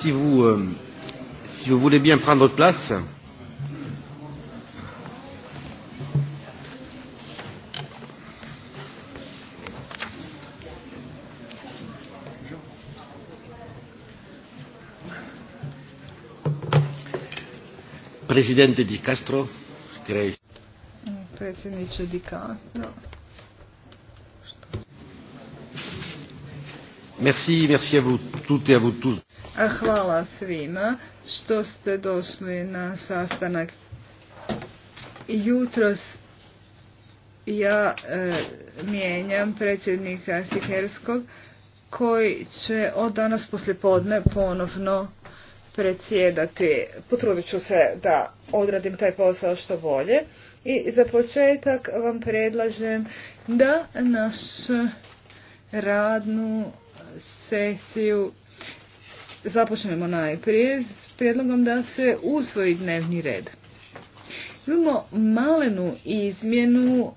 si vous, euh, si vous voulez bien prendre votre place. Presidente Di Castro, grazie. Presidente Di Castro. Merci, merci à vous toutes et à vous tous. Hvala svima što ste došli na sastanak. Jutros ja e, mijenjam predsjednika Sikerskog koji će od danas poslijepodne ponovno predsjedati. Potrudit ću se da odradim taj posao što bolje. I za početak vam predlažem da naš radnu sesiju Započnemo najprije s prijedlogom da se usvoji dnevni red. Imamo malenu izmjenu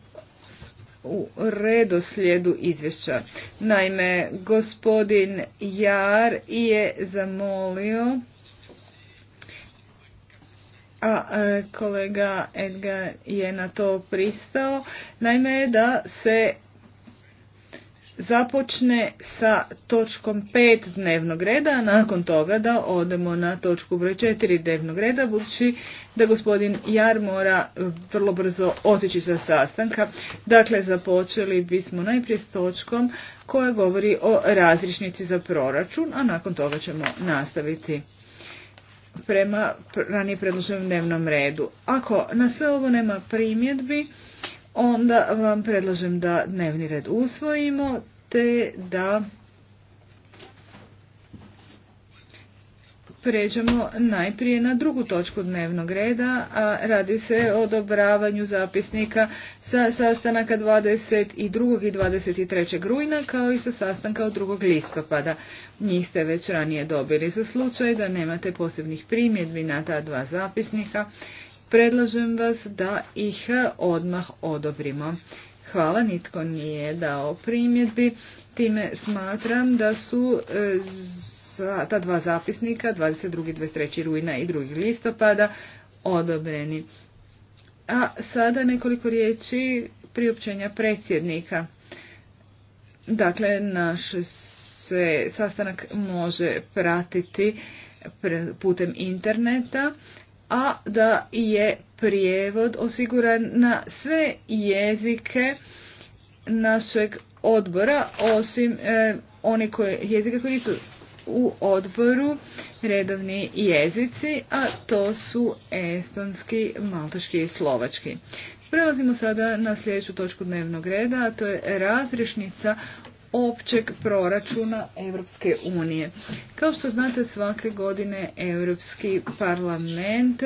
u redoslijedu izvješća. Naime, gospodin Jar je zamolio a e, kolega Edgar je na to pristao, naime da se započne sa točkom 5 dnevnog reda, a nakon toga da odemo na točku broj 4 dnevnog reda, budući da gospodin Jar mora vrlo brzo otići sa sastanka. Dakle, započeli bismo najprije s točkom koja govori o razrišnici za proračun, a nakon toga ćemo nastaviti prema ranije predloženom dnevnom redu. Ako na sve ovo nema primjedbi, onda vam predlažem da dnevni red usvojimo te da pređemo najprije na drugu točku dnevnog reda, a radi se o odobravanju zapisnika sa sastanaka 22. i 23. rujna kao i sa sastanka od 2. listopada. Njih ste već ranije dobili za slučaj da nemate posebnih primjedbi na ta dva zapisnika predlažem vas da ih odmah odobrimo. Hvala, nitko nije dao primjedbi. Time smatram da su e, ta dva zapisnika, 22. i 23. rujna i 2. listopada, odobreni. A sada nekoliko riječi priopćenja predsjednika. Dakle, naš se sastanak može pratiti putem interneta a da je prijevod osiguran na sve jezike našeg odbora, osim e, one koje, koji su u odboru redovni jezici, a to su estonski, maltaški i slovački. Prelazimo sada na sljedeću točku dnevnog reda, a to je razrišnica općeg proračuna Europske unije. Kao što znate svake godine Europski parlament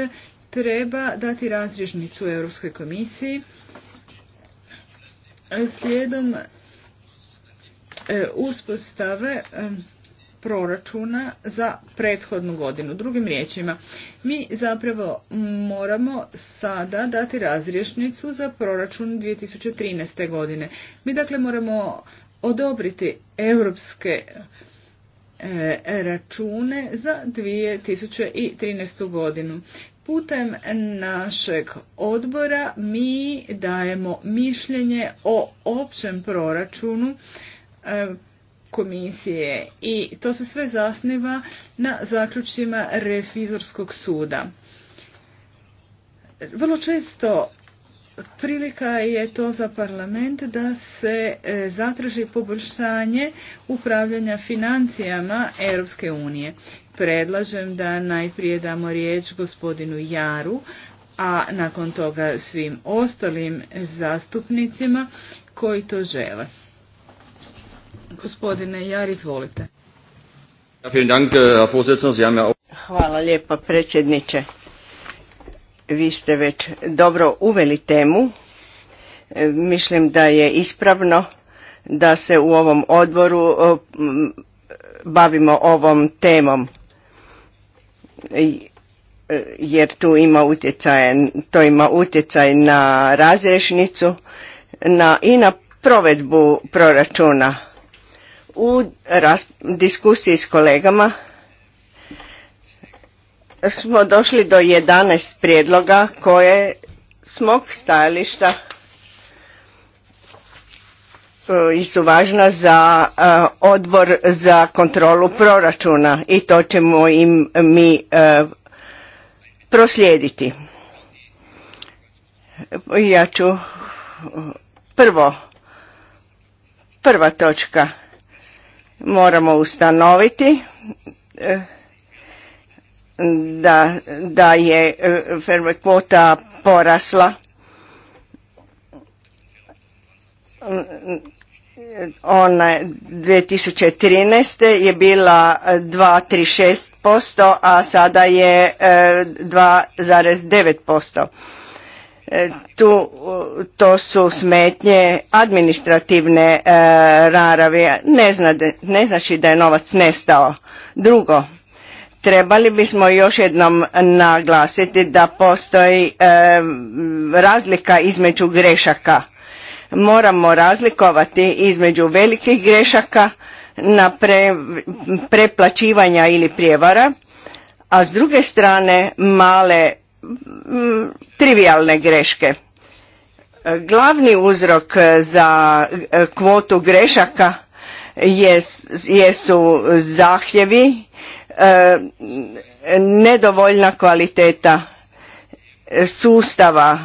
treba dati razrižnicu Europskoj komisiji slijedom e, uspostave e, proračuna za prethodnu godinu. Drugim riječima, mi zapravo moramo sada dati razriješnicu za proračun 2013. godine. Mi dakle moramo odobriti europske e, račune za 2013. godinu. Putem našeg odbora mi dajemo mišljenje o općem proračunu e, komisije i to se sve zasniva na zaključcima refizorskog suda. Vrlo često prilika je to za parlament da se e, zatraži poboljšanje upravljanja financijama Europske unije. Predlažem da najprije damo riječ gospodinu Jaru, a nakon toga svim ostalim zastupnicima koji to žele. Gospodine Jar, izvolite. Hvala lijepa predsjedniče vi ste već dobro uveli temu. E, mislim da je ispravno da se u ovom odboru bavimo ovom temom e, jer tu ima utjecaj, to ima utjecaj na razrešnicu na, i na provedbu proračuna. U diskusiji s kolegama smo došli do 11 prijedloga koje smog mog stajališta e, su važna za e, odbor za kontrolu proračuna i to ćemo im mi e, proslijediti. Ja ću prvo, prva točka moramo ustanoviti da, da je e, ferme kvota porasla. Ona 2013. je bila 2,36%, a sada je 2,9%. E, e, tu, to su smetnje administrativne naravi. Ne, zna, ne znači da je novac nestao. Drugo, Trebali bismo još jednom naglasiti da postoji e, razlika između grešaka. Moramo razlikovati između velikih grešaka na pre, preplaćivanja ili prijevara, a s druge strane male m, trivialne greške. Glavni uzrok za e, kvotu grešaka jesu zahtjevi E, nedovoljna kvaliteta sustava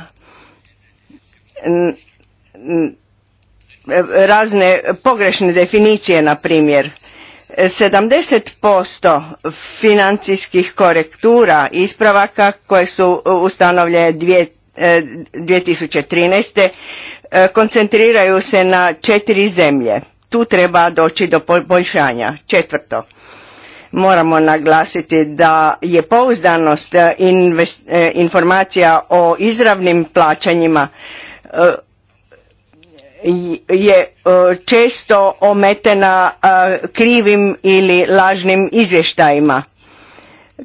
razne pogrešne definicije na primjer 70% financijskih korektura ispravaka koje su ustanovljene 2013. E, e, koncentriraju se na četiri zemlje. Tu treba doći do poboljšanja. Četvrto, moramo naglasiti da je pouzdanost e, e, informacija o izravnim plaćanjima e, je često ometena krivim ili lažnim izvještajima.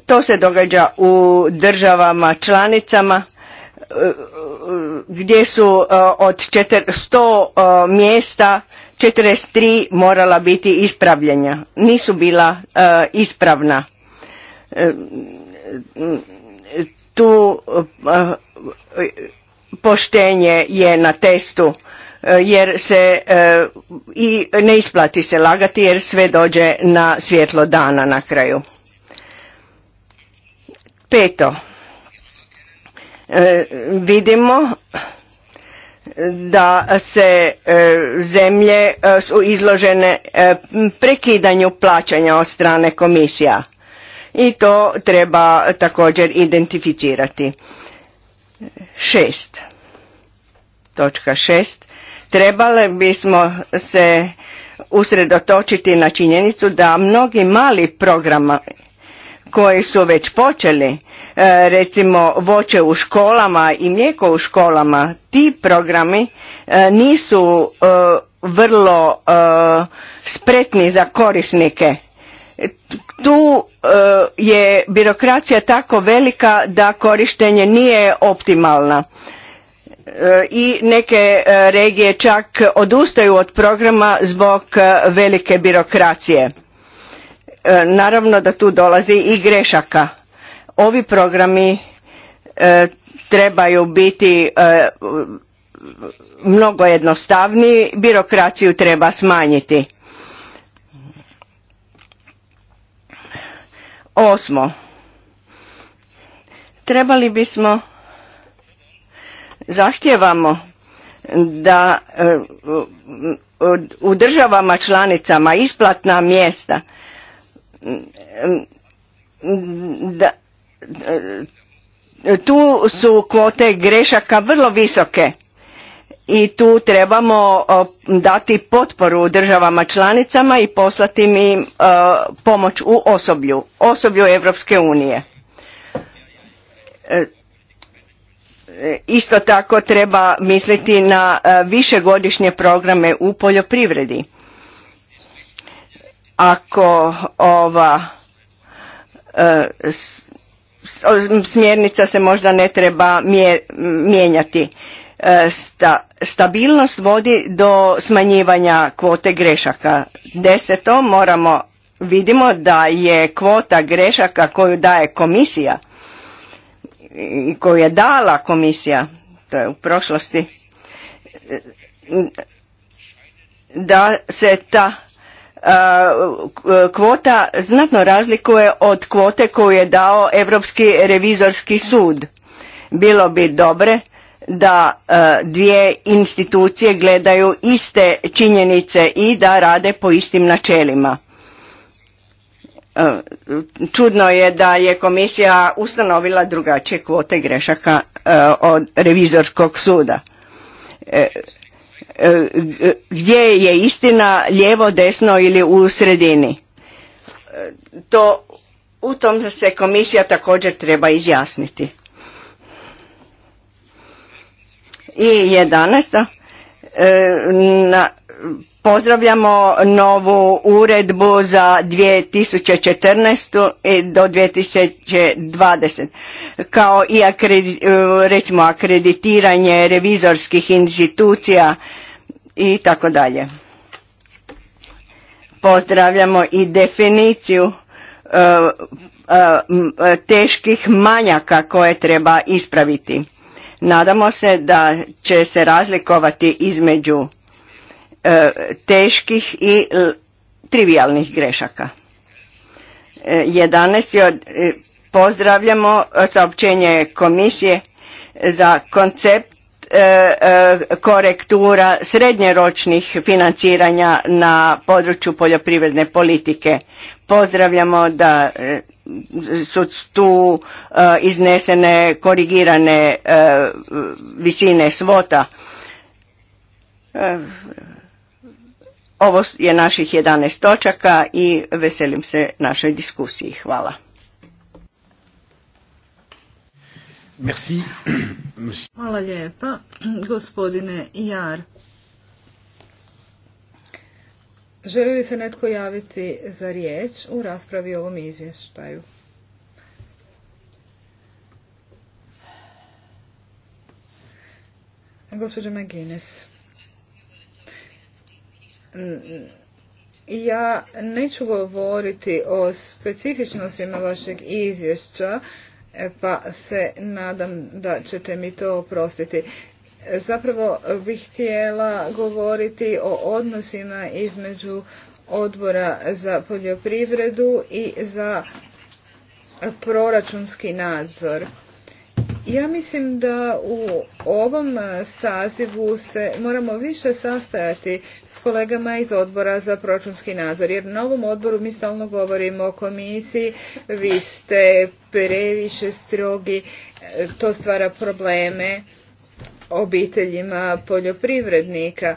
To se događa u državama članicama gdje su od 400 mjesta 43 morala biti ispravljena Nisu bila e, ispravna. E, tu e, poštenje je na testu jer se i ne isplati se lagati jer sve dođe na svjetlo dana na kraju. Peto, vidimo da se e, zemlje e, su izložene e, prekidanju plaćanja od strane komisija i to treba također identificirati. Šest. Točka šest. Trebali bismo se usredotočiti na činjenicu da mnogi mali programa koji su već počeli E, recimo voće u školama i mlijeko u školama, ti programi e, nisu e, vrlo spretni za korisnike. Tu je birokracija tako velika da korištenje nije optimalna i neke regije čak odustaju od programa zbog velike birokracije. Naravno da tu dolazi i grešaka Ovi programi e, trebaju biti e, mnogo jednostavniji, birokraciju treba smanjiti. Osmo, trebali bismo, zahtjevamo da e, u državama članicama isplatna mjesta da tu su kvote grešaka vrlo visoke i tu trebamo dati potporu državama članicama i poslati im e, pomoć u osoblju, osoblju Europske unije. E, isto tako treba misliti na e, višegodišnje programe u poljoprivredi. Ako ova smjernica se možda ne treba mijenjati. E, sta, stabilnost vodi do smanjivanja kvote grešaka. Deseto, moramo, vidimo da je kvota grešaka koju daje komisija, koju je dala komisija, to je u prošlosti, e, da se ta kvota znatno razlikuje od kvote koju je dao Europski revizorski sud. Bilo bi dobre da dvije institucije gledaju iste činjenice i da rade po istim načelima. Čudno je da je komisija ustanovila drugačije kvote grešaka od revizorskog suda. E, E, e, gdje je istina lijevo, desno ili u sredini. E, to u tom se komisija također treba izjasniti. I 11. Na, pozdravljamo novu uredbu za 2014. do 2020. Kao i akredi, recimo akreditiranje revizorskih institucija i tako dalje. Pozdravljamo i definiciju e, e, e, teških manjaka koje treba ispraviti. Nadamo se da će se razlikovati između teških i trivialnih grešaka. 11. pozdravljamo saopćenje komisije za koncept E, e, korektura srednjeročnih financiranja na području poljoprivredne politike. Pozdravljamo da e, su tu iznesene korigirane visine svota. Ovo je naših 11 točaka i veselim se našoj diskusiji. Hvala. Hvala lijepa, gospodine Jar. Želi li se netko javiti za riječ u raspravi o ovom izvještaju? Gospođa McGuinness. Ja neću govoriti o specifičnostima vašeg izvješća pa se nadam da ćete mi to oprostiti. Zapravo bih htjela govoriti o odnosima između odbora za poljoprivredu i za proračunski nadzor. Ja mislim da u ovom e, sazivu se moramo više sastajati s kolegama iz odbora za proračunski nadzor, jer na ovom odboru mi stalno govorimo o komisiji, vi ste previše strogi, e, to stvara probleme obiteljima poljoprivrednika,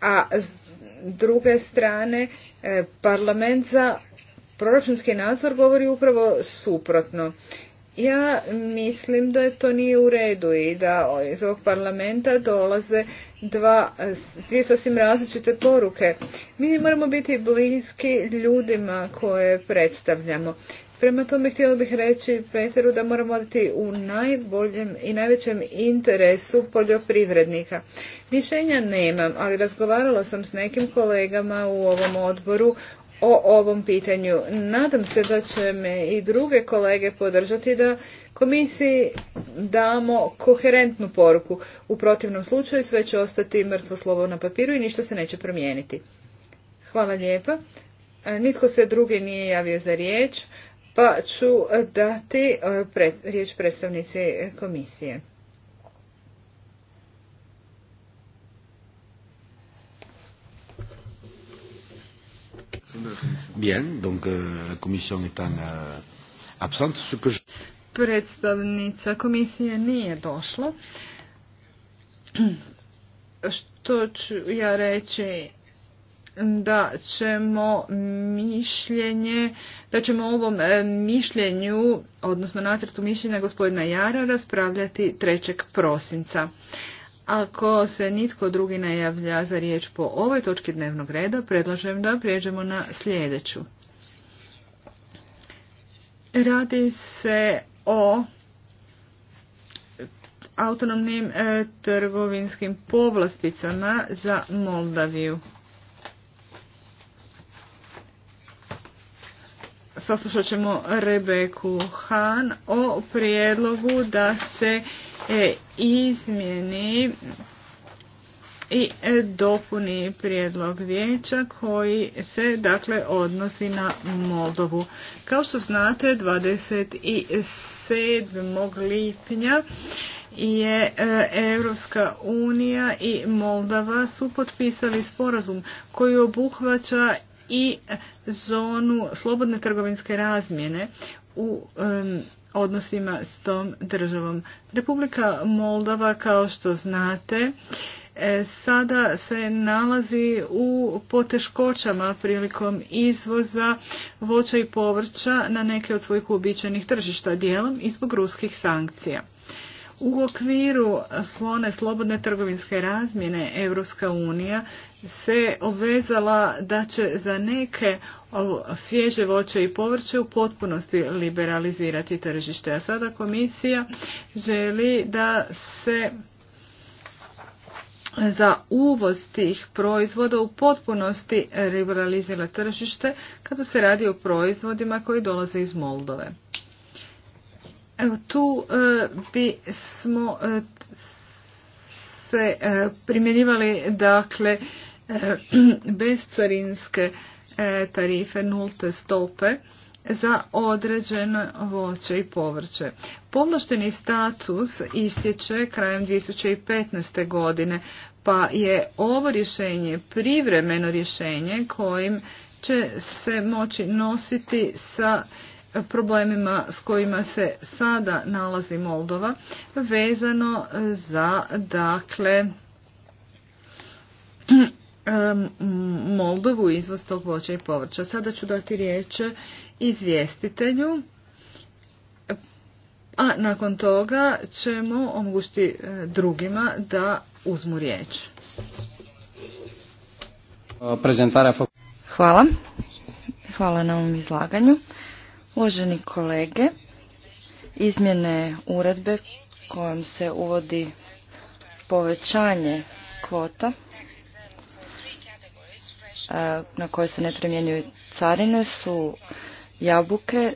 a s druge strane e, parlament za proračunski nadzor govori upravo suprotno. Ja mislim da to nije u redu i da iz ovog parlamenta dolaze dva, dvije sasvim različite poruke. Mi moramo biti bliski ljudima koje predstavljamo. Prema tome htjela bih reći Peteru da moramo biti u najboljem i najvećem interesu poljoprivrednika. Rješenja nemam, ali razgovarala sam s nekim kolegama u ovom odboru o ovom pitanju. Nadam se da će me i druge kolege podržati da komisiji damo koherentnu poruku. U protivnom slučaju sve će ostati mrtvo slovo na papiru i ništa se neće promijeniti. Hvala lijepa. E, nitko se drugi nije javio za riječ, pa ću dati e, riječ predstavnici komisije. Bien, donc euh, la commission étant euh, absente, ce que je... Predstavnica komisije nije došla. Što ću ja reći da ćemo mišljenje, da ćemo o ovom e, mišljenju, odnosno nacrtu mišljenja gospodina Jara raspravljati 3. prosinca. Ako se nitko drugi ne javlja za riječ po ovoj točki dnevnog reda, predlažem da prijeđemo na sljedeću. Radi se o autonomnim e, trgovinskim povlasticama za Moldaviju. Saslušat ćemo Rebeku Han o prijedlogu da se E, izmjeni i dopuni prijedlog vijeća koji se dakle odnosi na Moldovu. Kao što znate 27. lipnja je e, Europska unija i Moldava su potpisali sporazum koji obuhvaća i zonu slobodne trgovinske razmjene u odnosima s tom državom. Republika Moldova kao što znate, e, sada se nalazi u poteškoćama prilikom izvoza voća i povrća na neke od svojih uobičajenih tržišta dijelom i zbog ruskih sankcija. U okviru slone slobodne trgovinske razmjene Europska unija se obvezala da će za neke svježe voće i povrće u potpunosti liberalizirati tržište. A sada komisija želi da se za uvoz tih proizvoda u potpunosti liberalizira tržište kada se radi o proizvodima koji dolaze iz Moldove. Tu e, bi smo e, se e, primjenjivali dakle bezcarinske tarife nulte stope za određeno voće i povrće. Povlašteni status istječe krajem 2015. godine, pa je ovo rješenje privremeno rješenje kojim će se moći nositi sa problemima s kojima se sada nalazi Moldova vezano za dakle Moldovu izvoz tog voća i povrća. Sada ću dati riječ izvjestitelju, a nakon toga ćemo omogućiti e, drugima da uzmu riječ. Hvala. Hvala na ovom izlaganju. Uvaženi kolege, izmjene uredbe kojom se uvodi povećanje kvota e, na koje se ne primjenjuju carine su jabuke,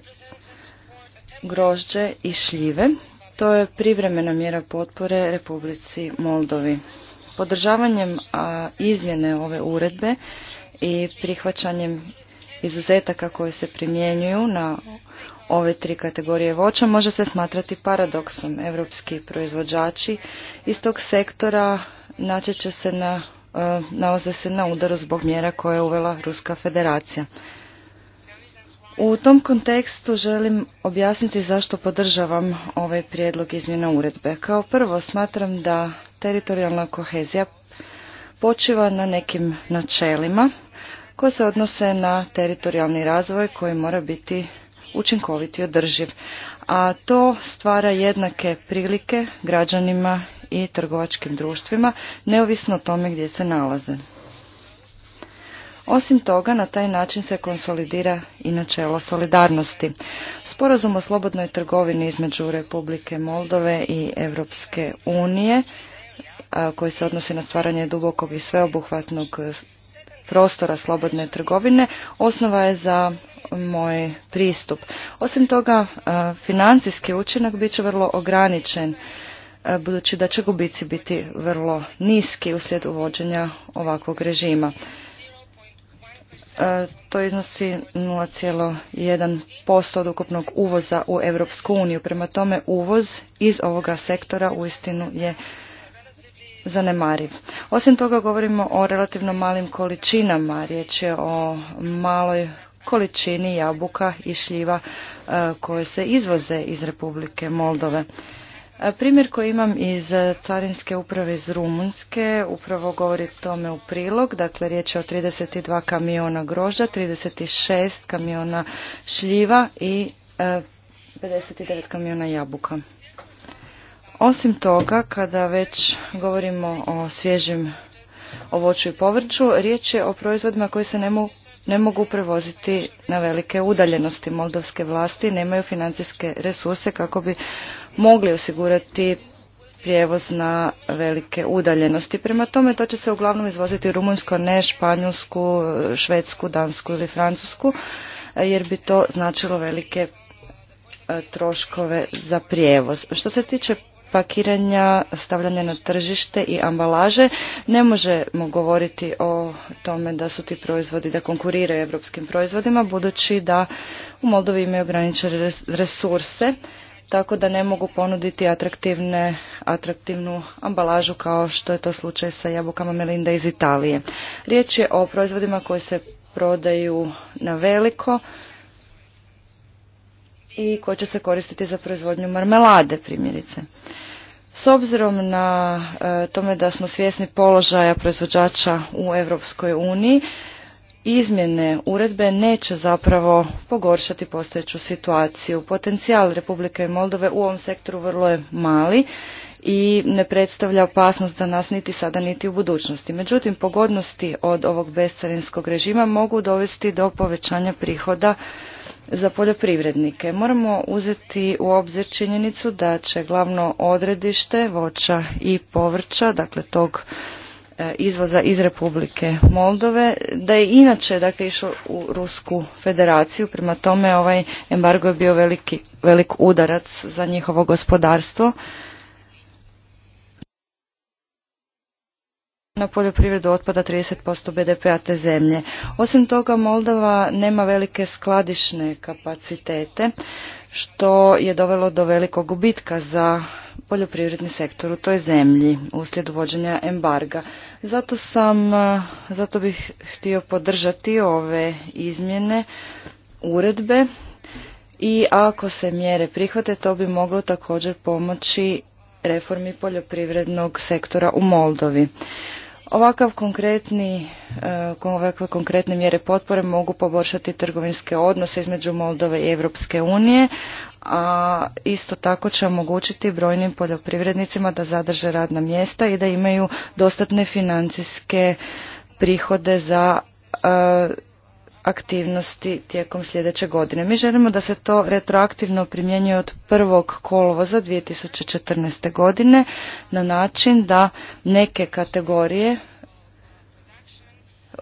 grožđe i šljive. To je privremena mjera potpore Republici Moldovi. Podržavanjem izmjene ove uredbe i prihvaćanjem izuzetaka koji se primjenjuju na ove tri kategorije voća može se smatrati paradoksom. Evropski proizvođači iz tog sektora naći će se na, e, nalaze se na udaru zbog mjera koje je uvela Ruska federacija. U tom kontekstu želim objasniti zašto podržavam ovaj prijedlog izmjena uredbe. Kao prvo smatram da teritorijalna kohezija počiva na nekim načelima koje se odnose na teritorijalni razvoj koji mora biti učinkovit i održiv. A to stvara jednake prilike građanima i trgovačkim društvima, neovisno o tome gdje se nalaze. Osim toga, na taj način se konsolidira i načelo solidarnosti. Sporazum o slobodnoj trgovini između Republike Moldove i Europske unije, koji se odnosi na stvaranje dubokog i sveobuhvatnog prostora slobodne trgovine osnova je za moj pristup. Osim toga, e, financijski učinak bit će vrlo ograničen, e, budući da će gubici biti vrlo niski uslijed uvođenja ovakvog režima. E, to iznosi 0,1% od ukupnog uvoza u Europsku uniju. Prema tome, uvoz iz ovoga sektora uistinu je zanemariv. Osim toga govorimo o relativno malim količinama, riječ je o maloj količini jabuka i šljiva e, koje se izvoze iz Republike Moldove. E, primjer koji imam iz Carinske uprave iz Rumunske upravo govori tome u prilog. Dakle, riječ je o 32 kamiona grožđa, 36 kamiona šljiva i 59 e, kamiona jabuka. Osim toga, kada već govorimo o svježem ovoću i povrću, riječ je o proizvodima koji se ne, ne mogu prevoziti na velike udaljenosti. Moldovske vlasti nemaju financijske resurse kako bi mogli osigurati prijevoz na velike udaljenosti. Prema tome to će se uglavnom izvoziti Rumunjsko, ne Španjolsku, Švedsku, Dansku ili Francusku, jer bi to značilo velike e, troškove za prijevoz. Što se tiče pakiranja, stavljanja na tržište i ambalaže. Ne možemo govoriti o tome da su ti proizvodi, da konkuriraju europskim proizvodima, budući da u Moldovi imaju ograničene resurse, tako da ne mogu ponuditi atraktivnu ambalažu kao što je to slučaj sa jabukama Melinda iz Italije. Riječ je o proizvodima koji se prodaju na veliko, i koje će se koristiti za proizvodnju marmelade primjerice. S obzirom na e, tome da smo svjesni položaja proizvođača u Europskoj uniji, izmjene uredbe neće zapravo pogoršati postojeću situaciju. Potencijal Republike Moldove u ovom sektoru vrlo je mali i ne predstavlja opasnost za nas niti sada niti u budućnosti. Međutim, pogodnosti od ovog bescarinskog režima mogu dovesti do povećanja prihoda za poljoprivrednike. Moramo uzeti u obzir činjenicu da će glavno odredište voća i povrća, dakle tog e, izvoza iz Republike Moldove, da je inače dakle, išao u Rusku federaciju, prema tome ovaj embargo je bio veliki, velik udarac za njihovo gospodarstvo na poljoprivredu otpada 30% BDP-a te zemlje. Osim toga, Moldova nema velike skladišne kapacitete, što je dovelo do velikog gubitka za poljoprivredni sektor u toj zemlji uslijed uvođenja embarga. Zato sam, zato bih htio podržati ove izmjene uredbe i ako se mjere prihvate, to bi moglo također pomoći reformi poljoprivrednog sektora u Moldovi. Ovakav konkretni, e, ovakve konkretne mjere potpore mogu poboljšati trgovinske odnose između Moldove i Europske unije, a isto tako će omogućiti brojnim poljoprivrednicima da zadrže radna mjesta i da imaju dostatne financijske prihode za e, aktivnosti tijekom sljedeće godine. Mi želimo da se to retroaktivno primjenjuje od prvog kolvoza 2014. godine na način da neke kategorije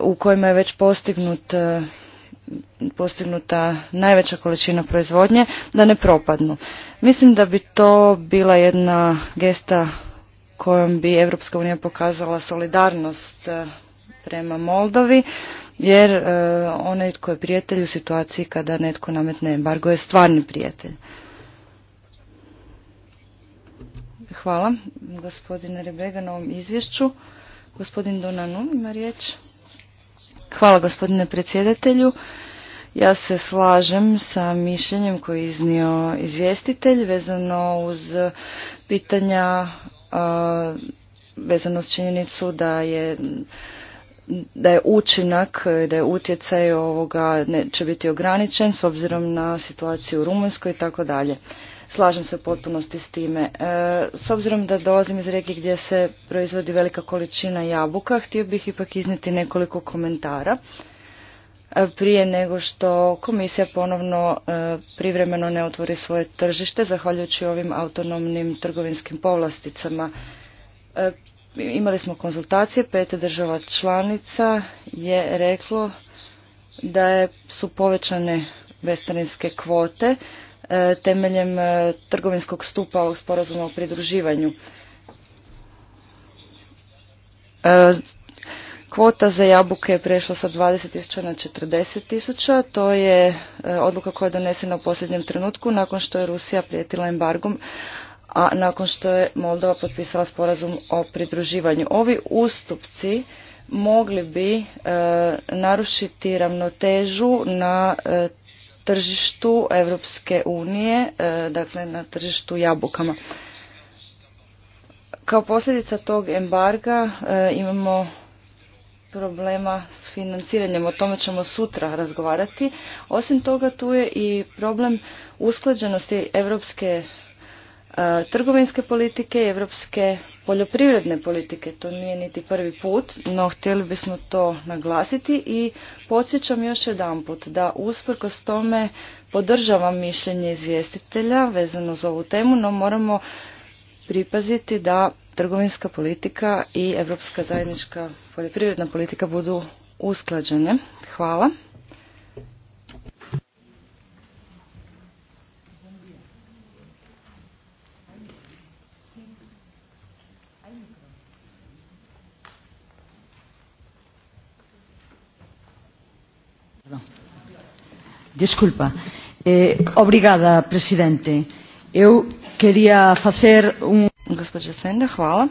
u kojima je već postignut e, postignuta najveća količina proizvodnje da ne propadnu. Mislim da bi to bila jedna gesta kojom bi Europska unija pokazala solidarnost e, prema Moldovi jer e, onaj tko je prijatelj u situaciji kada netko nametne embargo je stvarni prijatelj. Hvala gospodine Rebrega na ovom izvješću. Gospodin Donanum ima riječ. Hvala gospodine predsjedatelju. Ja se slažem sa mišljenjem koje je iznio izvjestitelj vezano uz pitanja, vezano s činjenicu da je da je učinak, da je utjecaj ovoga neće biti ograničen s obzirom na situaciju u Rumunjskoj i tako dalje. Slažem se u potpunosti s time. E, s obzirom da dolazim iz regije gdje se proizvodi velika količina jabuka, htio bih ipak iznijeti nekoliko komentara e, prije nego što komisija ponovno e, privremeno ne otvori svoje tržište zahvaljujući ovim autonomnim trgovinskim povlasticama imali smo konzultacije, pet država članica je reklo da je, su povećane vestarinske kvote e, temeljem e, trgovinskog stupa ovog sporazuma o pridruživanju. E, kvota za jabuke je prešla sa 20.000 na 40.000. To je odluka koja je donesena u posljednjem trenutku nakon što je Rusija prijetila embargom, a nakon što je Moldova potpisala sporazum o pridruživanju. Ovi ustupci mogli bi e, narušiti ravnotežu na e, tržištu Europske unije, e, dakle na tržištu jabukama. Kao posljedica tog embarga imamo problema s financiranjem, o tome ćemo sutra razgovarati. Osim toga tu je i problem usklađenosti europske E, trgovinske politike i europske poljoprivredne politike. To nije niti prvi put, no htjeli bismo to naglasiti i podsjećam još jedanput da usprkos tome podržavam mišljenje izvjestitelja vezano za ovu temu, no moramo pripaziti da trgovinska politika i europska zajednička poljoprivredna politika budu usklađene. Hvala. Disculpa. Eh, obrigada, presidente. Eu queria fazer un... Gospođa Sende, hvala.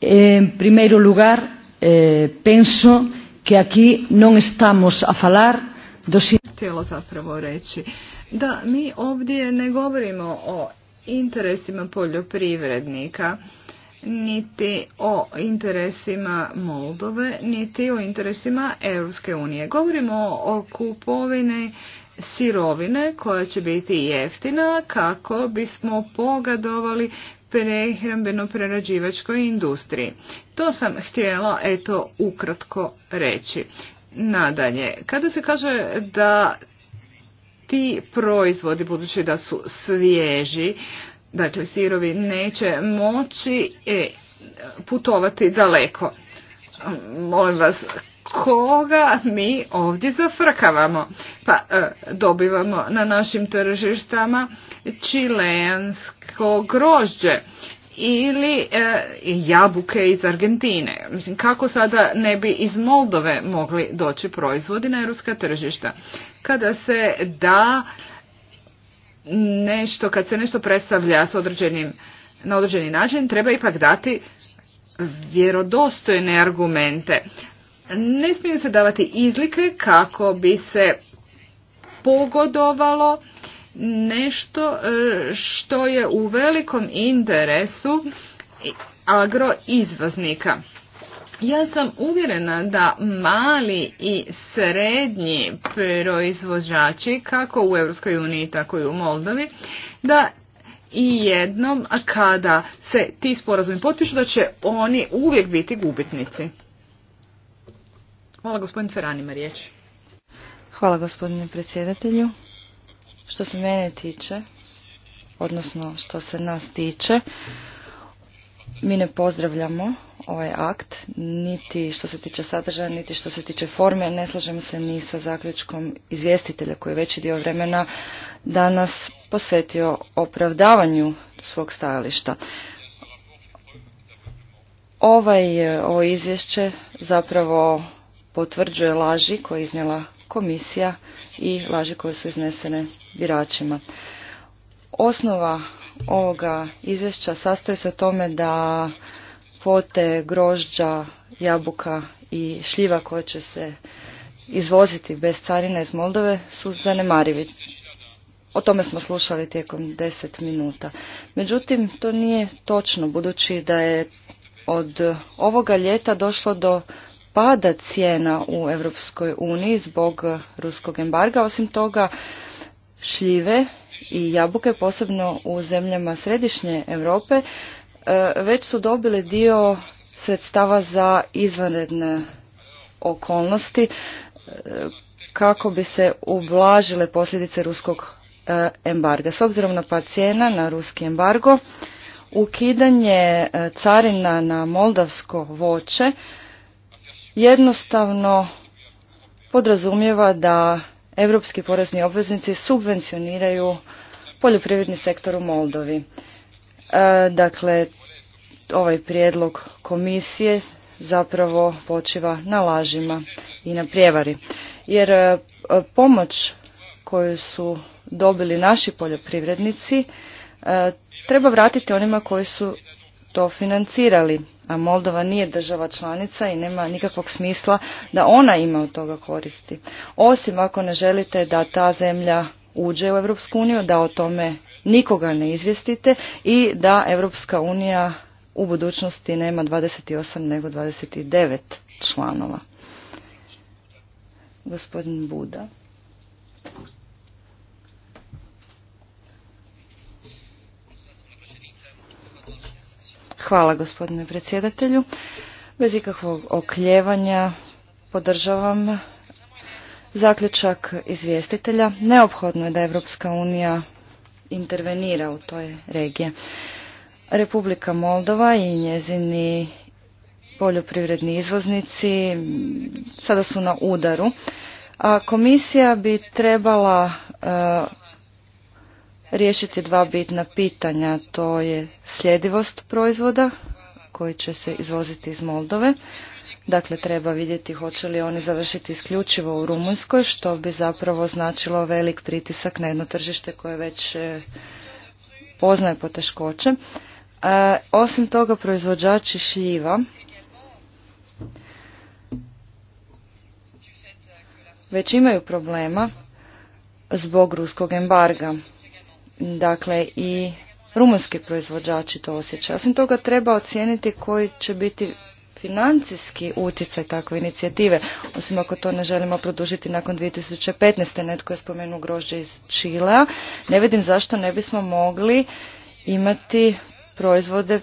En primeiro lugar, eh, penso que aquí non estamos a falar do... Htjela zapravo reći da mi ovdje ne govorimo o interesima poljoprivrednika niti o interesima Moldove, niti o interesima Europske unije. Govorimo o kupovini sirovine koja će biti jeftina kako bismo pogadovali prehrambeno-prerađivačkoj industriji. To sam htjela eto ukratko reći. Nadalje, kada se kaže da ti proizvodi, budući da su svježi, dakle sirovi neće moći e, putovati daleko. Molim vas, koga mi ovdje zafrkavamo? Pa e, dobivamo na našim tržištama čileansko grožđe ili e, jabuke iz Argentine. Mislim, kako sada ne bi iz Moldove mogli doći proizvodi na europska tržišta? Kada se da nešto, kad se nešto predstavlja s određenim, na određeni način, treba ipak dati vjerodostojne argumente. Ne smiju se davati izlike kako bi se pogodovalo nešto e, što je u velikom interesu agroizvoznika. Ja sam uvjerena da mali i srednji proizvođači, kako u Europskoj uniji, tako i u Moldovi, da i jednom kada se ti sporazumi potpišu, da će oni uvijek biti gubitnici. Hvala gospodin Feranima riječ. Hvala gospodine predsjedatelju. Što se mene tiče, odnosno što se nas tiče, mi ne pozdravljamo ovaj akt, niti što se tiče sadržaja, niti što se tiče forme. Ne slažem se ni sa zaključkom izvjestitelja koji je veći dio vremena danas posvetio opravdavanju svog stajališta. Ovaj, ovo izvješće zapravo potvrđuje laži koje je iznijela komisija i laži koje su iznesene biračima. Osnova ovoga izvješća sastoji se o tome da kvote grožđa, jabuka i šljiva koje će se izvoziti bez carine iz Moldove su zanemarivi. O tome smo slušali tijekom deset minuta. Međutim, to nije točno, budući da je od ovoga ljeta došlo do pada cijena u Europskoj uniji zbog ruskog embarga. Osim toga, šljive i jabuke, posebno u zemljama središnje Europe, E, već su dobili dio sredstava za izvanredne okolnosti e, kako bi se ublažile posljedice ruskog e, embarga. S obzirom na pacijena na ruski embargo, ukidanje carina na moldavsko voće jednostavno podrazumijeva da europski porezni obveznici subvencioniraju poljoprivredni sektor u Moldovi. E, dakle, ovaj prijedlog komisije zapravo počiva na lažima i na prijevari. Jer e, pomoć koju su dobili naši poljoprivrednici e, treba vratiti onima koji su to financirali, a Moldova nije država članica i nema nikakvog smisla da ona ima od toga koristi. Osim ako ne želite da ta zemlja uđe u Europsku uniju, da o tome nikoga ne izvjestite i da Europska unija u budućnosti nema 28 nego 29 članova. Gospodin Buda. Hvala gospodine predsjedatelju. Bez ikakvog okljevanja podržavam zaključak izvjestitelja. Neophodno je da Europska unija intervenira u toj regije. Republika Moldova i njezini poljoprivredni izvoznici sada su na udaru. A komisija bi trebala e, riješiti dva bitna pitanja. To je sljedivost proizvoda koji će se izvoziti iz Moldove, Dakle, treba vidjeti hoće li oni završiti isključivo u Rumunjskoj, što bi zapravo značilo velik pritisak na jedno tržište koje već e, poznaje poteškoće. E, osim toga, proizvođači šljiva već imaju problema zbog ruskog embarga. Dakle, i rumunski proizvođači to osjećaju. Osim toga, treba ocijeniti koji će biti financijski utjecaj takve inicijative, osim ako to ne želimo produžiti nakon 2015. Netko je spomenuo grožđe iz Čilea, Ne vidim zašto ne bismo mogli imati proizvode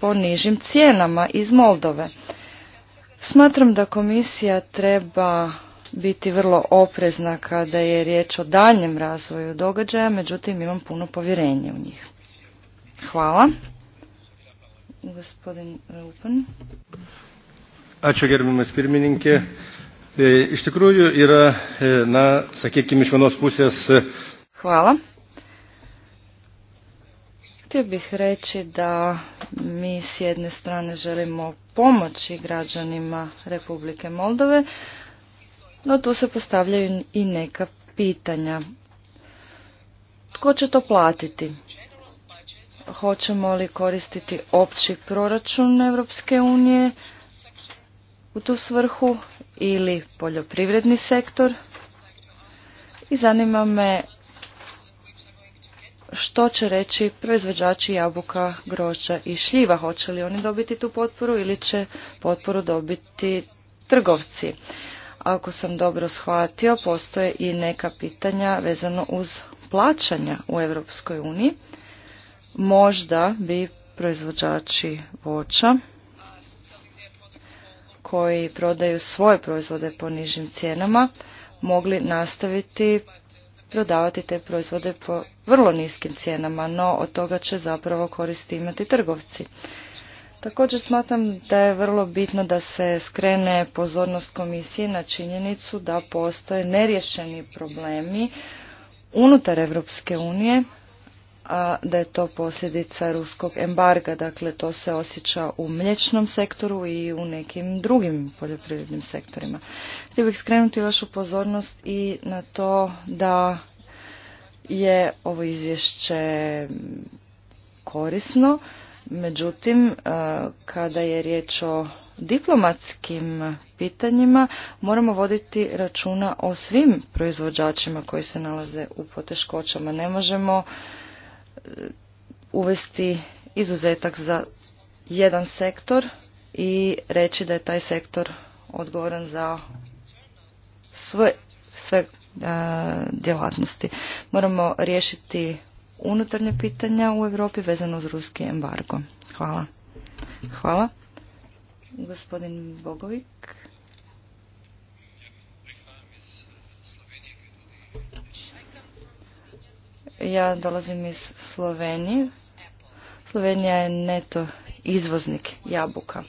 po nižim cijenama iz Moldove. Smatram da komisija treba biti vrlo oprezna kada je riječ o daljem razvoju događaja, međutim imam puno povjerenje u njih. Hvala. Gospodin Rupan. Ačiū pirmininkė. E, iš tikrųjų yra, e, na, sakykime, iš vienos pusės... E, Hvala. Htio bih reći da mi s jedne strane želimo pomoći građanima Republike Moldove, no tu se postavljaju i neka pitanja. Tko će to platiti? hoćemo li koristiti opći proračun Europske unije u tu svrhu ili poljoprivredni sektor. I zanima me što će reći proizvođači jabuka, grožđa i šljiva. Hoće li oni dobiti tu potporu ili će potporu dobiti trgovci? Ako sam dobro shvatio, postoje i neka pitanja vezano uz plaćanja u Europskoj uniji. Možda bi proizvođači voća koji prodaju svoje proizvode po nižim cijenama mogli nastaviti prodavati te proizvode po vrlo niskim cijenama, no od toga će zapravo koristi imati trgovci. Također smatram da je vrlo bitno da se skrene pozornost komisije na činjenicu da postoje nerješeni problemi unutar Europske unije a da je to posljedica ruskog embarga. Dakle, to se osjeća u mlječnom sektoru i u nekim drugim poljoprivrednim sektorima. Htio bih skrenuti vašu pozornost i na to da je ovo izvješće korisno, međutim, kada je riječ o diplomatskim pitanjima moramo voditi računa o svim proizvođačima koji se nalaze u poteškoćama. Ne možemo E, uvesti izuzetak za jedan sektor i reći da je taj sektor odgovoran za sve, e, djelatnosti. Moramo riješiti unutarnja pitanja u Europi vezano uz ruski embargo. Hvala. Hvala. Gospodin Bogović. Ja dolazim iz Slovenije. Slovenija je neto izvoznik jabuka.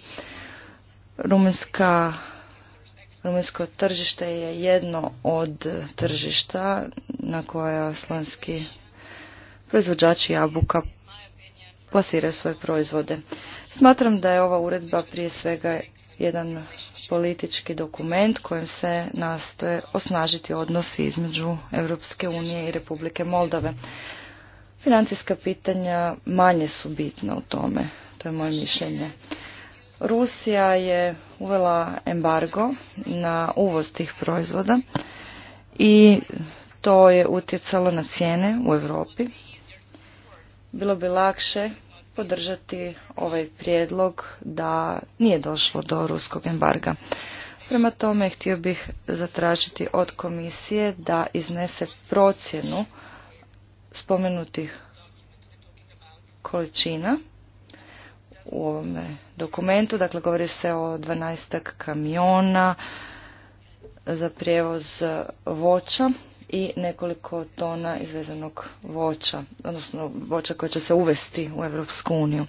Rumunska, Rumunjsko tržište je jedno od tržišta na koja slovenski proizvođači jabuka plasiraju svoje proizvode. Smatram da je ova uredba prije svega jedan politički dokument kojim se nastoje osnažiti odnosi između Europske unije i Republike Moldave. Financijska pitanja manje su bitna u tome, to je moje mišljenje. Rusija je uvela embargo na uvoz tih proizvoda i to je utjecalo na cijene u Europi. Bilo bi lakše podržati ovaj prijedlog da nije došlo do ruskog embarga. Prema tome htio bih zatražiti od komisije da iznese procjenu spomenutih količina u ovome dokumentu. Dakle, govori se o 12 kamiona za prijevoz voća i nekoliko tona izvezenog voća, odnosno voća koje će se uvesti u Europsku uniju.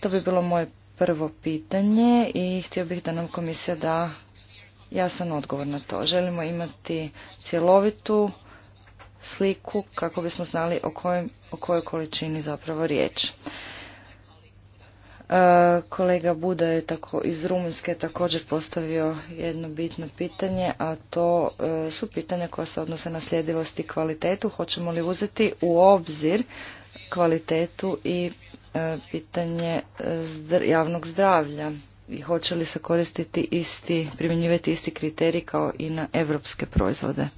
To bi bilo moje prvo pitanje i htio bih da nam komisija da jasan odgovor na to. Želimo imati cjelovitu sliku kako bismo znali o kojoj, o kojoj količini zapravo riječ. E, kolega Buda je tako, iz Rumunjske također postavio jedno bitno pitanje, a to e, su pitanja koja se odnose na sljedivost i kvalitetu. Hoćemo li uzeti u obzir kvalitetu i e, pitanje javnog zdravlja i hoće li se koristiti isti, primjenjivati isti kriterij kao i na evropske proizvode?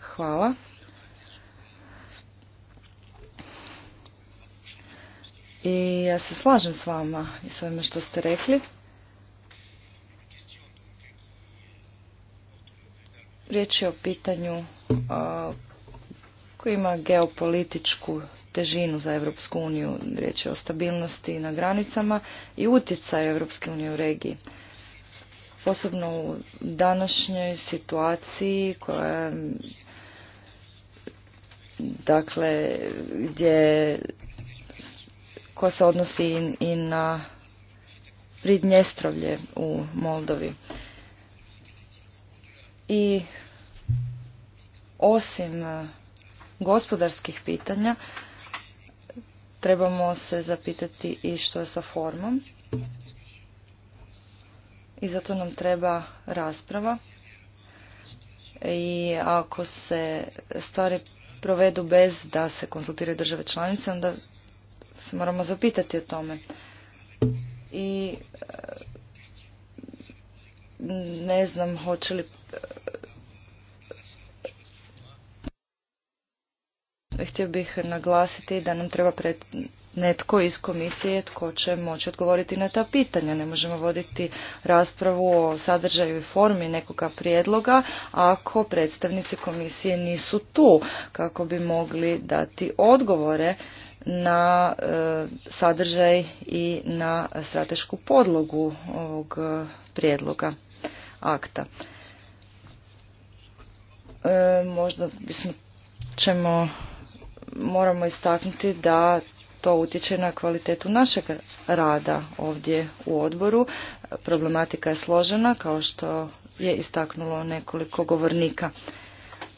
Hvala. I ja se slažem s vama i s ovime što ste rekli. Riječ je o pitanju koji ima geopolitičku težinu za Europsku uniju. Riječ je o stabilnosti na granicama i utjecaju Europske unije u regiji. Posebno u današnjoj situaciji koja dakle gdje koja se odnosi i na Pridnjestrovlje u Moldovi. I osim e, gospodarskih pitanja, trebamo se zapitati i što je sa formom. I zato nam treba rasprava. I ako se stvari provedu bez da se konsultiraju države članice, onda se moramo zapitati o tome. I e, ne znam hoće li e, htio bih naglasiti da nam treba netko iz komisije tko će moći odgovoriti na ta pitanja. Ne možemo voditi raspravu o sadržaju i formi nekoga prijedloga ako predstavnici komisije nisu tu kako bi mogli dati odgovore na e, sadržaj i na stratešku podlogu ovog prijedloga akta. E, možda bismo ćemo moramo istaknuti da to utječe na kvalitetu našeg rada ovdje u odboru. Problematika je složena kao što je istaknulo nekoliko govornika.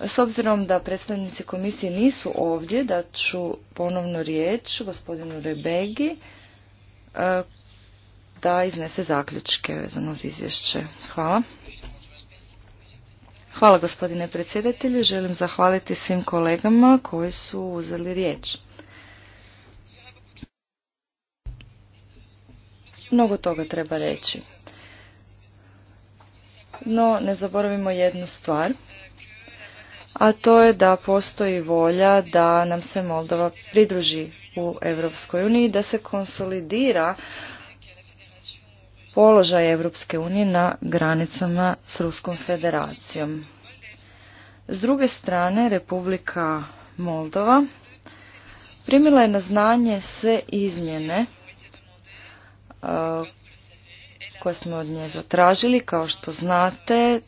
S obzirom da predstavnici komisije nisu ovdje, da ću ponovno riječ gospodinu Rebegi e, da iznese zaključke vezano uz izvješće. Hvala. Hvala gospodine predsjedatelju. Želim zahvaliti svim kolegama koji su uzeli riječ. Mnogo toga treba reći. No, ne zaboravimo jednu stvar – a to je da postoji volja da nam se Moldova pridruži u Europskoj uniji, da se konsolidira položaj Europske unije na granicama s Ruskom federacijom. S druge strane, Republika Moldova primila je na znanje sve izmjene koje smo od nje zatražili. Kao što znate,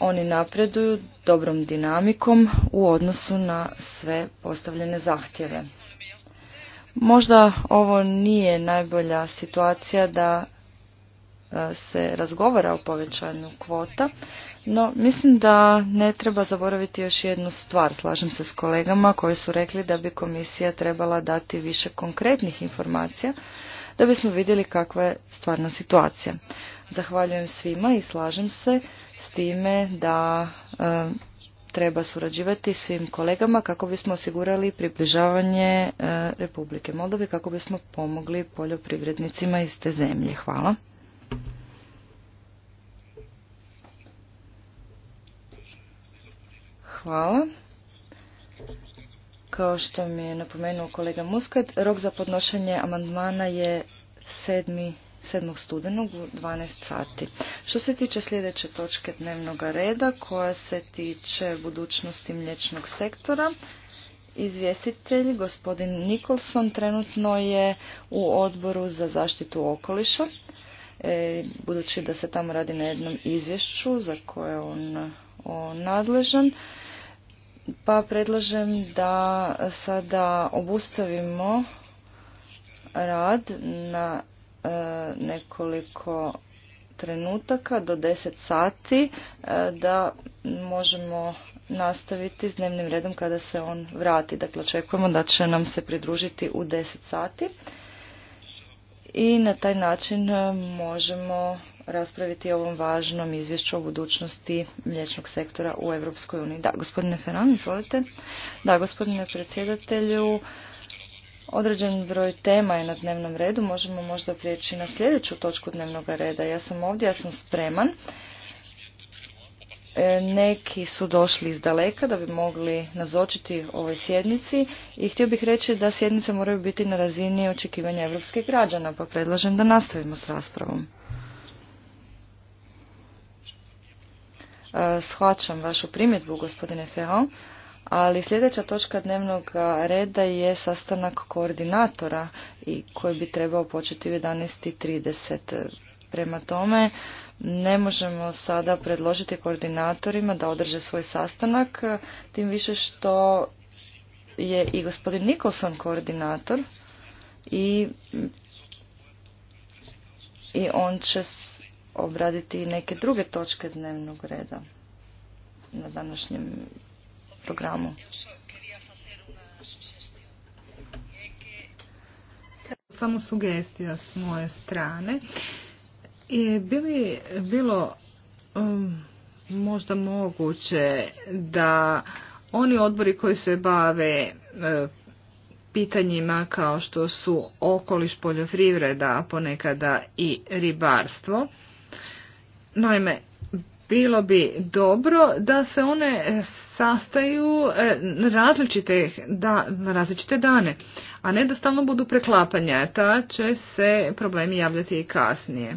oni napreduju dobrom dinamikom u odnosu na sve postavljene zahtjeve. Možda ovo nije najbolja situacija da e, se razgovara o povećanju kvota, no mislim da ne treba zaboraviti još jednu stvar. Slažem se s kolegama koji su rekli da bi komisija trebala dati više konkretnih informacija da bismo vidjeli kakva je stvarna situacija. Zahvaljujem svima i slažem se s time da e, treba surađivati svim kolegama kako bismo osigurali približavanje e, Republike Moldovi, kako bismo pomogli poljoprivrednicima iz te zemlje. Hvala. Hvala. Kao što mi je napomenuo kolega Muskat, rok za podnošenje amandmana je 7. 7. studenog u 12 sati. Što se tiče sljedeće točke dnevnog reda koja se tiče budućnosti mliječnog sektora, izvjestitelj gospodin Nikolson trenutno je u odboru za zaštitu okoliša. E, budući da se tamo radi na jednom izvješću za koje on, on nadležan, pa predlažem da sada obustavimo rad na E, nekoliko trenutaka do 10 sati e, da možemo nastaviti s dnevnim redom kada se on vrati. Dakle, očekujemo da će nam se pridružiti u 10 sati i na taj način e, možemo raspraviti o ovom važnom izvješću o budućnosti mliječnog sektora u Europskoj uniji. Da, gospodine Ferran, izvolite. Da, gospodine predsjedatelju, Određen broj tema je na dnevnom redu, možemo možda prijeći na sljedeću točku dnevnog reda. Ja sam ovdje, ja sam spreman. E, neki su došli iz daleka da bi mogli nazočiti ovoj sjednici i htio bih reći da sjednice moraju biti na razini očekivanja evropskih građana, pa predlažem da nastavimo s raspravom. E, shvaćam vašu primjedbu, gospodine Ferrand ali sljedeća točka dnevnog reda je sastanak koordinatora i koji bi trebao početi u 11.30. Prema tome, ne možemo sada predložiti koordinatorima da održe svoj sastanak, tim više što je i gospodin Nikolson koordinator i, i on će obraditi neke druge točke dnevnog reda na današnjem programu. Samo sugestija s moje strane. Je bili bilo um, možda moguće da oni odbori koji se bave e, pitanjima kao što su okoliš, poljoprivreda, a ponekada i ribarstvo. Naime, bilo bi dobro da se one e, sastaju e, različite, da, na različite dane, a ne da stalno budu preklapanja. Ta će se problemi javljati i kasnije.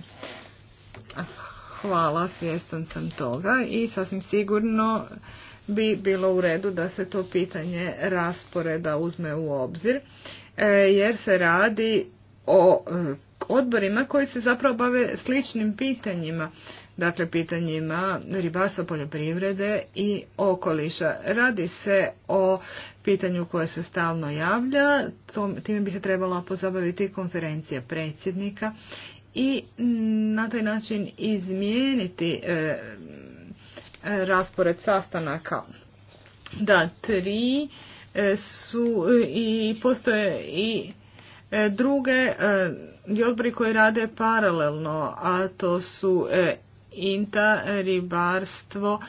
Hvala, svjestan sam toga i sasvim sigurno bi bilo u redu da se to pitanje rasporeda uzme u obzir, e, jer se radi o odborima koji se zapravo bave sličnim pitanjima dakle pitanjima ribarstva, poljoprivrede i okoliša. Radi se o pitanju koje se stalno javlja, time bi se trebala pozabaviti konferencija predsjednika i na taj način izmijeniti e, raspored sastanaka. Da, tri e, su i postoje i e, druge i odbori koji rade paralelno, a to su INTA, ribarstvo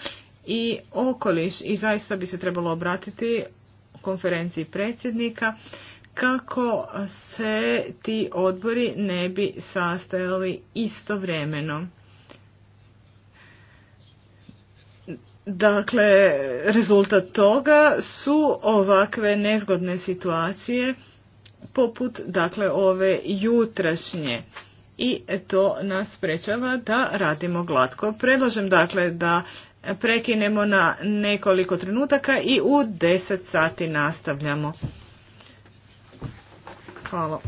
i okoliš. I zaista bi se trebalo obratiti konferenciji predsjednika kako se ti odbori ne bi sastajali istovremeno. Dakle, rezultat toga su ovakve nezgodne situacije poput dakle ove jutrašnje i to nas sprečava da radimo glatko. Predlažem dakle da prekinemo na nekoliko trenutaka i u 10 sati nastavljamo. Hvala.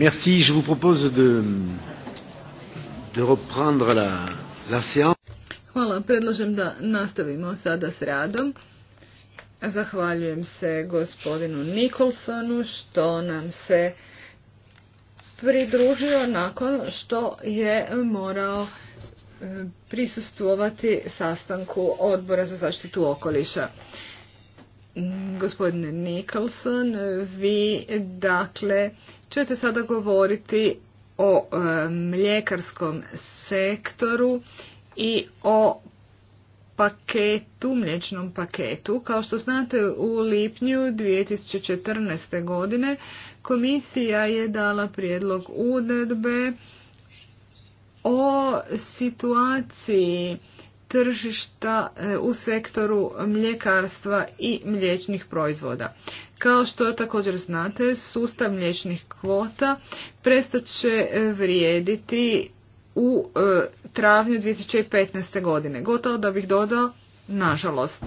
Merci, je vous propose de, de reprendre la, la séance. Hvala, predlažem da nastavimo sada s radom. Zahvaljujem se gospodinu Nikolsonu što nam se pridružio nakon što je morao e, prisustvovati sastanku odbora za zaštitu okoliša. Gospodine Nicholson, vi dakle ćete sada govoriti o mljekarskom sektoru i o paketu, mliječnom paketu. Kao što znate, u lipnju 2014. godine komisija je dala prijedlog uredbe o situaciji tržišta e, u sektoru mljekarstva i mliječnih proizvoda. Kao što također znate, sustav mliječnih kvota prestat će e, vrijediti u e, travnju 2015. godine. Gotovo da bih dodao, nažalost.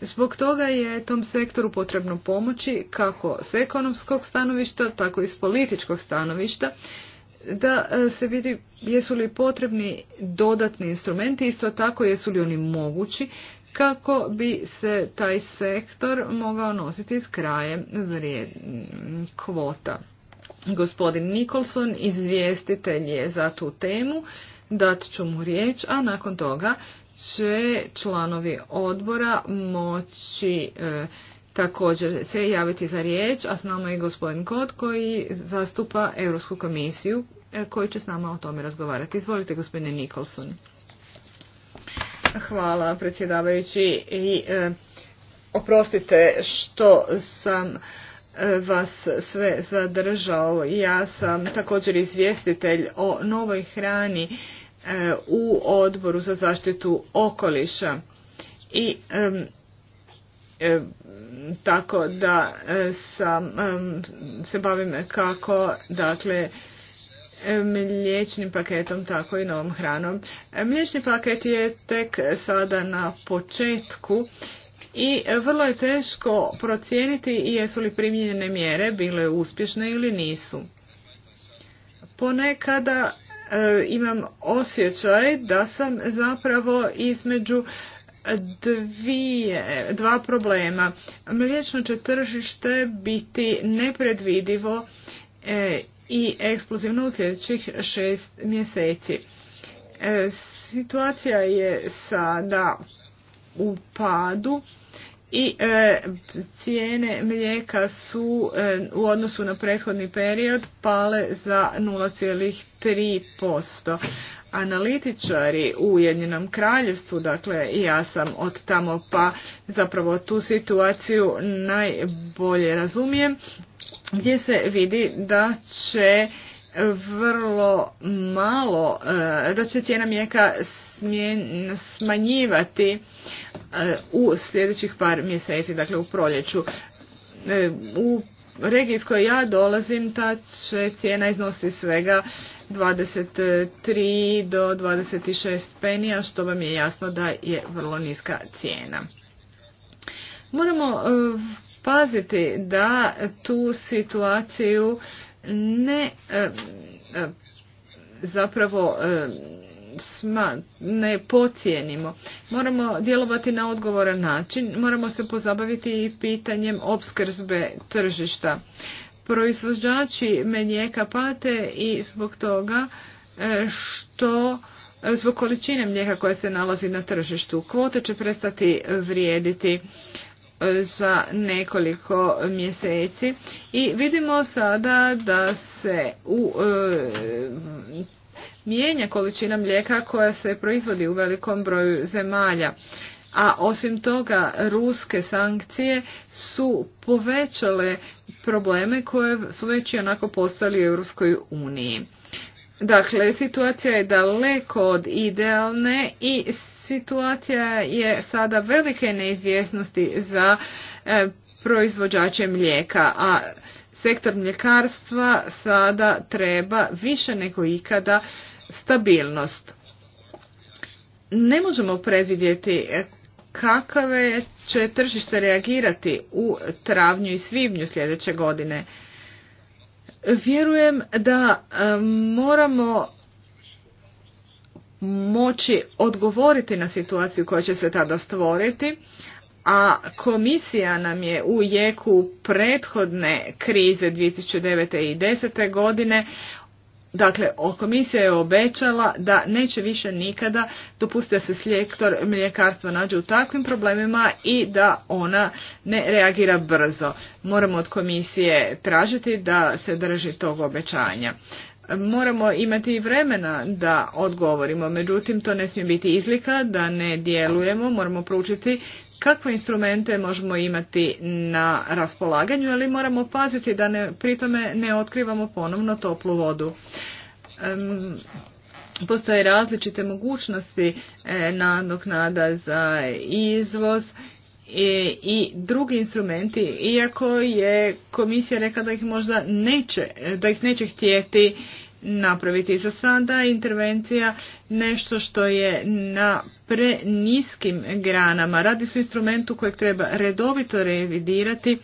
Zbog toga je tom sektoru potrebno pomoći kako s ekonomskog stanovišta, tako i s političkog stanovišta da e, se vidi jesu li potrebni dodatni instrumenti, isto tako jesu li oni mogući kako bi se taj sektor mogao nositi s krajem kvota. Gospodin Nikolson izvjestitelj je za tu temu, dat ću mu riječ, a nakon toga će članovi odbora moći e, također se javiti za riječ, a s nama je gospodin Kod koji zastupa Europsku komisiju e, koji će s nama o tome razgovarati. Izvolite gospodine Nikolson. Hvala predsjedavajući i e, oprostite što sam e, vas sve zadržao. Ja sam također izvjestitelj o novoj hrani u odboru za zaštitu okoliša i E, tako da e, sam, e, se bavim kako dakle mliječnim paketom tako i novom hranom. Mliječni paket je tek sada na početku i vrlo je teško procijeniti jesu li primijenjene mjere bile uspješne ili nisu. Ponekada imam osjećaj da sam zapravo između dvije, dva problema. Mliječno će tržište biti nepredvidivo e, i eksplozivno u sljedećih šest mjeseci. E, situacija je sada u padu i e, cijene mlijeka su u odnosu na prethodni period pale za 0,3% analitičari u Ujedinjenom kraljevstvu, dakle ja sam od tamo pa zapravo tu situaciju najbolje razumijem, gdje se vidi da će vrlo malo, eh, da će cijena mlijeka smanjivati eh, u sljedećih par mjeseci, dakle u proljeću. Eh, u regiji iz koje ja dolazim ta će cijena iznosi svega 23 do 26 penija što vam je jasno da je vrlo niska cijena. Moramo e, paziti da tu situaciju ne e, e, zapravo ne pocijenimo. Moramo djelovati na odgovoran način, moramo se pozabaviti i pitanjem obskrzbe tržišta. Proizvođači menjeka pate i zbog toga e, što e, zbog količine mlijeka koja se nalazi na tržištu. Kvote će prestati vrijediti e, za nekoliko mjeseci i vidimo sada da se u mijenja količina mlijeka koja se proizvodi u velikom broju zemalja. A osim toga, ruske sankcije su povećale probleme koje su već i onako postali u Europskoj uniji. Dakle, situacija je daleko od idealne i situacija je sada velike neizvjesnosti za e, proizvođače mlijeka, a sektor mljekarstva sada treba više nego ikada stabilnost. Ne možemo predvidjeti kakave će tržište reagirati u travnju i svibnju sljedeće godine. Vjerujem da moramo moći odgovoriti na situaciju koja će se tada stvoriti, a komisija nam je u jeku prethodne krize 2009. i 2010. godine Dakle, komisija je obećala da neće više nikada dopustiti da se sljektor mljekarstva nađe u takvim problemima i da ona ne reagira brzo. Moramo od komisije tražiti da se drži tog obećanja. Moramo imati i vremena da odgovorimo, međutim to ne smije biti izlika, da ne djelujemo, moramo pručiti kakve instrumente možemo imati na raspolaganju, ali moramo paziti da ne, pritome ne otkrivamo ponovno toplu vodu. postoje različite mogućnosti e, nadoknada za izvoz i, i drugi instrumenti, iako je komisija rekla da ih možda neće, da ih neće htjeti napraviti. Za sada intervencija nešto što je na preniskim granama. Radi se o instrumentu kojeg treba redovito revidirati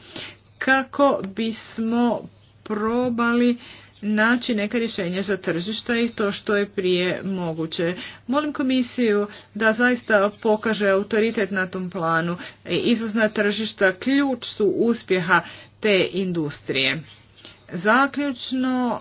kako bismo probali naći neka rješenja za tržišta i to što je prije moguće. Molim komisiju da zaista pokaže autoritet na tom planu. E, izvozna tržišta ključ su uspjeha te industrije. Zaključno,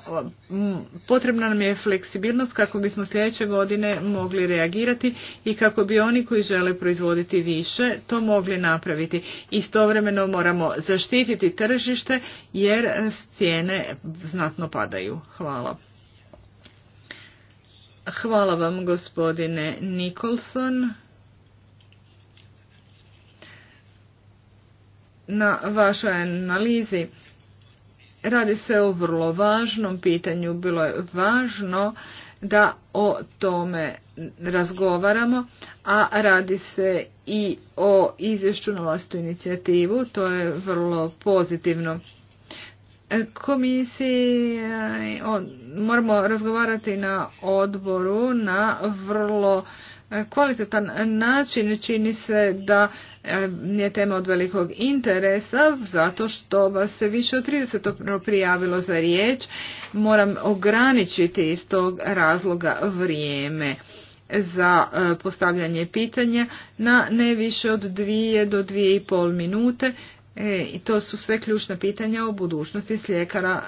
potrebna nam je fleksibilnost kako bismo sljedeće godine mogli reagirati i kako bi oni koji žele proizvoditi više to mogli napraviti. Istovremeno moramo zaštititi tržište jer cijene znatno padaju. Hvala. Hvala vam gospodine Nikolson. Na vašoj analizi Radi se o vrlo važnom pitanju. Bilo je važno da o tome razgovaramo, a radi se i o izvješću na vlastu inicijativu. To je vrlo pozitivno. E, komisiji e, moramo razgovarati na odboru na vrlo e, kvalitetan način. Čini se da je tema od velikog interesa zato što vas se više od 30 prijavilo za riječ. Moram ograničiti iz tog razloga vrijeme za e, postavljanje pitanja na ne više od dvije do dvije i pol minute. E, I to su sve ključna pitanja o budućnosti sljekara,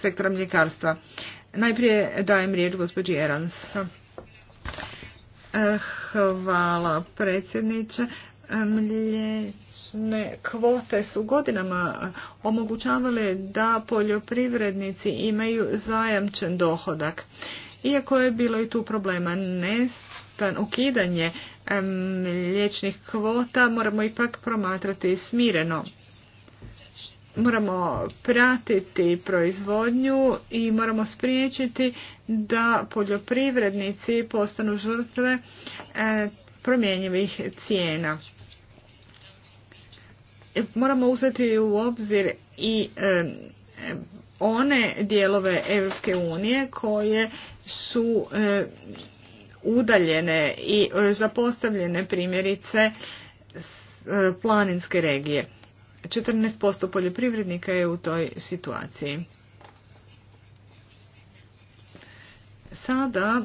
sektora mljekarstva. Najprije dajem riječ gospođi Erans. E, hvala predsjedniče mliječne kvote su godinama omogućavale da poljoprivrednici imaju zajamčen dohodak. Iako je bilo i tu problema nestan ukidanje mliječnih kvota moramo ipak promatrati smireno. Moramo pratiti proizvodnju i moramo spriječiti da poljoprivrednici postanu žrtve eh, promjenjivih cijena moramo uzeti u obzir i one dijelove Europske unije koje su udaljene i e, zapostavljene primjerice e, planinske regije. 14% poljoprivrednika je u toj situaciji. Sada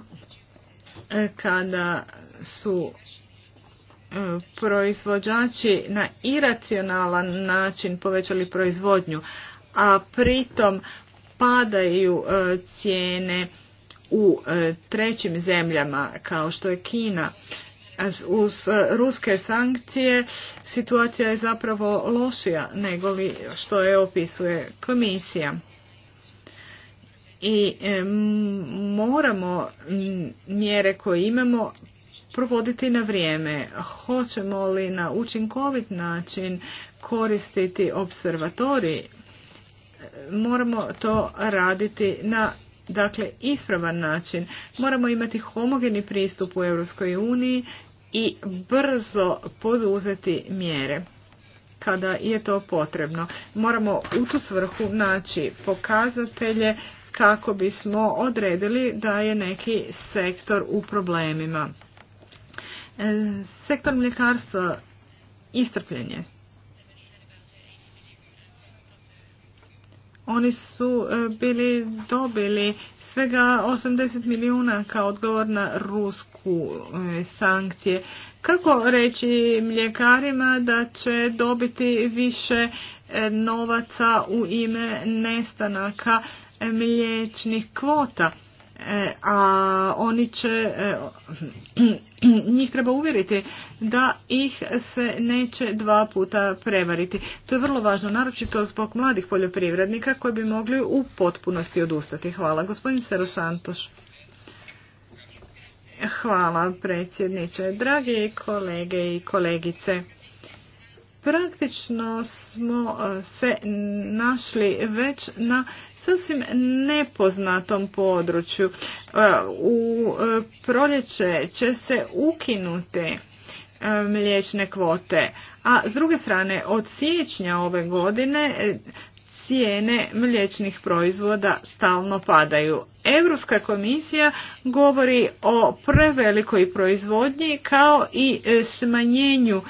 e, kada su E, proizvođači na iracionalan način povećali proizvodnju, a pritom padaju e, cijene u e, trećim zemljama kao što je Kina. Uz ruske sankcije situacija je zapravo lošija nego što je opisuje komisija. I moramo mjere koje imamo provoditi na vrijeme? Hoćemo li na učinkovit način koristiti observatori? Moramo to raditi na dakle ispravan način. Moramo imati homogeni pristup u Europskoj uniji i brzo poduzeti mjere kada je to potrebno. Moramo u tu svrhu naći pokazatelje kako bismo odredili da je neki sektor u problemima. E, sektor mljekarstva istrpljen je. Oni su e, bili dobili svega 80 milijuna kao odgovor na rusku e, sankcije. Kako reći mljekarima da će dobiti više novaca u ime nestanaka mliječnih kvota? E, a oni će, e, njih treba uvjeriti da ih se neće dva puta prevariti. To je vrlo važno, naročito zbog mladih poljoprivrednika koji bi mogli u potpunosti odustati. Hvala. Gospodin Sero Hvala predsjedniče. Dragi kolege i kolegice, praktično smo e, se našli već na sasvim nepoznatom području. E, u e, proljeće će se ukinuti e, mliječne kvote, a s druge strane od siječnja ove godine cijene mliječnih proizvoda stalno padaju. Europska komisija govori o prevelikoj proizvodnji kao i smanjenju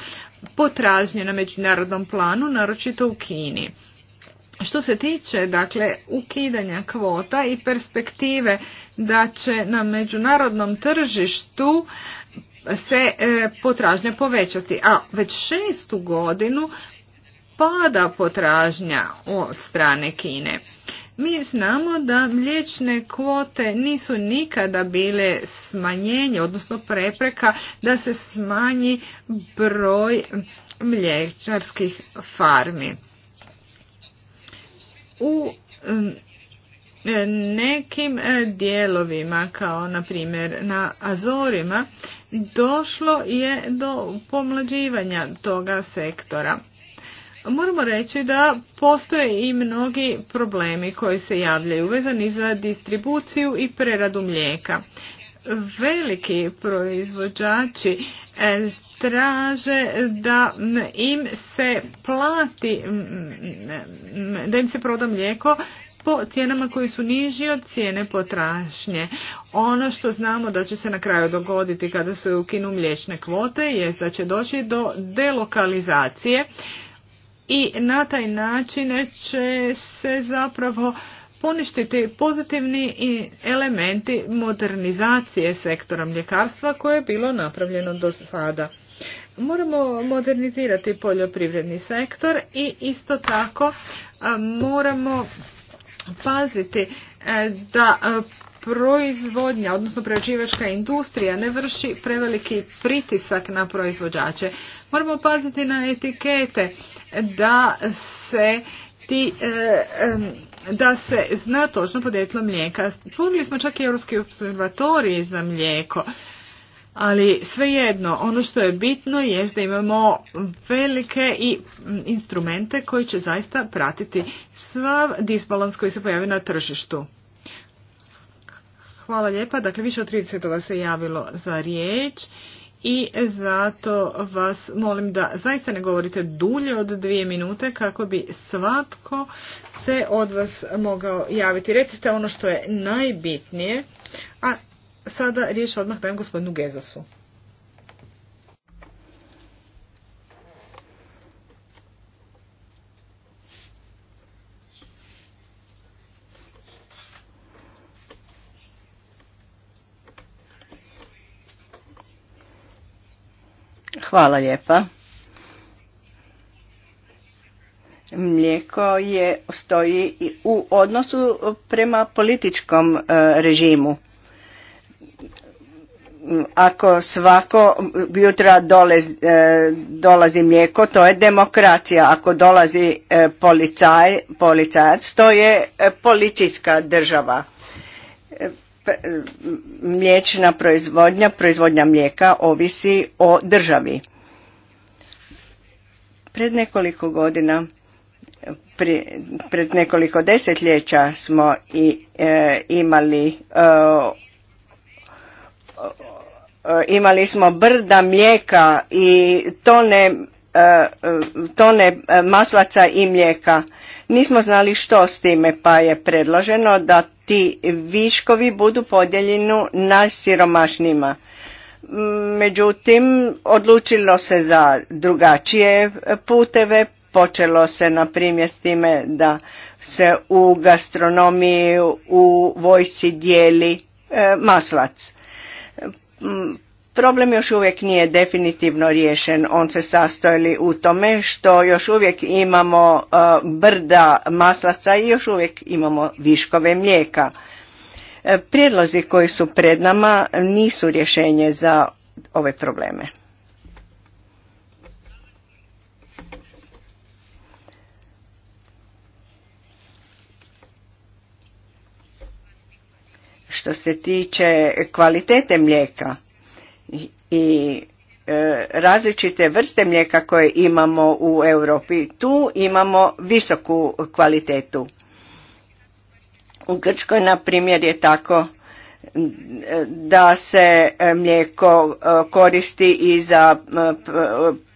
potražnje na međunarodnom planu, naročito u Kini. Što se tiče dakle ukidanja kvota i perspektive da će na međunarodnom tržištu se e, potražnja povećati, a već šestu godinu pada potražnja od strane Kine. Mi znamo da mliječne kvote nisu nikada bile smanjenje, odnosno prepreka da se smanji broj mlječarskih farmi u nekim e, dijelovima kao na primjer na Azorima došlo je do pomlađivanja toga sektora. Moramo reći da postoje i mnogi problemi koji se javljaju vezani za distribuciju i preradu mlijeka. Veliki proizvođači e, traže da im se plati, da im se proda mlijeko po cijenama koji su niži od cijene potrašnje. Ono što znamo da će se na kraju dogoditi kada se ukinu mliječne kvote je da će doći do delokalizacije i na taj način će se zapravo poništiti pozitivni elementi modernizacije sektora mljekarstva koje je bilo napravljeno do sada. Moramo modernizirati poljoprivredni sektor i isto tako e, moramo paziti e, da e, proizvodnja, odnosno prerađivačka industrija ne vrši preveliki pritisak na proizvođače. Moramo paziti na etikete da se ti, da se zna točno podjetlo mlijeka. Tvorili smo čak i Europski observatoriji za mlijeko ali svejedno ono što je bitno je da imamo velike i instrumente koji će zaista pratiti svav disbalans koji se pojavi na tržištu. Hvala lijepa. Dakle, više od 30 vas se javilo za riječ i zato vas molim da zaista ne govorite dulje od dvije minute kako bi svatko se od vas mogao javiti. Recite ono što je najbitnije, a sada riječ odmah dajem gospodinu Gezasu. Hvala lijepa. Mlijeko je stoji u odnosu prema političkom e, režimu ako svako jutra dolazi, e, dolazi mlijeko, to je demokracija. Ako dolazi e, policaj, policajac, to je e, policijska država. Mliječna proizvodnja, proizvodnja mlijeka ovisi o državi. Pred nekoliko godina, pred nekoliko desetljeća smo i imali Eh, imali smo brda mlijeka i tone, eh, tone eh, maslaca i mlijeka. Nismo znali što s time, pa je predloženo da ti viškovi budu podijeljeni na siromašnima. Mm, međutim, odlučilo se za drugačije puteve, počelo se na primjer s time da se u gastronomiji, u vojsci dijeli maslac. Mm, problem još uvijek nije definitivno riješen. On se sastojili u tome što još uvijek imamo e, brda maslaca i još uvijek imamo viškove mlijeka. E, prijedlozi koji su pred nama nisu rješenje za ove probleme. Što se tiče kvalitete mlijeka i e, različite vrste mlijeka koje imamo u Europi, tu imamo visoku kvalitetu. U Grčkoj, na primjer, je tako da se e, mlijeko e, koristi i za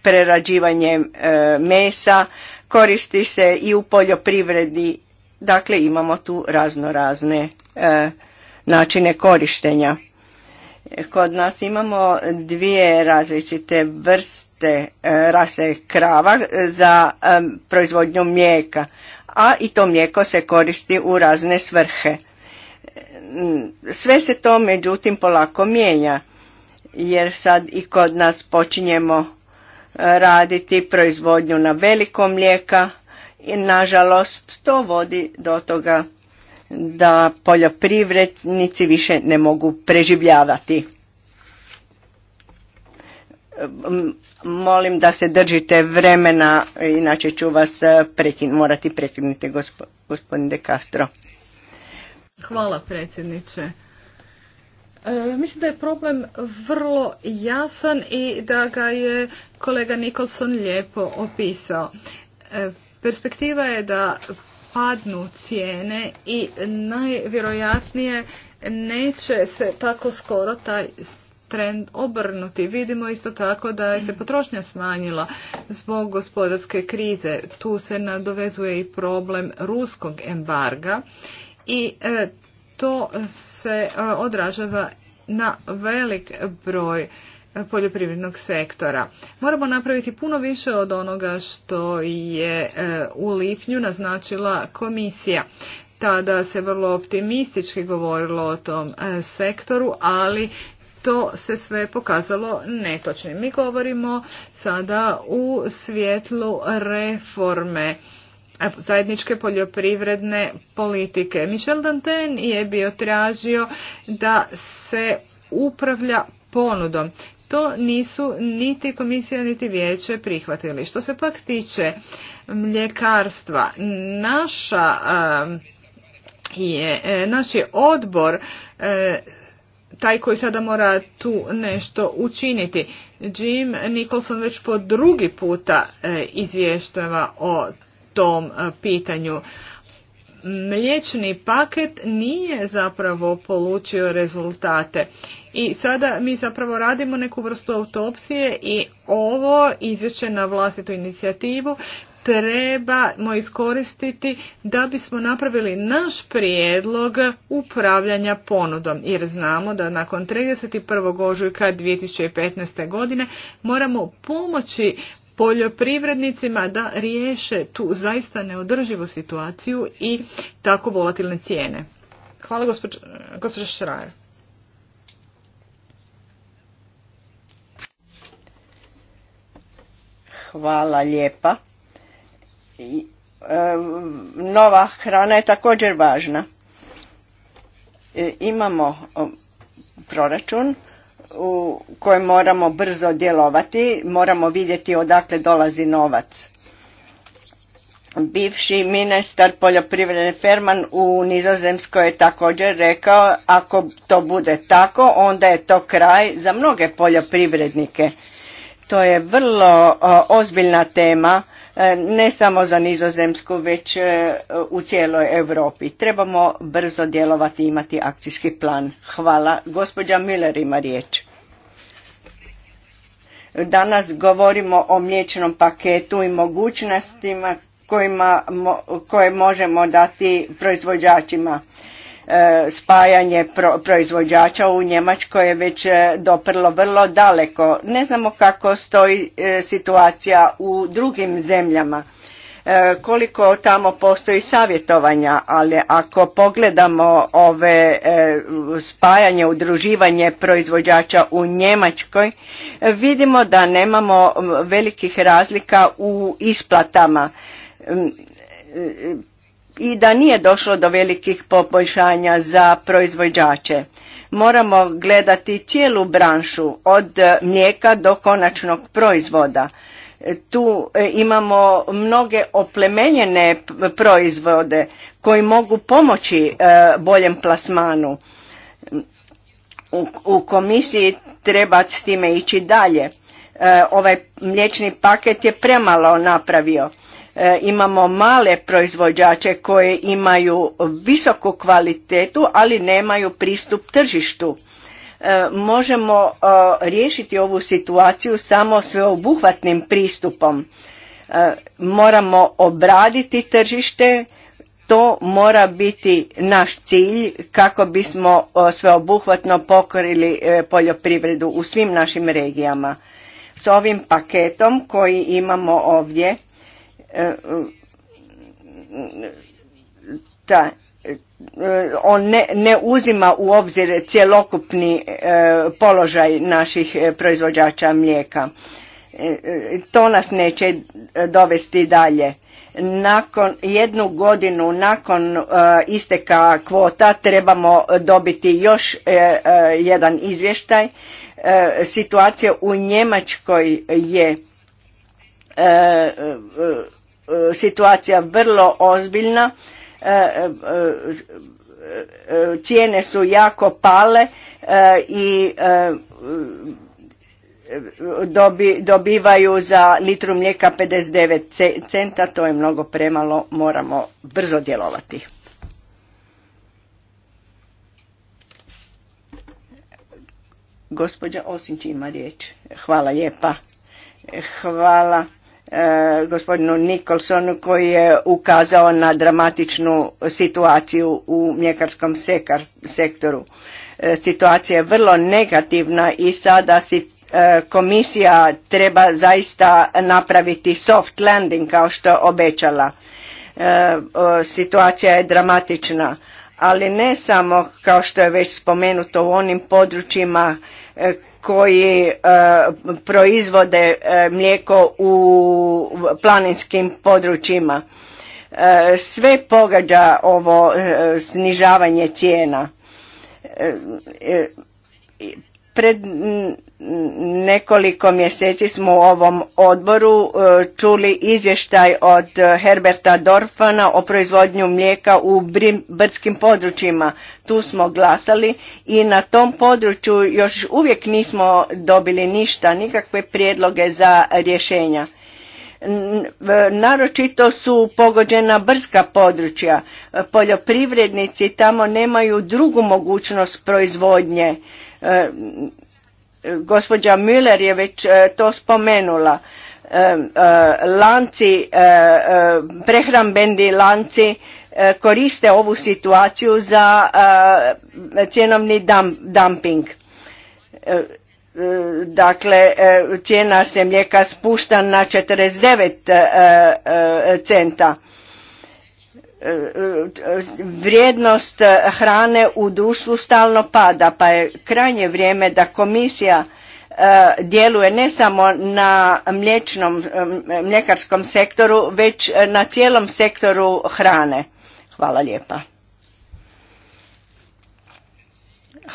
prerađivanje mesa, koristi se i u poljoprivredi, dakle imamo tu razno razne načine korištenja. Kod nas imamo dvije različite vrste e, rase krava za e, proizvodnju mlijeka, a i to mlijeko se koristi u razne svrhe. E, sve se to međutim polako mijenja, jer sad i kod nas počinjemo raditi proizvodnju na veliko mlijeka i nažalost to vodi do toga da poljoprivrednici više ne mogu preživljavati. Molim da se držite vremena, inače ću vas eh, prekin, morati prekinuti gospodine gospodin De Castro. Hvala predsjedniče. E, mislim da je problem vrlo jasan i da ga je kolega Nikolson lijepo opisao. E, perspektiva je da padnu cijene i najvjerojatnije neće se tako skoro taj trend obrnuti. Vidimo isto tako da je se potrošnja smanjila zbog gospodarske krize. Tu se nadovezuje i problem ruskog embarga i e, to se e, odražava na velik broj poljoprivrednog sektora. Moramo napraviti puno više od onoga što je e, u lipnju naznačila komisija. Tada se vrlo optimistički govorilo o tom e, sektoru, ali to se sve pokazalo netočnim. Mi govorimo sada u svjetlu reforme e, zajedničke poljoprivredne politike. Michel Danten je bio tražio da se upravlja ponudom. To nisu niti komisija niti vijeće prihvatili. Što se pak tiče mljekarstva, naša je, e, naš je odbor e, taj koji sada mora tu nešto učiniti. Jim Nicholson već po drugi puta e, izvještava o tom pitanju. Mliječni paket nije zapravo polučio rezultate i sada mi zapravo radimo neku vrstu autopsije i ovo izvješće na vlastitu inicijativu trebamo iskoristiti da bismo napravili naš prijedlog upravljanja ponudom jer znamo da nakon 31. ožujka 2015. godine moramo pomoći poljoprivrednicima da riješe tu zaista neodrživu situaciju i tako volatilne cijene. Hvala gospođa Šrajer. Hvala lijepa. I, e, nova hrana je također važna. E, imamo proračun u kojem moramo brzo djelovati, moramo vidjeti odakle dolazi novac. Bivši ministar poljoprivrede Ferman u Nizozemskoj je također rekao ako to bude tako onda je to kraj za mnoge poljoprivrednike to je vrlo ozbiljna tema, e, ne samo za nizozemsku, već e, u cijeloj Europi. Trebamo brzo djelovati i imati akcijski plan. Hvala. Gospođa Miller ima riječ. Danas govorimo o mliječnom paketu i mogućnostima koje možemo dati proizvođačima E, spajanje proizvođača u Njemačkoj je već e, doprlo vrlo daleko. Ne znamo kako stoji e, situacija u drugim zemljama, koliko tamo postoji savjetovanja, ali ako pogledamo ove spajanje, udruživanje proizvođača u Njemačkoj, vidimo da nemamo velikih razlika u isplatama i da nije došlo do velikih poboljšanja za proizvođače. Moramo gledati cijelu branšu od mlijeka do konačnog proizvoda. Tu e, imamo mnoge oplemenjene proizvode koji mogu pomoći e, boljem plasmanu. U komisiji treba s time ići dalje. E, ovaj mliječni paket je premalo napravio E, imamo male proizvođače koji imaju visoku kvalitetu, ali nemaju pristup tržištu. E, možemo e, riješiti ovu situaciju samo sveobuhvatnim pristupom. Moramo obraditi tržište, to mora biti naš cilj kako bismo sveobuhvatno pokorili poljoprivredu u svim našim regijama. S ovim paketom koji imamo ovdje ta, e, on ne, uzima u obzir cjelokupni e, položaj naših e, proizvođača mlijeka. To nas neće dovesti dalje. Nakon jednu godinu nakon isteka kvota trebamo dobiti još jedan izvještaj. Situacija u Njemačkoj je E, situacija vrlo ozbiljna, e, e, cijene su jako pale i dobivaju za litru mlijeka 59 centa, to je mnogo premalo, moramo brzo djelovati. Gospodja Osinć ima riječ. Hvala lijepa. Hvala. E, gospodinu Nikolsonu koji je ukazao na dramatičnu situaciju u mjekarskom sektoru. E, situacija je vrlo negativna i sada si, e, komisija treba zaista napraviti soft landing kao što je obećala. Situacija je dramatična, ali ne samo kao što je već spomenuto u onim područjima koji e, proizvode e, mlijeko u planinskim područjima. E, sve pogađa ovo snižavanje cijena Pred nekoliko mjeseci smo u ovom odboru e, čuli izvještaj od e, Herberta Dorfana o proizvodnju mlijeka u brdskim područjima. Tu smo glasali i na tom području još uvijek nismo dobili ništa, nikakve prijedloge za rješenja. Naročito su pogođena brska područja. E, poljoprivrednici tamo nemaju drugu mogućnost proizvodnje E, gospođa Müller je već e, to spomenula. E, lanci, prehrambeni lanci koriste ovu situaciju za cjenovni dumping. Dakle, cijena se mlijeka spušta na 49 centa vrijednost eh, hrane u društvu stalno pada, pa je krajnje vrijeme da komisija eh, djeluje ne samo na mlječnom, eh, mljekarskom sektoru, već na cijelom sektoru hrane. Hvala lijepa.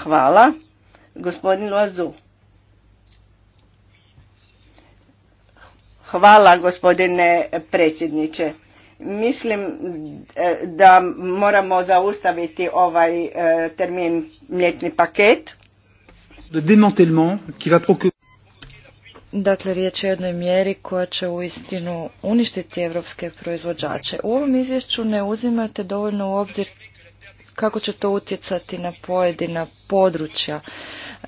Hvala. Gospodin Loazu. Hvala gospodine predsjedniče. Mislim e, da moramo zaustaviti ovaj e, termin mljetni paket. Dakle, riječ je o jednoj mjeri koja će uistinu uništiti evropske proizvođače. U ovom izvješću ne uzimate dovoljno u obzir kako će to utjecati na pojedina područja.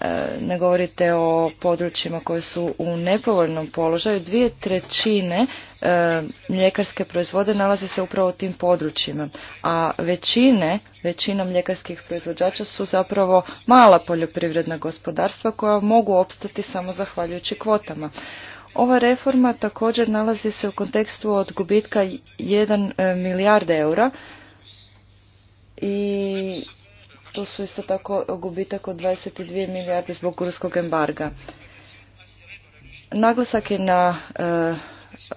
E, ne govorite o područjima koje su u nepovoljnom položaju. Dvije trećine e, mljekarske proizvode nalaze se upravo u tim područjima, a većine, većina mljekarskih proizvođača su zapravo mala poljoprivredna gospodarstva koja mogu opstati samo zahvaljujući kvotama. Ova reforma također nalazi se u kontekstu od gubitka 1 e, milijarda eura i tu su isto tako gubitak od 22 milijarde zbog ruskog embarga. Naglasak je na eh,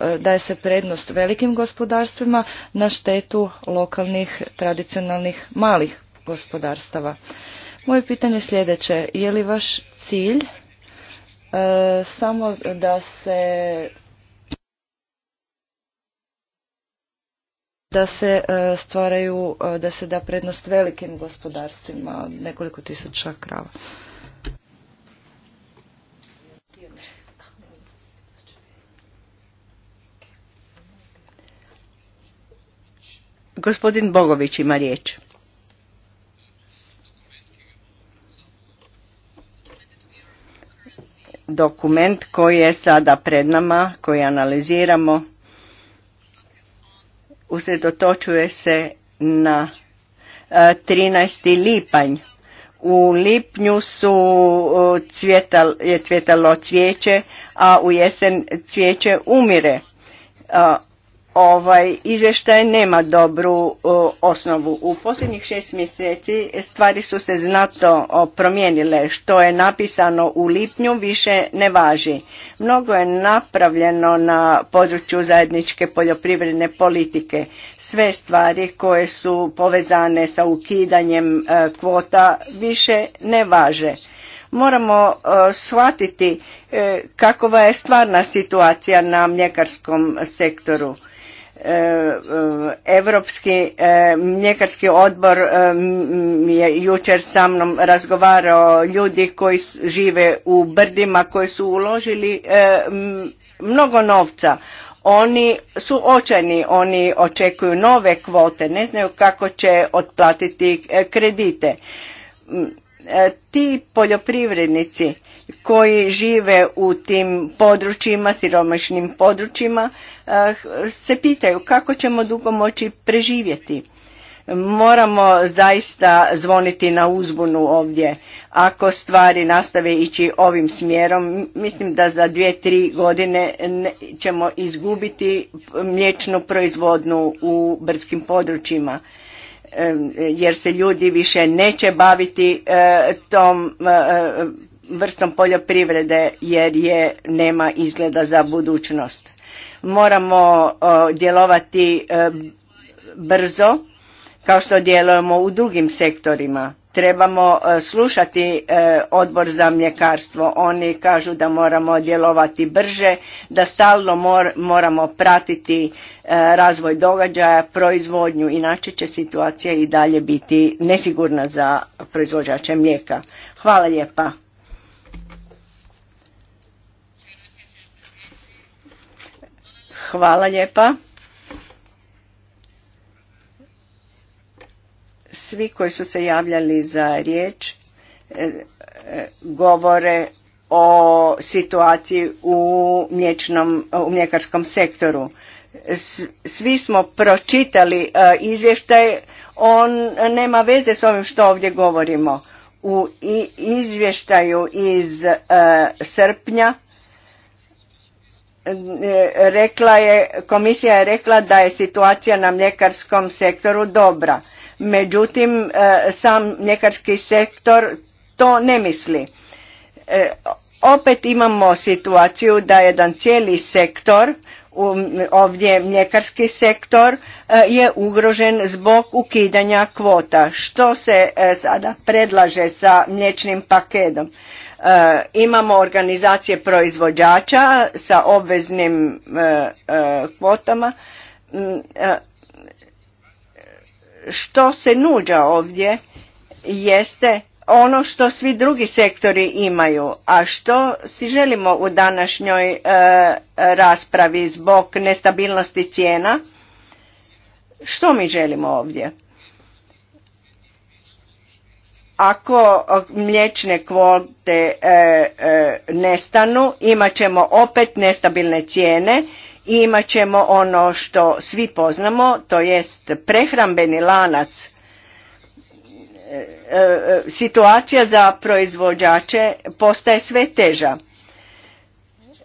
eh, daje se prednost velikim gospodarstvima na štetu lokalnih tradicionalnih malih gospodarstava. Moje pitanje je sljedeće, je li vaš cilj eh, samo da se da se e, stvaraju, e, da se da prednost velikim gospodarstvima, nekoliko tisuća krava. Gospodin Bogović ima riječ. Dokument koji je sada pred nama, koji analiziramo, usredotočuje se na 13. E, lipanj. U lipnju su e, cvjetal, je cvjetalo cvijeće, a u jesen cvijeće umire ovaj izvještaj nema dobru osnovu. U posljednjih šest mjeseci stvari su se znatno promijenile. Što je napisano u lipnju više ne važi. Mnogo je napravljeno na području zajedničke poljoprivredne politike. Sve stvari koje su povezane sa ukidanjem e, kvota više ne važe. Moramo e, shvatiti e, kakova je stvarna situacija na mljekarskom sektoru Europski e, mljekarski odbor e, je jučer sa mnom razgovarao ljudi koji žive u brdima koji su uložili e, mnogo novca. Oni su očajni, oni očekuju nove kvote, ne znaju kako će otplatiti kredite. Ti poljoprivrednici koji žive u tim područjima, siromašnim područjima, eh, se pitaju kako ćemo dugo moći preživjeti. Moramo zaista zvoniti na uzbunu ovdje. Ako stvari nastave ići ovim smjerom, mislim da za dvije, tri godine ćemo izgubiti mliječnu proizvodnu u brdskim područjima eh, jer se ljudi više neće baviti eh, tom vrstom poljoprivrede jer je nema izgleda za budućnost. Moramo djelovati e, brzo kao što djelujemo u drugim sektorima. Trebamo e, slušati e, odbor za mljekarstvo. Oni kažu da moramo djelovati brže, da stalno moramo pratiti razvoj događaja, proizvodnju, inače će situacija i dalje biti nesigurna za proizvođače mlijeka. Hvala lijepa. Hvala lijepa. Svi koji su se javljali za riječ e, e, govore o situaciji u, u mljekarskom sektoru. Svi smo pročitali e, izvještaj, on nema veze s ovim što ovdje govorimo. U izvještaju iz srpnja rekla je, komisija je rekla da je situacija na mljekarskom sektoru dobra. Međutim, e, sam mljekarski sektor to ne misli. E, opet imamo situaciju da jedan cijeli sektor, ovdje mljekarski sektor, e, je ugrožen zbog ukidanja kvota. Što se sada predlaže sa mliječnim paketom? Eh, imamo organizacije proizvođača sa obveznim eh, eh, kvotama. Mm, što se nuđa ovdje jeste ono što svi drugi sektori imaju, a što si želimo u današnjoj raspravi zbog nestabilnosti cijena, što mi želimo ovdje? Ako mliječne kvote e, e, nestanu, imat ćemo opet nestabilne cijene i imat ćemo ono što svi poznamo, to jest prehrambeni lanac e, situacija za proizvođače postaje sve teža.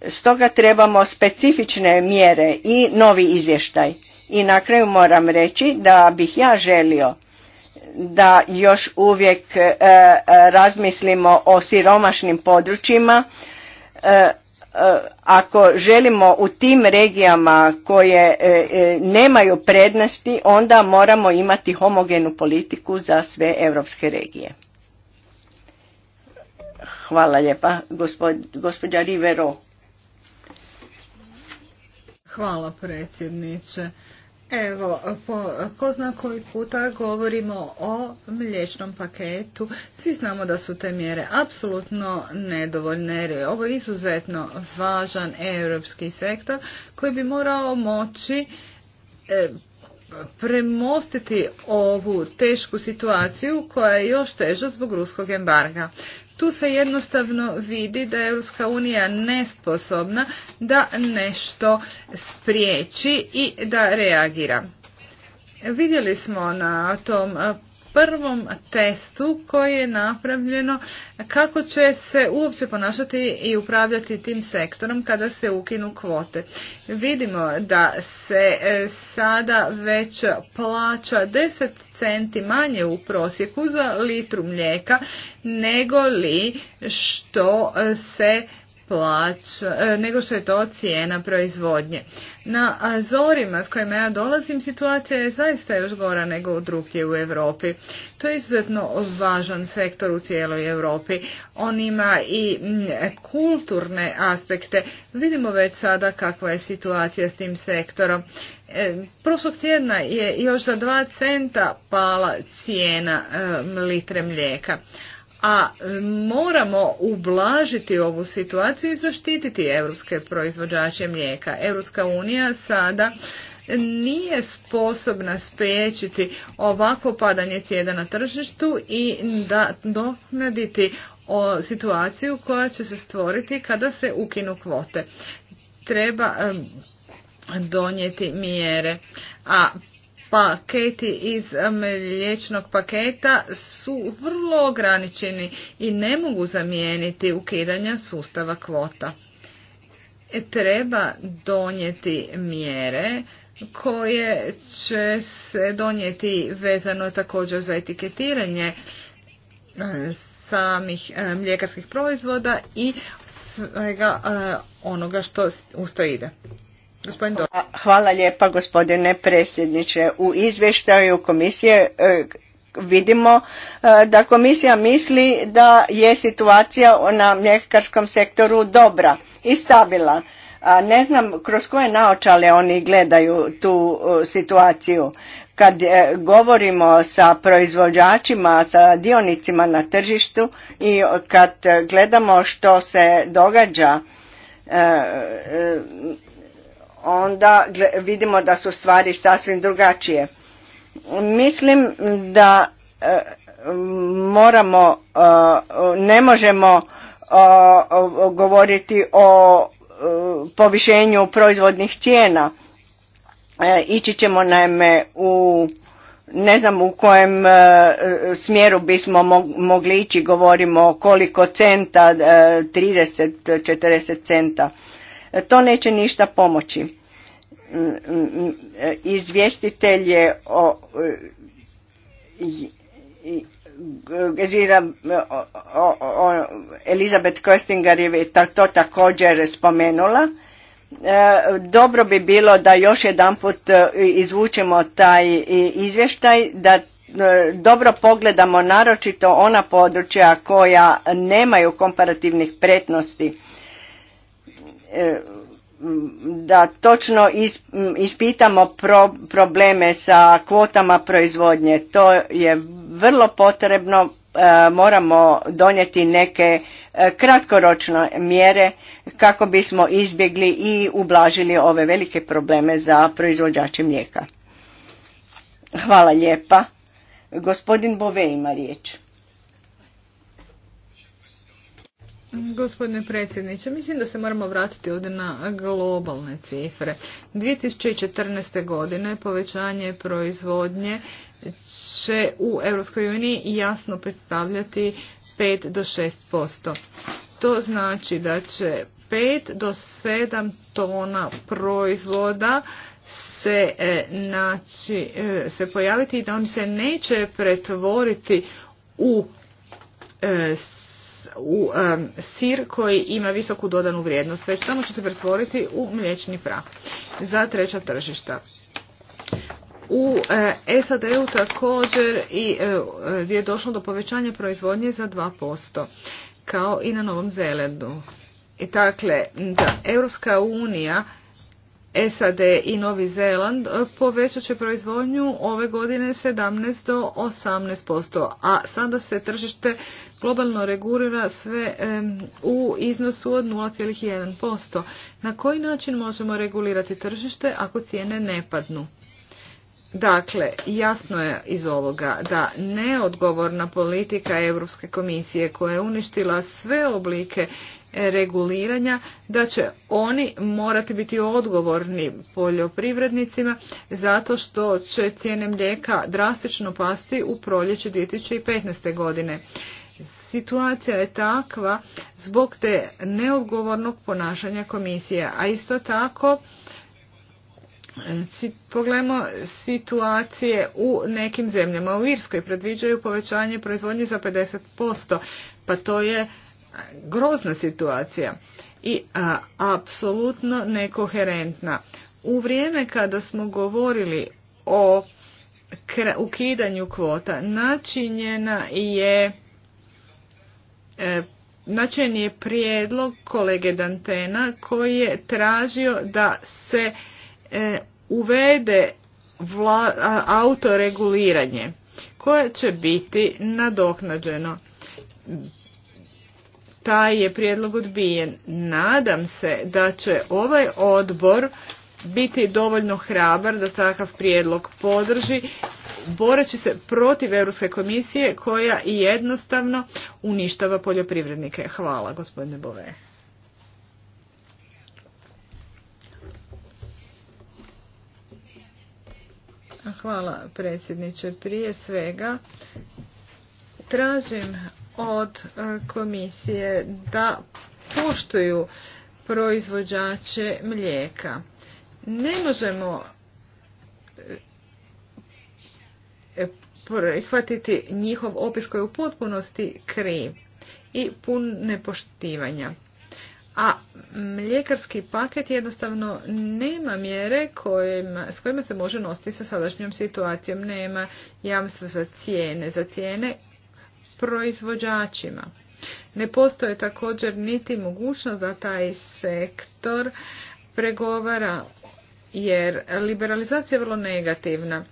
Stoga trebamo specifične mjere i novi izvještaj. I na kraju moram reći da bih ja želio da još uvijek e, e, razmislimo o siromašnim područjima e, ako želimo u tim regijama koje nemaju prednosti onda moramo imati homogenu politiku za sve europske regije. Hvala lijepa gospođa Rivero. Hvala predsjedniče. Evo, po, ko zna koji puta govorimo o mlječnom paketu. Svi znamo da su te mjere apsolutno nedovoljne jer je izuzetno važan europski sektor koji bi morao moći e, premostiti ovu tešku situaciju koja je još teža zbog ruskog embarga. Tu se jednostavno vidi da je Europska unija nesposobna da nešto spriječi i da reagira. Vidjeli smo na tom prvom testu koji je napravljeno kako će se uopće ponašati i upravljati tim sektorom kada se ukinu kvote. Vidimo da se e, sada već plaća 10 centi manje u prosjeku za litru mlijeka nego li što se plać, e, nego što je to cijena proizvodnje. Na Azorima s kojima ja dolazim situacija je zaista još gora nego drugdje u Europi. To je izuzetno važan sektor u cijeloj Europi. On ima i kulturne aspekte. Vidimo već sada kakva je situacija s tim sektorom. E, prošlog tjedna je još za dva centa pala cijena e, litre mlijeka a e, moramo ublažiti ovu situaciju i zaštititi europske proizvođače mlijeka. Europska unija sada nije sposobna spriječiti ovako padanje cijena na tržištu i da donaditi o situaciju koja će se stvoriti kada se ukinu kvote. Treba e, donijeti mjere, a paketi iz mliječnog paketa su vrlo ograničeni i ne mogu zamijeniti ukidanja sustava kvota. E, treba donijeti mjere koje će se donijeti vezano također za etiketiranje e, samih e, mljekarskih proizvoda i svega onoga što uz ide. Hvala lijepa gospodine predsjedniče. U izvještaju komisije e, vidimo e, da komisija misli da je situacija na mljekarskom sektoru dobra i stabilna. Ne znam kroz koje naočale oni gledaju tu e, situaciju. Kad govorimo sa proizvođačima, sa dionicima na tržištu i kad gledamo što se događa onda vidimo da su stvari sasvim drugačije. Mislim da e, moramo, e, ne možemo e, govoriti o povišenju proizvodnih cijena. Ići ćemo naime u ne znam u kojem smjeru bismo mogli ići, govorimo koliko centa, 30, 40 centa. To neće ništa pomoći. Mm, mm, mm, izvjestitelj je o, Elizabeth Köstinger je to također spomenula. E, dobro bi bilo da još jedanput e, izvučemo taj e, izvještaj, da dobro pogledamo naročito ona područja koja nemaju komparativnih pretnosti E, da točno ispitamo probleme sa kvotama proizvodnje. To je vrlo potrebno, e, moramo donijeti neke e, kratkoročne mjere kako bismo izbjegli i ublažili ove velike probleme za proizvođače mlijeka. Hvala lijepa. Gospodin Bove ima riječ. Gospodine predsjedniče, mislim da se moramo vratiti ovdje na globalne cifre. 2014. godine povećanje proizvodnje će u EU jasno predstavljati 5 do 6%. To znači da će 5 do 7 tona proizvoda se e, naći, e, se pojaviti i da oni se neće pretvoriti u e, u sir koji ima visoku dodanu vrijednost, već samo će se pretvoriti u mliječni prah za treća tržišta. U eh, SAD-u također i eh, je došlo do povećanja proizvodnje za 2%, kao i na Novom Zelandu. I dakle, da Europska unija SAD i Novi Zeland e, povećat će proizvodnju ove godine 17 do 18%, a sada se tržište globalno regulira sve u iznosu od 0,1%. Na koji način možemo regulirati tržište ako cijene ne padnu? Dakle, jasno je iz ovoga da neodgovorna politika Europske komisije koja je uništila sve oblike reguliranja da će oni morati biti odgovorni poljoprivrednicima zato što će cijene mlijeka drastično pasti u proljeće 2015. godine. Situacija je takva zbog te neodgovornog ponašanja komisije, a isto tako Pogledajmo situacije u nekim zemljama. U Irskoj predviđaju povećanje proizvodnje za 50%, pa to je grozna situacija i apsolutno nekoherentna. U vrijeme kada smo govorili o ukidanju kvota načinjena je e, način je prijedlog kolege Dantena koji je tražio da se e, uvede autoreguliranje koje će biti nadoknađeno taj je prijedlog odbijen. Nadam se da će ovaj odbor biti dovoljno hrabar da takav prijedlog podrži, boreći se protiv Europske komisije koja jednostavno uništava poljoprivrednike. Hvala gospodine Bove. Hvala predsjedniče. Prije svega tražim od e, komisije da poštuju proizvođače mlijeka. Ne možemo e, prihvatiti njihov opis koji je u potpunosti kriv i pun nepoštivanja. A mljekarski paket jednostavno nema mjere s kojima se može nositi sa sadašnjom situacijom. Nema jamstva za cijene, za cijene proizvođačima. Ne postoje također niti mogućnost da taj sektor pregovara jer liberalizacija je vrlo negativna.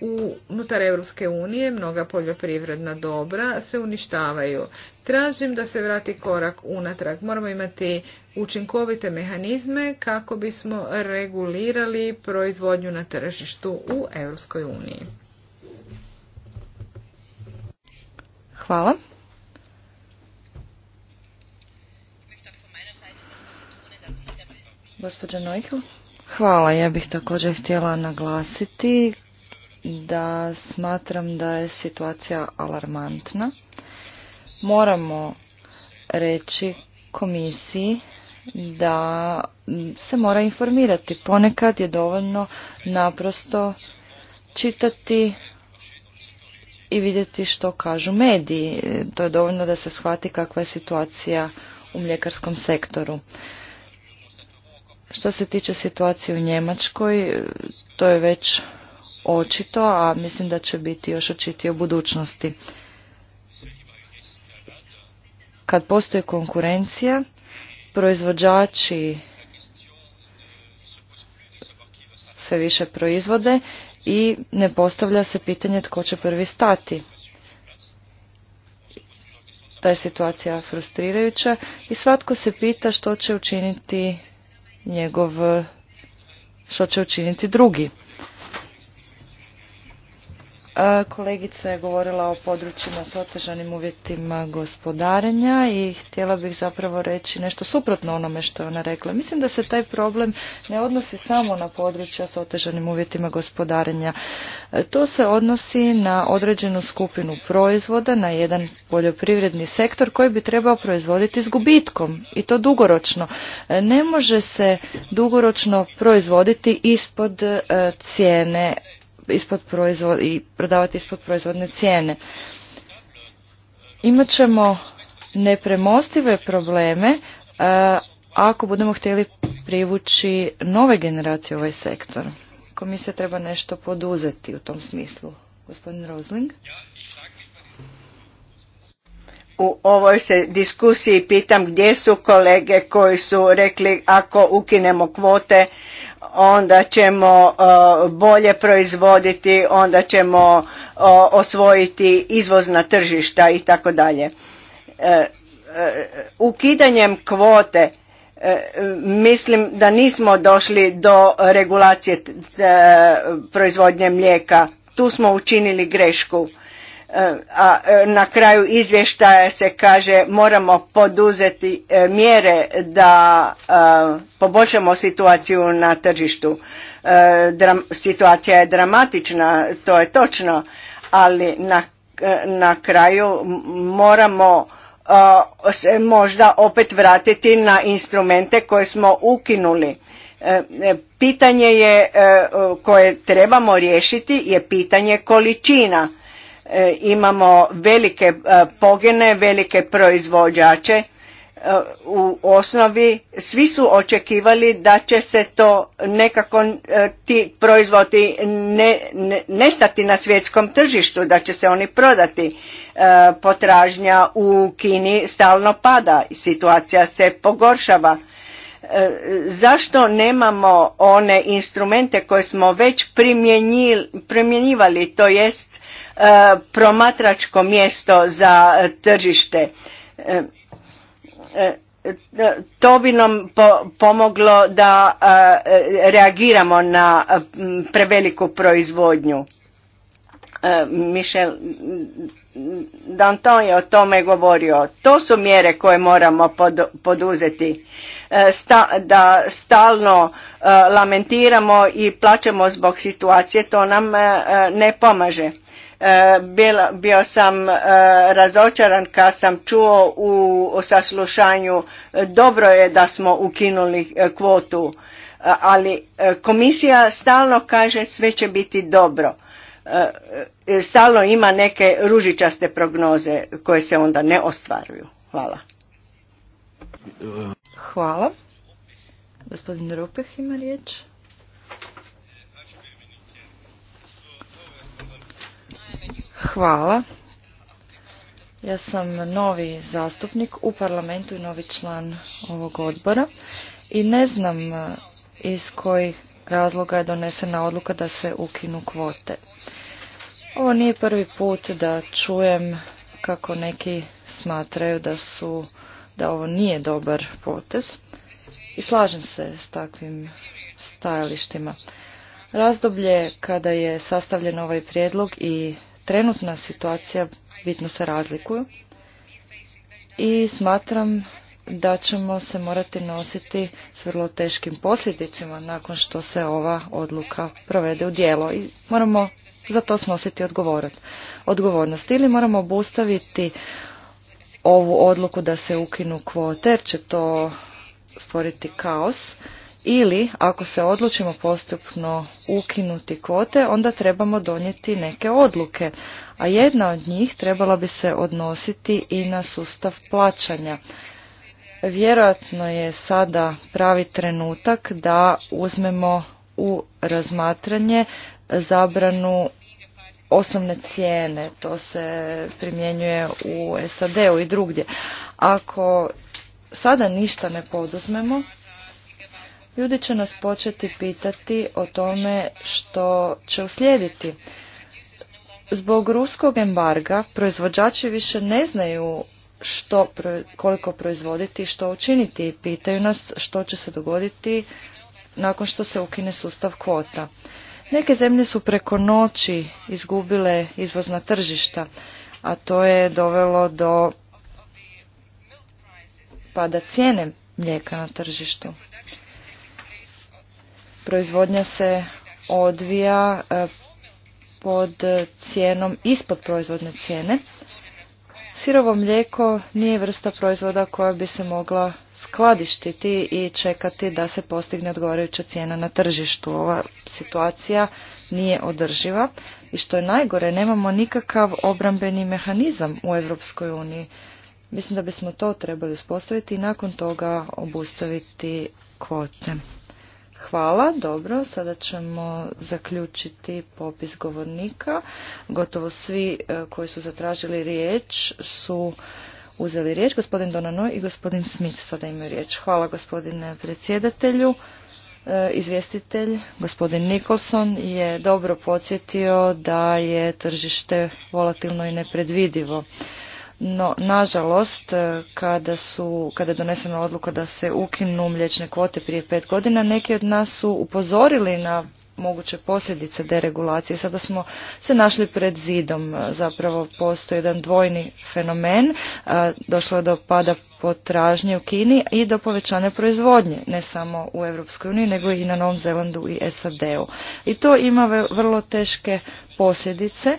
Unutar Europske unije mnoga poljoprivredna dobra se uništavaju. Tražim da se vrati korak unatrag. Moramo imati učinkovite mehanizme kako bismo regulirali proizvodnju na tržištu u Europskoj uniji. Hvala. Hvala. Ja bih također htjela naglasiti da smatram da je situacija alarmantna. Moramo reći komisiji da se mora informirati. Ponekad je dovoljno naprosto čitati i vidjeti što kažu mediji. To je dovoljno da se shvati kakva je situacija u mljekarskom sektoru. Što se tiče situacije u Njemačkoj, to je već očito, a mislim da će biti još očitije u budućnosti. Kad postoji konkurencija, proizvođači sve više proizvode i ne postavlja se pitanje tko će prvi stati. Ta je situacija frustrirajuća i svatko se pita što će učiniti njegov, što će učiniti drugi. E, kolegica je govorila o područjima s otežanim uvjetima gospodarenja i htjela bih zapravo reći nešto suprotno onome što je ona rekla. Mislim da se taj problem ne odnosi samo na područja s otežanim uvjetima gospodarenja. E, to se odnosi na određenu skupinu proizvoda, na jedan poljoprivredni sektor koji bi trebao proizvoditi s gubitkom i to dugoročno. E, ne može se dugoročno proizvoditi ispod cijene ispod proizvod, i prodavati ispod proizvodne cijene. ćemo nepremostive probleme e, ako budemo htjeli privući nove generacije u ovaj sektor. Komisija treba nešto poduzeti u tom smislu. Gospodin Rosling? U ovoj se diskusiji pitam gdje su kolege koji su rekli ako ukinemo kvote onda ćemo e, bolje proizvoditi, onda ćemo osvojiti izvozna tržišta i tako dalje. E, e, ukidanjem kvote mislim da nismo došli do regulacije proizvodnje mlijeka. Tu smo učinili grešku. E, a e, na kraju izvještaja se kaže moramo poduzeti e, mjere da poboljšamo situaciju na tržištu. Situacija je dramatična, to je točno, ali na, kraju moramo se možda opet vratiti na instrumente koje smo ukinuli. Pitanje je koje trebamo riješiti je pitanje količina E, imamo velike e, pogene, velike proizvođače. E, u osnovi svi su očekivali da će se to nekako ti proizvodi nestati na svjetskom tržištu, da će se oni prodati. Potražnja u Kini stalno pada i situacija se pogoršava. Zašto nemamo one instrumente koje smo već primjenjivali, to jest promatračko mjesto za e, tržište. E, e, to bi nam pomoglo da reagiramo na preveliku proizvodnju. Michel Danton je o tome govorio. To su mjere koje moramo poduzeti. da stalno lamentiramo i plaćemo zbog situacije, to nam ne pomaže. E, bio sam e, razočaran kad sam čuo u saslušanju e, dobro je da smo ukinuli kvotu, ali komisija stalno kaže sve će biti dobro. Stalno ima neke ružičaste prognoze koje se onda ne ostvaruju. Hvala. Hvala. Gospodin Rupeh ima riječ. Hvala. Ja sam novi zastupnik u parlamentu i novi član ovog odbora i ne znam e, iz kojih razloga je donesena odluka da se ukinu kvote. Ovo nije prvi put da čujem kako neki smatraju da su da ovo nije dobar potez i slažem se s takvim stajalištima. Razdoblje kada je sastavljen ovaj prijedlog i trenutna situacija bitno se razlikuju i smatram da ćemo se morati nositi s vrlo teškim posljedicima nakon što se ova odluka provede u djelo i moramo za to snositi odgovornost. Ili moramo obustaviti ovu odluku da se ukinu kvote jer će to stvoriti kaos ili ako se odlučimo postupno ukinuti kvote, onda trebamo donijeti neke odluke, a jedna od njih trebala bi se odnositi i na sustav plaćanja. Vjerojatno je sada pravi trenutak da uzmemo u razmatranje zabranu osnovne cijene. To se primjenjuje u SAD-u i drugdje. Ako sada ništa ne poduzmemo, ljudi će nas početi pitati o tome što će uslijediti. Zbog ruskog embarga proizvođači više ne znaju što, koliko proizvoditi i što učiniti. Pitaju nas što će se dogoditi nakon što se ukine sustav kvota. Neke zemlje su preko noći izgubile izvozna tržišta, a to je dovelo do pada cijene mlijeka na tržištu proizvodnja se odvija e, pod cijenom ispod proizvodne cijene. Sirovo mlijeko nije vrsta proizvoda koja bi se mogla skladištiti i čekati da se postigne odgovarajuća cijena na tržištu. Ova situacija nije održiva i što je najgore, nemamo nikakav obrambeni mehanizam u Europskoj uniji. Mislim da bismo to trebali uspostaviti i nakon toga obustaviti kvote. Hvala, dobro, sada ćemo zaključiti popis govornika. Gotovo svi e, koji su zatražili riječ su uzeli riječ. Gospodin Donano i gospodin Smith sada imaju riječ. Hvala gospodine predsjedatelju. E, izvjestitelj, gospodin Nikolson, je dobro podsjetio da je tržište volatilno i nepredvidivo. No, nažalost, e, kada, su, kada je donesena odluka da se ukinu mlječne kvote prije pet godina, neki od nas su upozorili na moguće posljedice deregulacije. Sada smo se našli pred zidom. E, zapravo postoji jedan dvojni fenomen. E, došlo je do pada potražnje u Kini i do povećanja proizvodnje, ne samo u EU uniji, nego i na Novom Zelandu i SAD-u. I to ima vrlo teške posljedice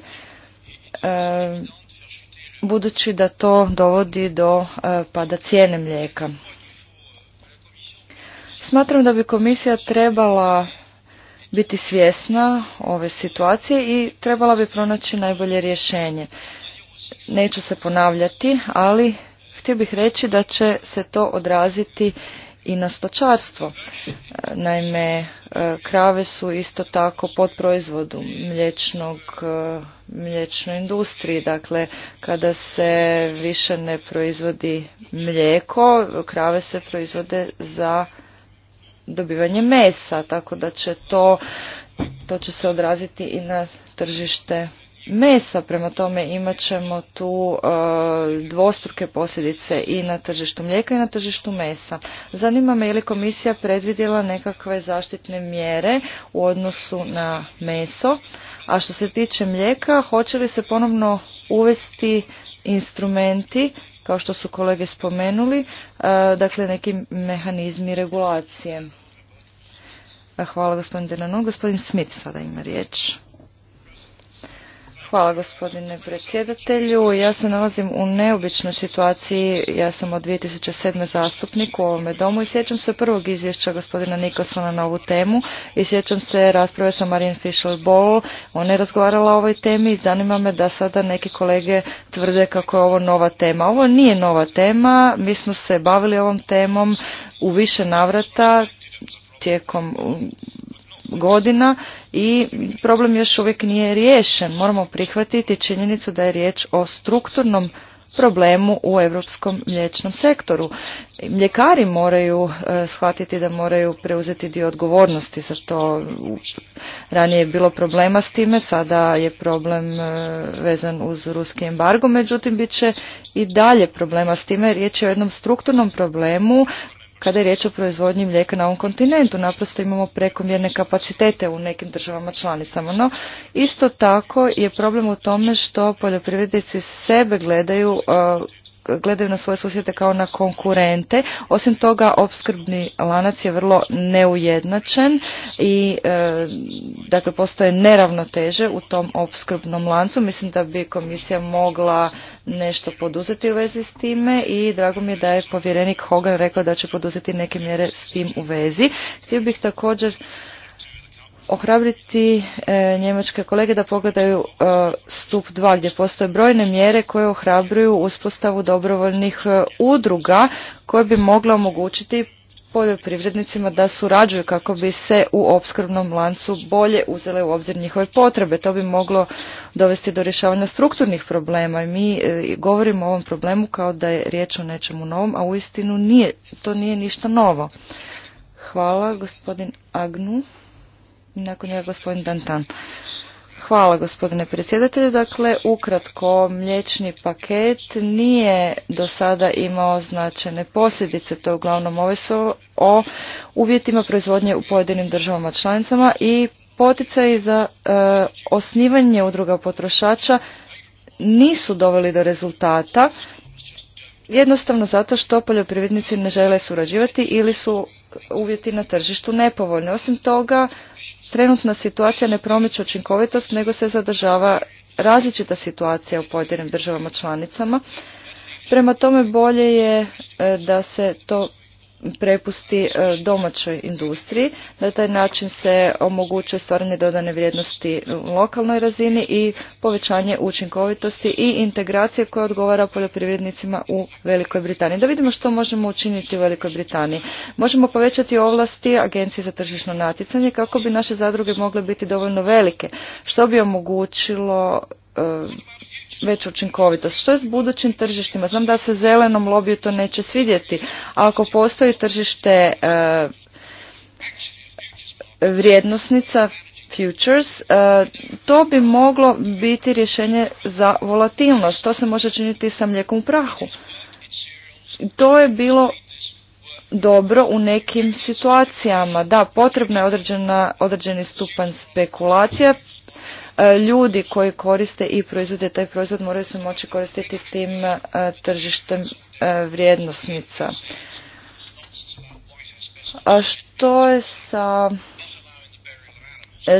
budući da to dovodi do e, pada cijene mlijeka. Smatram da bi komisija trebala biti svjesna ove situacije i trebala bi pronaći najbolje rješenje. Neću se ponavljati, ali htio bih reći da će se to odraziti i na stočarstvo. E, naime, e, krave su isto tako pod proizvodu mlječnog, e, mlječnoj industriji. Dakle, kada se više ne proizvodi mlijeko, krave se proizvode za dobivanje mesa, tako da će to, to će se odraziti i na tržište mesa, prema tome imat ćemo tu e, dvostruke posljedice i na tržištu mlijeka i na tržištu mesa. Zanima me je li komisija predvidjela nekakve zaštitne mjere u odnosu na meso, a što se tiče mlijeka, hoće li se ponovno uvesti instrumenti kao što su kolege spomenuli, e, dakle neki mehanizmi regulacije. E, hvala gospodin Denano. Gospodin Smith sada ima riječ. Hvala gospodine predsjedatelju. Ja se nalazim u neobičnoj situaciji. Ja sam od 2007. zastupnik u ovome domu i sjećam se prvog izvješća gospodina Nikolsona na ovu temu i sjećam se rasprave sa Marine Fischer Boll Ona je razgovarala o ovoj temi i zanima me da sada neki kolege tvrde kako je ovo nova tema. Ovo nije nova tema. Mi smo se bavili ovom temom u više navrata tijekom godina i problem još uvijek nije riješen. Moramo prihvatiti činjenicu da je riječ o strukturnom problemu u europskom mliječnom sektoru. Mljekari moraju e, shvatiti da moraju preuzeti dio odgovornosti za to. Ranije je bilo problema s time, sada je problem e, vezan uz ruski embargo, međutim bit će i dalje problema s time. Riječ je o jednom strukturnom problemu kada je riječ o proizvodnji mlijeka na ovom kontinentu. Naprosto imamo prekomjerne kapacitete u nekim državama članicama. No, isto tako je problem u tome što poljoprivrednici sebe gledaju e, gledaju na svoje susjede kao na konkurente. Osim toga, opskrbni lanac je vrlo neujednačen i e, dakle postoje neravnoteže u tom opskrbnom lancu. Mislim da bi komisija mogla nešto poduzeti u vezi s time i drago mi je da je povjerenik Hogan rekao da će poduzeti neke mjere s tim u vezi. Htio bih također ohrabriti e, njemačke kolege da pogledaju e, stup 2 gdje postoje brojne mjere koje ohrabruju uspostavu dobrovoljnih e, udruga koje bi mogla omogućiti poljoprivrednicima da surađuju kako bi se u opskrbnom lancu bolje uzele u obzir njihove potrebe. To bi moglo dovesti do rješavanja strukturnih problema i mi e, govorimo o ovom problemu kao da je riječ o nečemu novom, a uistinu nije, to nije ništa novo. Hvala gospodin Agnu i nakon njega gospodin Dantan. Hvala gospodine predsjedatelju. Dakle, ukratko, mliječni paket nije do sada imao značajne posljedice. To je uglavnom ovisno o uvjetima proizvodnje u pojedinim državama članicama i poticaji za e, osnivanje udruga potrošača nisu doveli do rezultata jednostavno zato što poljoprivrednici ne žele surađivati ili su uvjeti na tržištu nepovoljni. Osim toga, trenutna situacija ne promiče učinkovitost, nego se zadržava različita situacija u pojedinim državama članicama. Prema tome bolje je e, da se to prepusti e, domaćoj industriji. Na taj način se omogućuje stvaranje dodane vrijednosti lokalnoj razini i povećanje učinkovitosti i integracije koja odgovara poljoprivrednicima u Velikoj Britaniji. Da vidimo što možemo učiniti u Velikoj Britaniji. Možemo povećati ovlasti Agencije za tržišno natjecanje kako bi naše zadruge mogle biti dovoljno velike, što bi omogućilo e, veću učinkovitost. Što je s budućim tržištima? Znam da se zelenom lobiju to neće svidjeti, a ako postoji tržište e, vrijednosnica, futures, e, to bi moglo biti rješenje za volatilnost. To se može činiti sa mlijekom u prahu. To je bilo dobro u nekim situacijama. Da, potrebna je određena, određeni stupanj spekulacija, E, ljudi koji koriste i proizvode taj proizvod moraju se moći koristiti tim e, tržištem e, vrijednosnica. A što je sa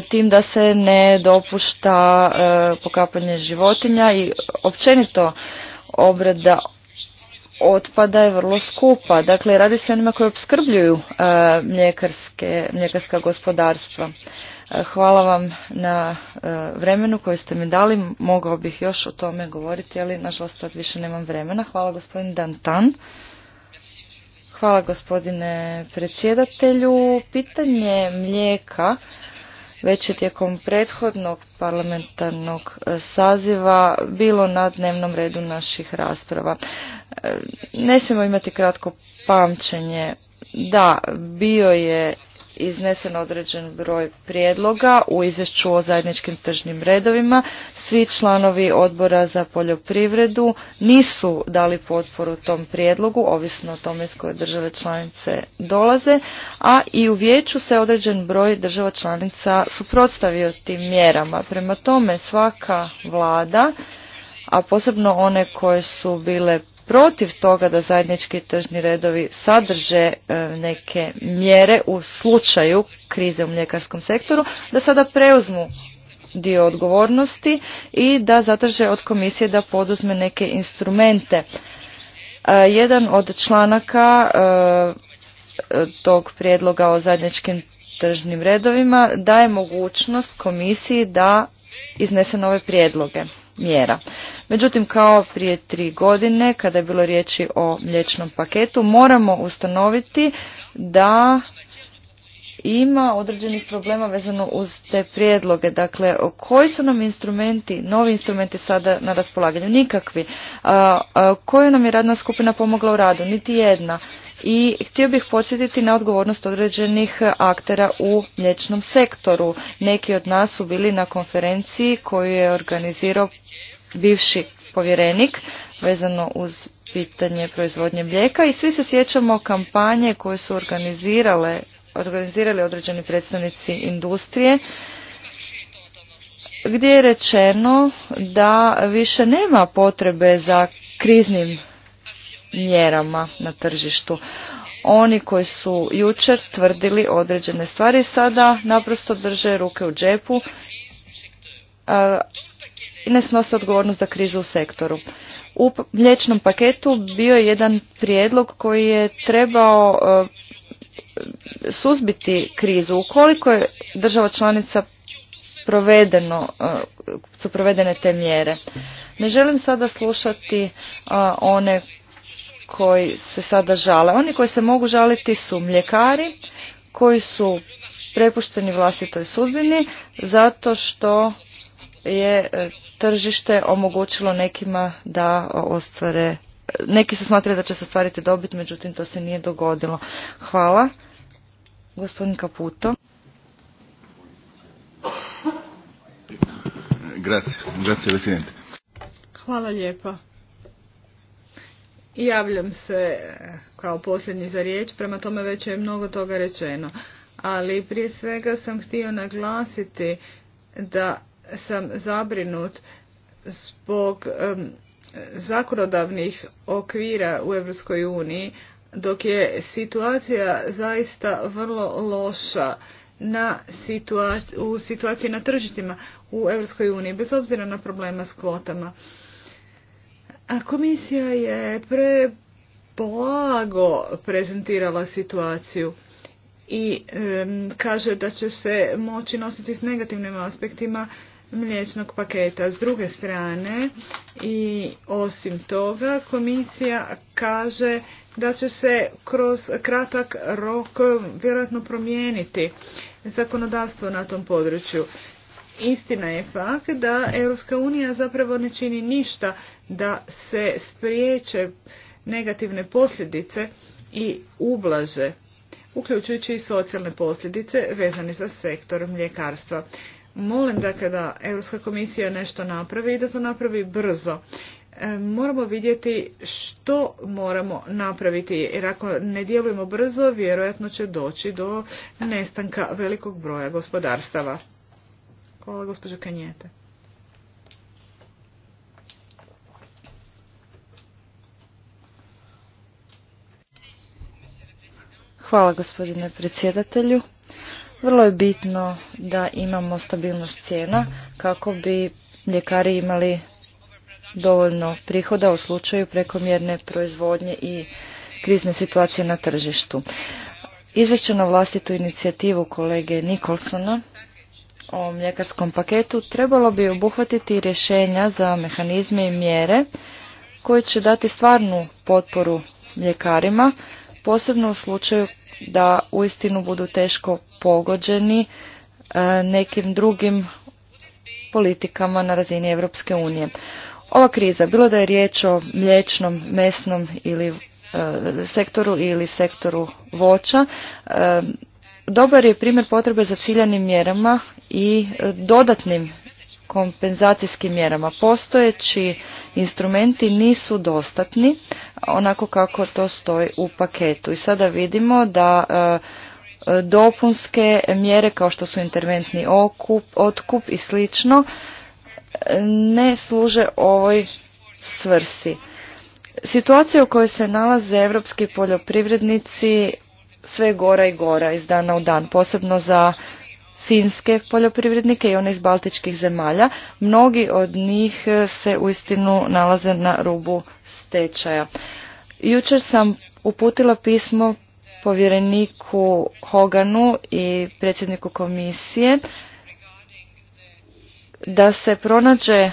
tim da se ne dopušta pokapanje životinja i općenito obrada otpada je vrlo skupa. Dakle, radi se onima koji opskrbljuju mljekarske, mljekarska gospodarstva. Hvala vam na e, vremenu koje ste mi dali. Mogao bih još o tome govoriti, ali nažalost više nemam vremena. Hvala gospodin Dantan. Hvala gospodine predsjedatelju. Pitanje mlijeka već je tijekom prethodnog parlamentarnog e, saziva bilo na dnevnom redu naših rasprava. E, ne smijemo imati kratko pamćenje. Da, bio je iznesen određen broj prijedloga u izvješću o zajedničkim tržnim redovima. Svi članovi odbora za poljoprivredu nisu dali potporu tom prijedlogu, ovisno o tome s koje države članice dolaze, a i u vijeću se određen broj država članica suprotstavio tim mjerama. Prema tome svaka vlada, a posebno one koje su bile protiv toga da zajednički tržni redovi sadrže e, neke mjere u slučaju krize u mljekarskom sektoru, da sada preuzmu dio odgovornosti i da zatraže od komisije da poduzme neke instrumente. E, jedan od članaka e, tog prijedloga o zajedničkim tržnim redovima daje mogućnost komisiji da iznese nove prijedloge mjera. Međutim, kao prije tri godine, kada je bilo riječi o mliječnom paketu, moramo ustanoviti da ima određenih problema vezano uz te prijedloge. Dakle, koji su nam instrumenti, novi instrumenti sada na raspolaganju? Nikakvi. koju nam je radna skupina pomogla u radu? Niti jedna i htio bih podsjetiti na odgovornost određenih aktera u mliječnom sektoru. Neki od nas su bili na konferenciji koju je organizirao bivši povjerenik vezano uz pitanje proizvodnje mlijeka i svi se sjećamo kampanje koje su organizirale, organizirali određeni predstavnici industrije gdje je rečeno da više nema potrebe za kriznim mjerama na tržištu. Oni koji su jučer tvrdili određene stvari sada naprosto drže ruke u džepu e, i ne snose odgovornost za krizu u sektoru. U mlječnom paketu bio je jedan prijedlog koji je trebao e, suzbiti krizu. Ukoliko je država članica provedeno, e, su provedene te mjere. Ne želim sada slušati one koji se sada žale. Oni koji se mogu žaliti su mljekari koji su prepušteni vlastitoj sudbini zato što je e, tržište omogućilo nekima da ostvare neki su smatrali da će se ostvariti dobit, međutim to se nije dogodilo. Hvala. Gospodin Kaputo. Grazie, grazie Hvala lijepa. Javljam se eh, kao posljednji za riječ, prema tome već je mnogo toga rečeno. Ali prije svega sam htio naglasiti da sam zabrinut zbog um, zakonodavnih okvira u Europskoj uniji, dok je situacija zaista vrlo loša na u situaciji na tržištima u Europskoj uniji, bez obzira na problema s kvotama. A komisija je preblago prezentirala situaciju i kaže da će se moći nositi s negativnim aspektima mliječnog paketa. S druge strane i osim toga komisija kaže da će se kroz kratak rok vjerojatno promijeniti zakonodavstvo na tom području. Istina je fakt da Europska unija zapravo ne čini ništa da se spriječe negativne posljedice i ublaže, uključujući i socijalne posljedice vezane za sektor mljekarstva. Molim da kada Europska komisija nešto napravi i da to napravi brzo. E, moramo vidjeti što moramo napraviti jer ako ne djelujemo brzo vjerojatno će doći do nestanka velikog broja gospodarstava. Hvala gospođo Kanjete. Hvala gospodine predsjedatelju. Vrlo je bitno da imamo stabilnost cijena kako bi ljekari imali dovoljno prihoda u slučaju prekomjerne proizvodnje i krizne situacije na tržištu. Izvješće na vlastitu inicijativu kolege Nikolsona o mljekarskom paketu trebalo bi obuhvatiti rješenja za mehanizme i mjere koji će dati stvarnu potporu mljekarima, posebno u slučaju da uistinu budu teško pogođeni e, nekim drugim politikama na razini Europske unije. Ova kriza, bilo da je riječ o mliječnom, mesnom ili e, sektoru ili sektoru voća e, dobar je primjer potrebe za ciljanim mjerama i e, dodatnim kompenzacijskim mjerama. Postojeći instrumenti nisu dostatni onako kako to stoji u paketu. I sada vidimo da e, e, dopunske mjere kao što su interventni otkup i slično ne služe ovoj svrsi. Situacija u kojoj se nalaze evropski poljoprivrednici sve gora i gora iz dana u dan, posebno za finske poljoprivrednike i one iz baltičkih zemalja. Mnogi od njih e, se uistinu nalaze na rubu stečaja. Jučer sam uputila pismo povjereniku Hoganu i predsjedniku komisije da se pronađe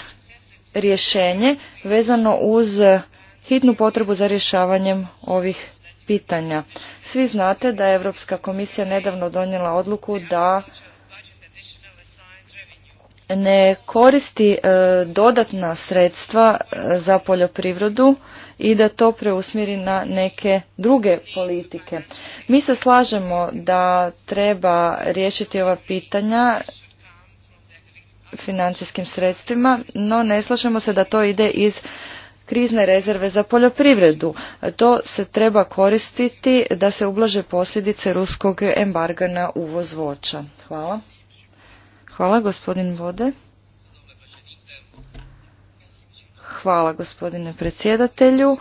rješenje vezano uz hitnu potrebu za rješavanjem ovih pitanja. Svi znate da je Europska komisija nedavno donijela odluku da ne koristi e, dodatna sredstva e, za poljoprivredu i da to preusmjeri na neke druge politike. Mi se slažemo da treba riješiti ova pitanja financijskim sredstvima, no ne slažemo se da to ide iz krizne rezerve za poljoprivredu. To se treba koristiti da se ublaže posljedice ruskog embarga na uvoz voća. Hvala. Hvala gospodin Vode. Hvala gospodine predsjedatelju.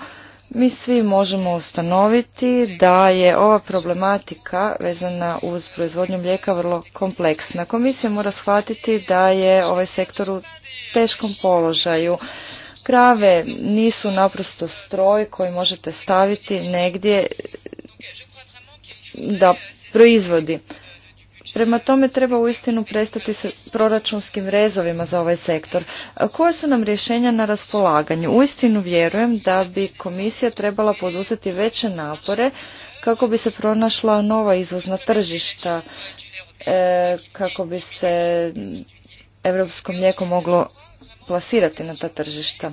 Mi svi možemo ustanoviti da je ova problematika vezana uz proizvodnju mlijeka vrlo kompleksna. Komisija mora shvatiti da je ovaj sektor u teškom položaju. Krave nisu naprosto stroj koji možete staviti negdje da proizvodi. Prema tome treba uistinu prestati sa proračunskim rezovima za ovaj sektor. Koje su nam rješenja na raspolaganju? Uistinu vjerujem da bi komisija trebala poduzeti veće napore kako bi se pronašla nova izvozna tržišta, e, kako bi se evropskom mlijeko moglo plasirati na ta tržišta.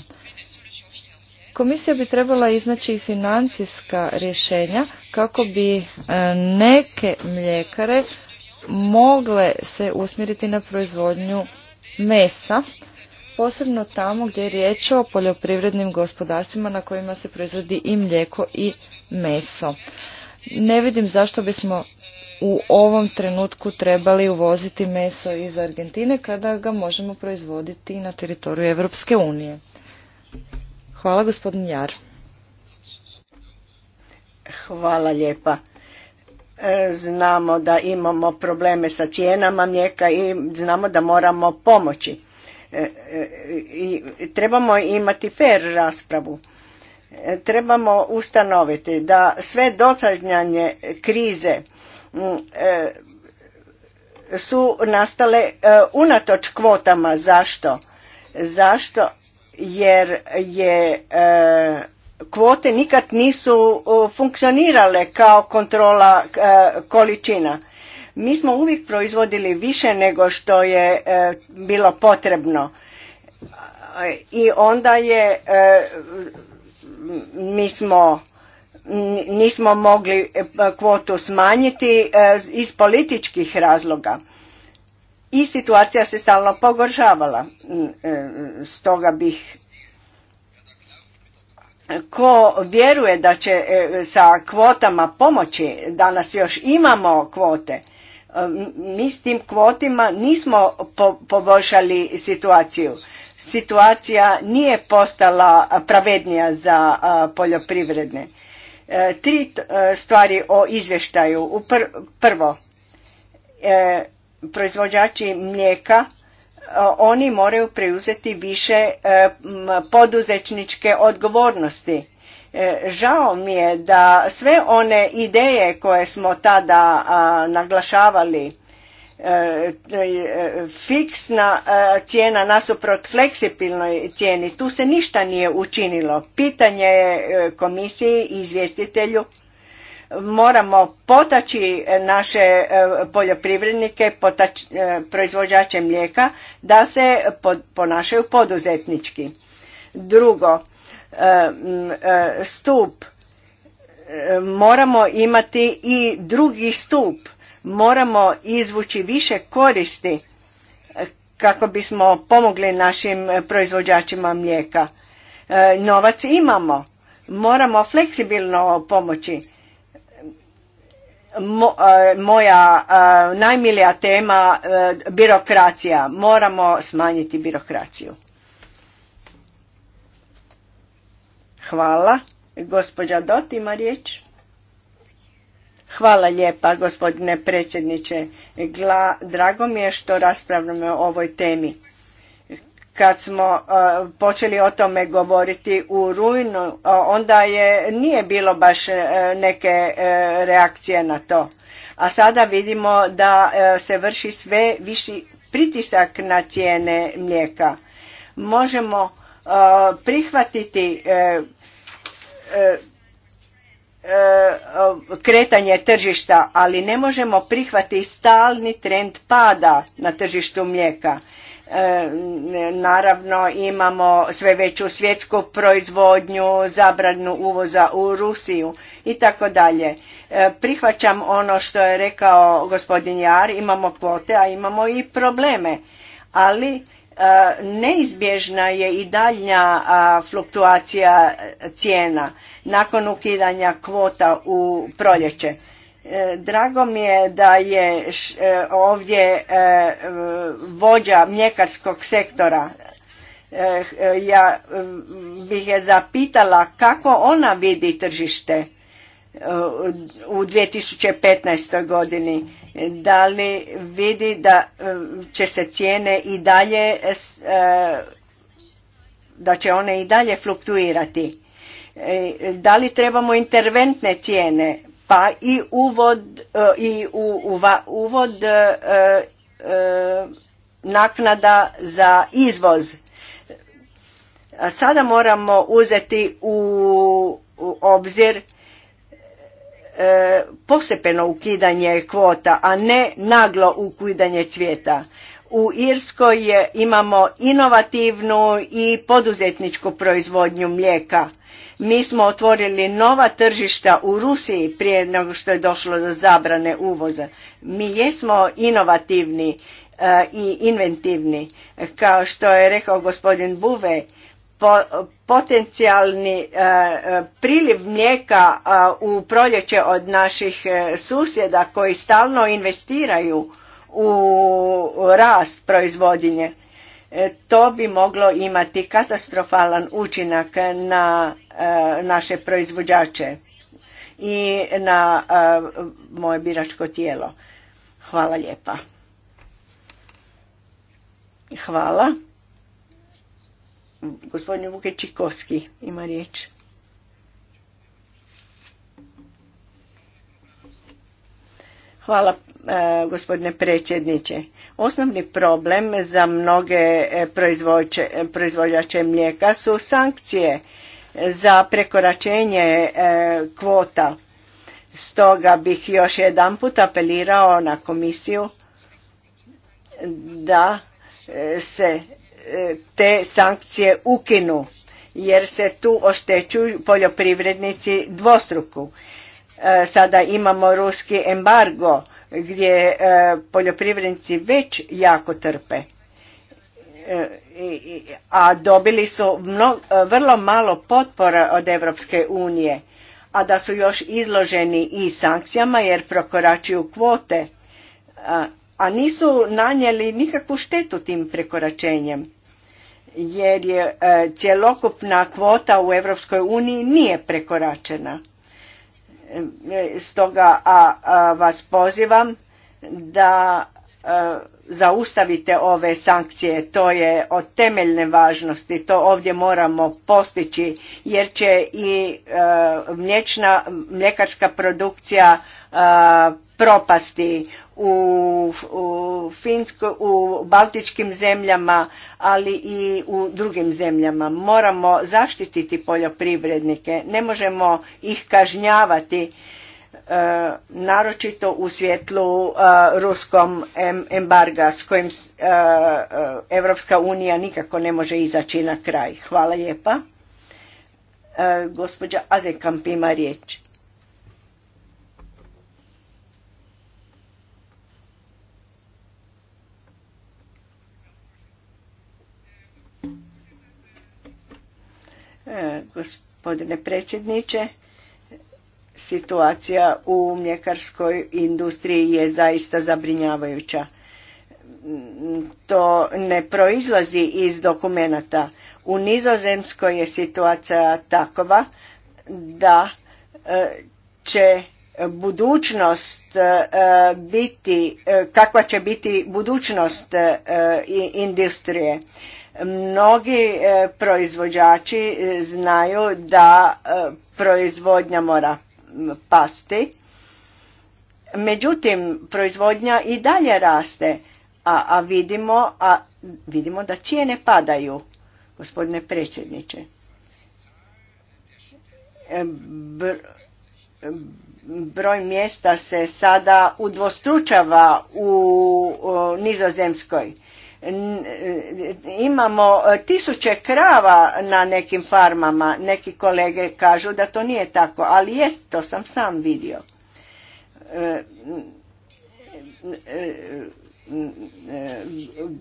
Komisija bi trebala iznaći i financijska rješenja kako bi e, neke mljekare mogle se usmjeriti na proizvodnju mesa, posebno tamo gdje je riječ o poljoprivrednim gospodarstvima na kojima se proizvodi i mlijeko i meso. Ne vidim zašto bismo u ovom trenutku trebali uvoziti meso iz Argentine kada ga možemo proizvoditi na teritoriju Europske unije. Hvala gospodin Jar. Hvala lijepa. E, znamo da imamo probleme sa cijenama mlijeka i znamo da moramo pomoći. E, e, I trebamo imati fer raspravu trebamo ustanoviti da sve dosadnjanje krize Mm, e, su nastale e, unatoč kvotama. Zašto? Zašto? Jer je e, kvote nikad nisu funkcionirale kao kontrola količina. Mi smo uvijek proizvodili više nego što je bilo potrebno. I onda je mi smo nismo mogli e, pa, kvotu smanjiti e, iz političkih razloga. I situacija se stalno pogoršavala. E, stoga bih ko vjeruje da će sa kvotama pomoći, danas još imamo kvote, mi s tim kvotima nismo poboljšali situaciju. Situacija nije postala pravednija za poljoprivredne. E, tri e, stvari o izvještaju. Prvo, e, proizvođači mlijeka oni moraju preuzeti više poduzetničke odgovornosti. Žao mi je da sve one ideje koje smo tada naglašavali fiksna e, cijena nasuprot fleksibilnoj cijeni. Tu se ništa nije učinilo. Pitanje je e, komisiji i izvjestitelju. Moramo potaći naše e, poljoprivrednike, proizvođače mlijeka da se ponašaju poduzetnički. Drugo, stup. Moramo imati i drugi stup moramo izvući više koristi eh, kako bismo pomogli našim eh, proizvođačima mlijeka. Eh, novac imamo, moramo fleksibilno pomoći. moja najmilija tema birokracija. Moramo smanjiti birokraciju. Hvala. Gospođa Dot ima riječ. Hvala lijepa gospodine predsjedniče. Gla, drago mi je što raspravljamo o ovoj temi. Kad smo e, počeli o tome govoriti u rujnu, e, onda je nije bilo baš e, neke reakcije na to. A sada vidimo da se vrši sve viši pritisak na cijene mlijeka. Možemo prihvatiti E, kretanje tržišta, ali ne možemo prihvati stalni trend pada na tržištu mlijeka. E, naravno imamo sve veću svjetsku proizvodnju, zabranu uvoza u Rusiju i tako dalje. E, prihvaćam ono što je rekao gospodin Jar, imamo kvote, a imamo i probleme. Ali E, neizbježna je i daljnja fluktuacija cijena nakon ukidanja kvota u proljeće. E, drago mi je da je e, ovdje vođa mljekarskog sektora. Ja bih je zapitala kako ona vidi tržište u 2015. godini. Da li vidi da e, će se cijene i dalje, e, da će one i dalje fluktuirati? E, da li trebamo interventne cijene pa i uvod, i uvod naknada za izvoz? Sada moramo uzeti u obzir E, posepeno ukidanje kvota, a ne naglo ukidanje cvijeta. U Irskoj je, imamo inovativnu i poduzetničku proizvodnju mlijeka. Mi smo otvorili nova tržišta u Rusiji prije nego što je došlo do zabrane uvoza. Mi jesmo inovativni e, i inventivni. Kao što je rekao gospodin Buve, potencijalni e, e, priliv mlijeka e, u proljeće od naših susjeda koji stalno investiraju u rast proizvodnje to bi moglo imati katastrofalan učinak na naše proizvođače i na moje biračko tijelo. Hvala lijepa. Hvala. Gospodin Vuke Čikovski ima riječ. Hvala e, gospodine predsjedniče. Osnovni problem za mnoge e, e, proizvođače mlijeka su sankcije za prekoračenje kvota. Stoga bih još jedanput apelirao na komisiju da se E, te sankcije ukinu jer se tu oštećuju poljoprivrednici dvostruku. E, sada imamo ruski embargo gdje e, poljoprivrednici već jako trpe. A dobili su vrlo malo potpora od Europske unije, a da su još izloženi i sankcijama jer prokoračuju kvote a nisu nanijeli nikakvu štetu tim prekoračenjem jer je e, cjelokupna kvota u Europskoj uniji nije prekoračena. E, stoga a, vas pozivam da e, zaustavite ove sankcije, to je od temeljne važnosti, to ovdje moramo postići jer će i mlječna, mljekarska produkcija propasti u, u, u baltičkim zemljama, ali i u drugim zemljama. Moramo zaštititi poljoprivrednike, ne možemo ih kažnjavati, e, naročito u svjetlu e, ruskom embarga s kojim e, e, Evropska unija nikako ne može izaći na kraj. Hvala lijepa. Gospođa Azekamp ima riječ. E, gospodine predsjedniče, situacija u mljekarskoj industriji je zaista zabrinjavajuća. Mm, to ne proizlazi iz dokumenata. U Nizozemskoj je situacija takova da e, će budućnost e, biti, kakva će biti budućnost industrije. Mnogi e, proizvođači e, znaju da e, proizvodnja mora pasti, međutim proizvodnja i dalje raste, a, vidimo, a vidimo da cijene padaju, gospodine predsjedniče. broj mjesta se sada udvostručava u Nizozemskoj imamo e, tisuće krava na nekim farmama, neki kolege kažu da to nije tako, ali jest, to sam sam vidio. E, e,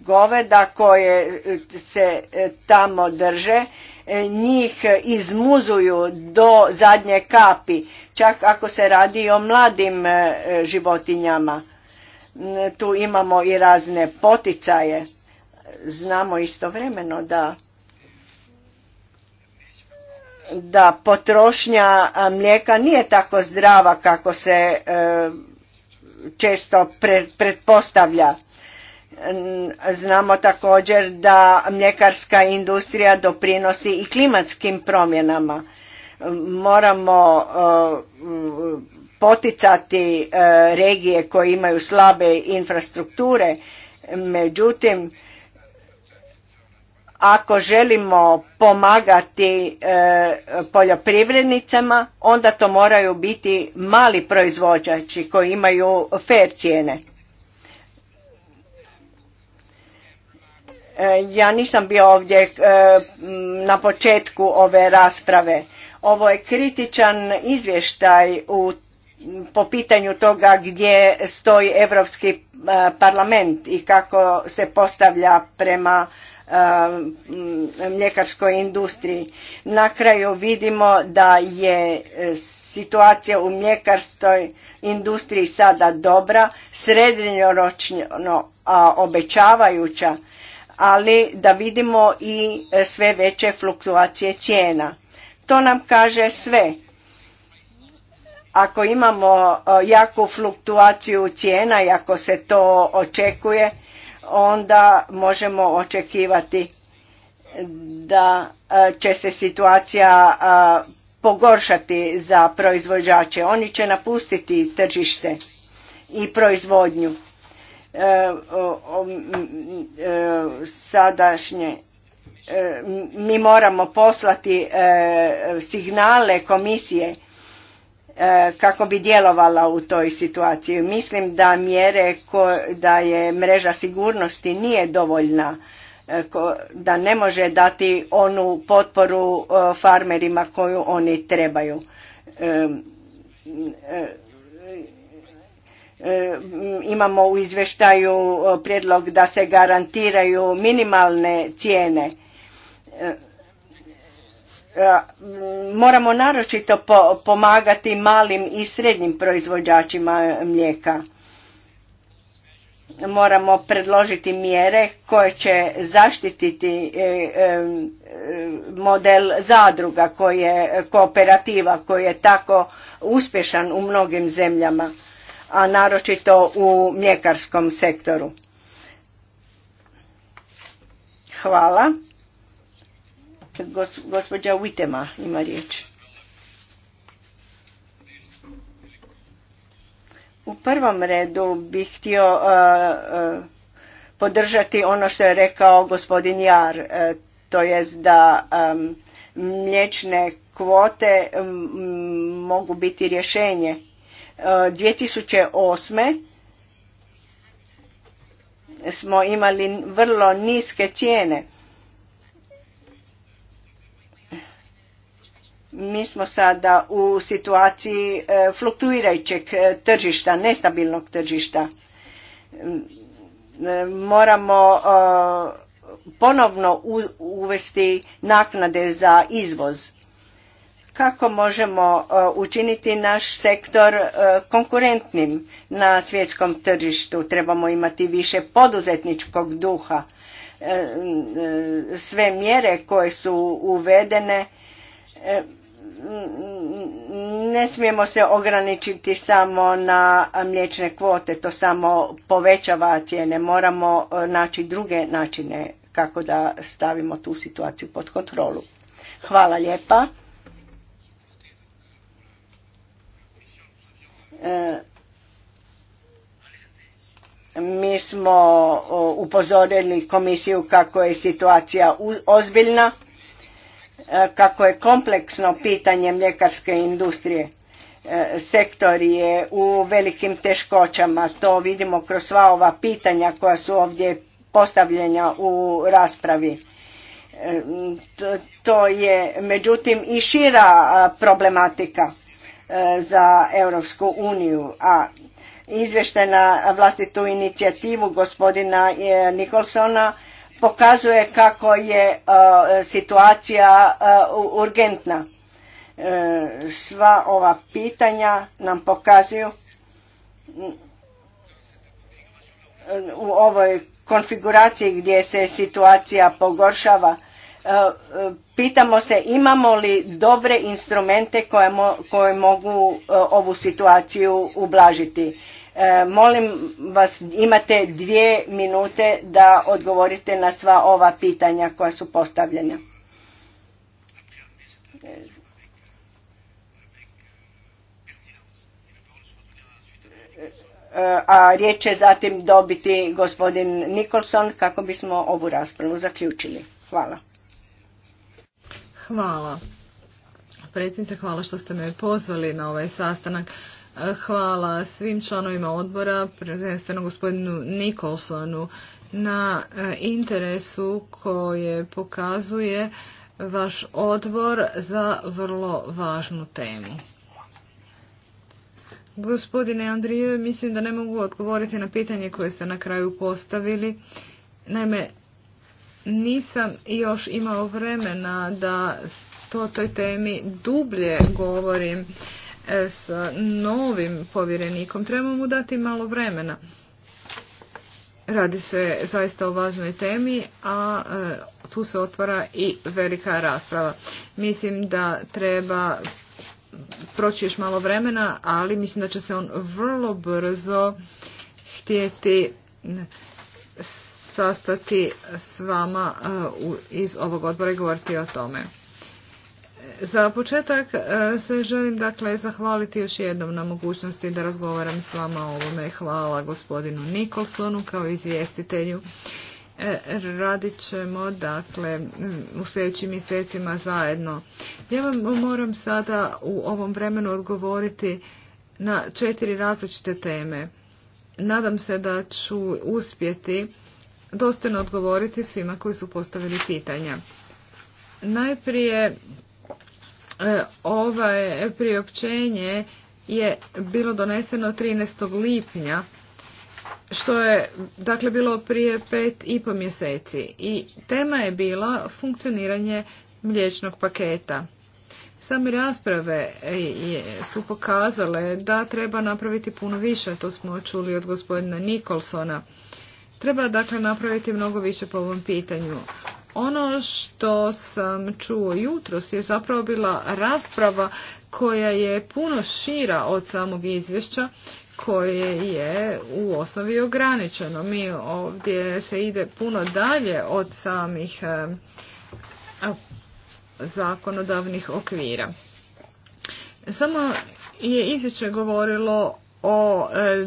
goveda koje se tamo drže, njih izmuzuju do zadnje kapi, čak ako se radi o mladim životinjama tu imamo i razne poticaje. Znamo istovremeno da da potrošnja mlijeka nije tako zdrava kako se e, često pre, pretpostavlja. Znamo također da mljekarska industrija doprinosi i klimatskim promjenama. Moramo e, poticati e, regije koje imaju slabe infrastrukture, međutim, ako želimo pomagati e, poljoprivrednicama, onda to moraju biti mali proizvođači koji imaju fair cijene. E, ja nisam bio ovdje na početku ove rasprave. Ovo je kritičan izvještaj u po pitanju toga gdje stoji Europski e, parlament i kako se postavlja prema e, mljekarskoj industriji. Na kraju vidimo da je e, situacija u mljekarskoj industriji sada dobra, srednjoročno obećavajuća, ali da vidimo i sve veće fluktuacije cijena. To nam kaže sve ako imamo e, jaku fluktuaciju cijena i ako se to očekuje, onda možemo očekivati da e, će se situacija e, pogoršati za proizvođače. Oni će napustiti tržište i proizvodnju. Sadašnje mi moramo poslati signale komisije E, kako bi djelovala u toj situaciji. Mislim da mjere da je mreža sigurnosti nije dovoljna e, da ne može dati onu potporu e, farmerima koju oni trebaju. imamo u izvještaju prijedlog da se garantiraju minimalne cijene. E, moramo naročito pomagati malim i srednjim proizvođačima mlijeka. Moramo predložiti mjere koje će zaštititi e, e, model zadruga je kooperativa koji je tako uspješan u mnogim zemljama, a naročito u mljekarskom sektoru. Hvala gospođa Witema ima riječ. U prvom redu bih htio uh, uh, podržati ono što je rekao gospodin Jar, uh, to jest da um, mliječne kvote um, mogu biti rješenje. 2008. smo imali vrlo niske cijene Mi smo sada u situaciji e, fluktuirajućeg e, tržišta, nestabilnog tržišta. Mm, e, moramo ponovno uvesti naknade za izvoz. Kako možemo učiniti naš sektor konkurentnim na svjetskom tržištu? Trebamo imati više poduzetničkog duha. Sve mjere koje su uvedene ne smijemo se ograničiti samo na mliječne kvote, to samo povećava cijene. Moramo e, naći druge načine kako da stavimo tu situaciju pod kontrolu. Hvala lijepa. E, mi smo upozorili komisiju kako je situacija ozbiljna kako je kompleksno pitanje mljekarske industrije. E, sektor je u velikim teškoćama, to vidimo kroz sva ova pitanja koja su ovdje postavljena u raspravi. E, to je međutim i šira problematika e, za Europsku uniju, a izvještaj na vlastitu inicijativu gospodina Nikolsona pokazuje kako je uh, situacija uh, urgentna. Uh, sva ova pitanja nam pokazuju mm, u ovoj konfiguraciji gdje se situacija pogoršava. Pitamo se imamo li dobre instrumente koje, koje mogu ovu situaciju ublažiti. E, molim vas, imate dvije minute da odgovorite na sva ova pitanja koja su postavljena. E, a riječ će zatim dobiti gospodin Nikolson kako bismo ovu raspravu zaključili. Hvala. Hvala. Predsjednice, hvala što ste me pozvali na ovaj sastanak. Hvala svim članovima odbora, prvenstveno gospodinu Nikolsonu na e, interesu koje pokazuje vaš odbor za vrlo važnu temu. Gospodine Andriju, mislim da ne mogu odgovoriti na pitanje koje ste na kraju postavili. Naime, nisam još imao vremena da o toj temi dublje govorim E, s novim povjerenikom. Trebamo mu dati malo vremena. Radi se zaista o važnoj temi, a e, tu se otvara i velika rasprava. Mislim da treba proći još malo vremena, ali mislim da će se on vrlo brzo htjeti sastati s vama e, iz ovog odbora i govoriti o tome. Za početak e, se želim dakle zahvaliti još jednom na mogućnosti da razgovaram s vama o ovome. Hvala gospodinu Nikolsonu kao izvjestitelju. E, radit ćemo dakle u sljedećim mjesecima zajedno. Ja vam moram sada u ovom vremenu odgovoriti na četiri različite teme. Nadam se da ću uspjeti dostojno odgovoriti svima koji su postavili pitanja. Najprije je ovaj priopćenje je bilo doneseno 13. lipnja, što je dakle bilo prije pet i po mjeseci i tema je bila funkcioniranje mliječnog paketa. Same rasprave su pokazale da treba napraviti puno više, to smo čuli od gospodina Nikolsona. Treba dakle napraviti mnogo više po ovom pitanju. Ono što sam čuo jutros je zapravo bila rasprava koja je puno šira od samog izvješća koje je u osnovi ograničeno. Mi ovdje se ide puno dalje od samih eh, zakonodavnih okvira. Samo je izvješće govorilo o eh,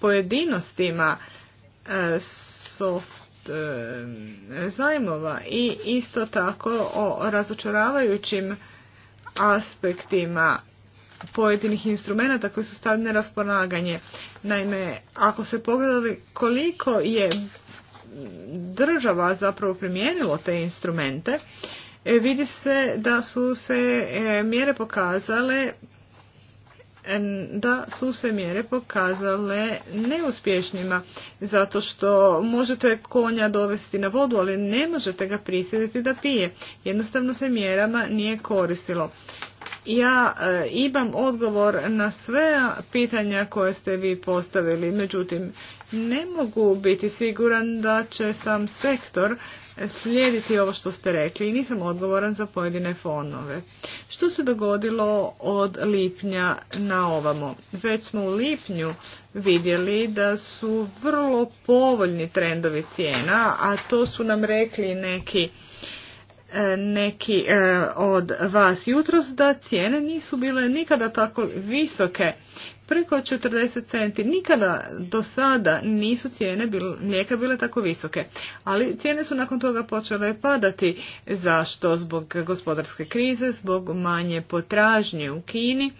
pojedinostima eh, soft E, zajmova i isto tako o razočaravajućim aspektima pojedinih instrumenta koji su stavne na raspolaganje. Naime, ako se pogledali koliko je država zapravo primijenilo te instrumente, e, vidi se da su se e, mjere pokazale da su se mjere pokazale neuspješnima zato što možete konja dovesti na vodu, ali ne možete ga prisiliti da pije. Jednostavno se mjerama nije koristilo. Ja e, imam odgovor na sve pitanja koje ste vi postavili, međutim ne mogu biti siguran da će sam sektor slijediti ovo što ste rekli i nisam odgovoran za pojedine fonove. Što se dogodilo od lipnja na ovamo? Već smo u lipnju vidjeli da su vrlo povoljni trendovi cijena, a to su nam rekli neki e, neki e, od vas jutros da cijene nisu bile nikada tako visoke preko 40 centi. Nikada do sada nisu cijene mlijeka bile tako visoke, ali cijene su nakon toga počele padati. Zašto? Zbog gospodarske krize, zbog manje potražnje u Kini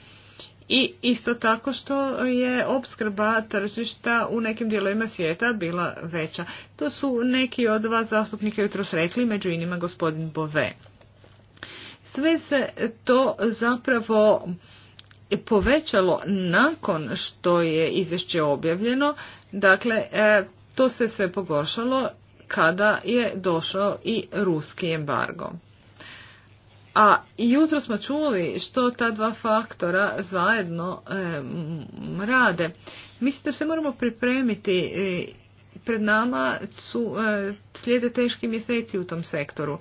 i isto tako što je opskrba tržišta u nekim dijelovima svijeta bila veća. To su neki od vas zastupnika jutros rekli, među inima gospodin Bove. Sve se to zapravo povećalo nakon što je izvješće objavljeno. Dakle, e, to se sve pogoršalo kada je došao i ruski embargo. A jutro smo čuli što ta dva faktora zajedno e, rade. Mislim da se moramo pripremiti. E, pred nama su slijede teški mjeseci u tom sektoru.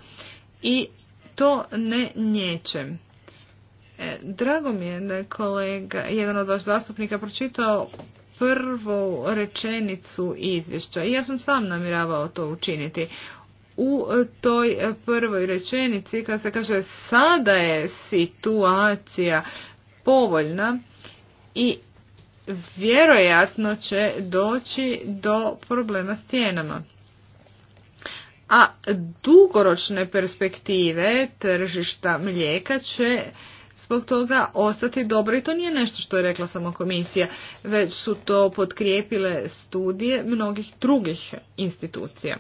I to ne nječem. E, drago mi je da je kolega, jedan od vaših zastupnika pročitao prvu rečenicu izvješća i ja sam sam namiravao to učiniti. U toj prvoj rečenici kad se kaže sada je situacija povoljna i vjerojatno će doći do problema s cijenama. A dugoročne perspektive tržišta mlijeka će zbog toga ostati dobro i to nije nešto što je rekla samo komisija, već su to potkrijepile studije mnogih drugih institucija.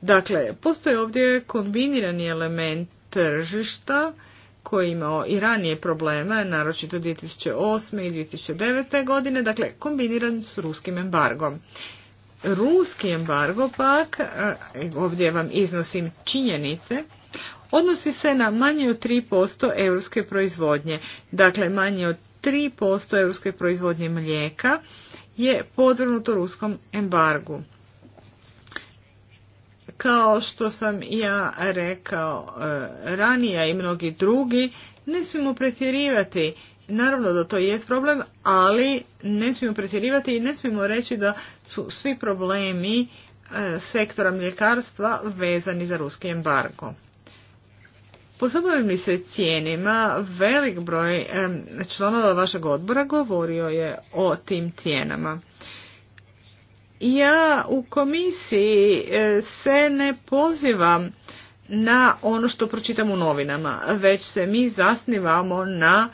Dakle, postoji ovdje kombinirani element tržišta koji je imao i ranije probleme, naročito 2008. i 2009. godine, dakle kombiniran s ruskim embargom. Ruski embargo pak, ovdje vam iznosim činjenice, odnosi se na manje od 3% europske proizvodnje. Dakle, manje od 3% europske proizvodnje mlijeka je podvrnuto ruskom embargu. Kao što sam ja rekao e, ranije i mnogi drugi, ne smijemo pretjerivati. Naravno da to je problem, ali ne smijemo pretjerivati i ne smijemo reći da su svi problemi e, sektora mljekarstva vezani za ruski embargo. Pozabavim mi se cijenima, velik broj članova vašeg odbora govorio je o tim cijenama. Ja u komisiji e, se ne pozivam na ono što pročitam u novinama, već se mi zasnivamo na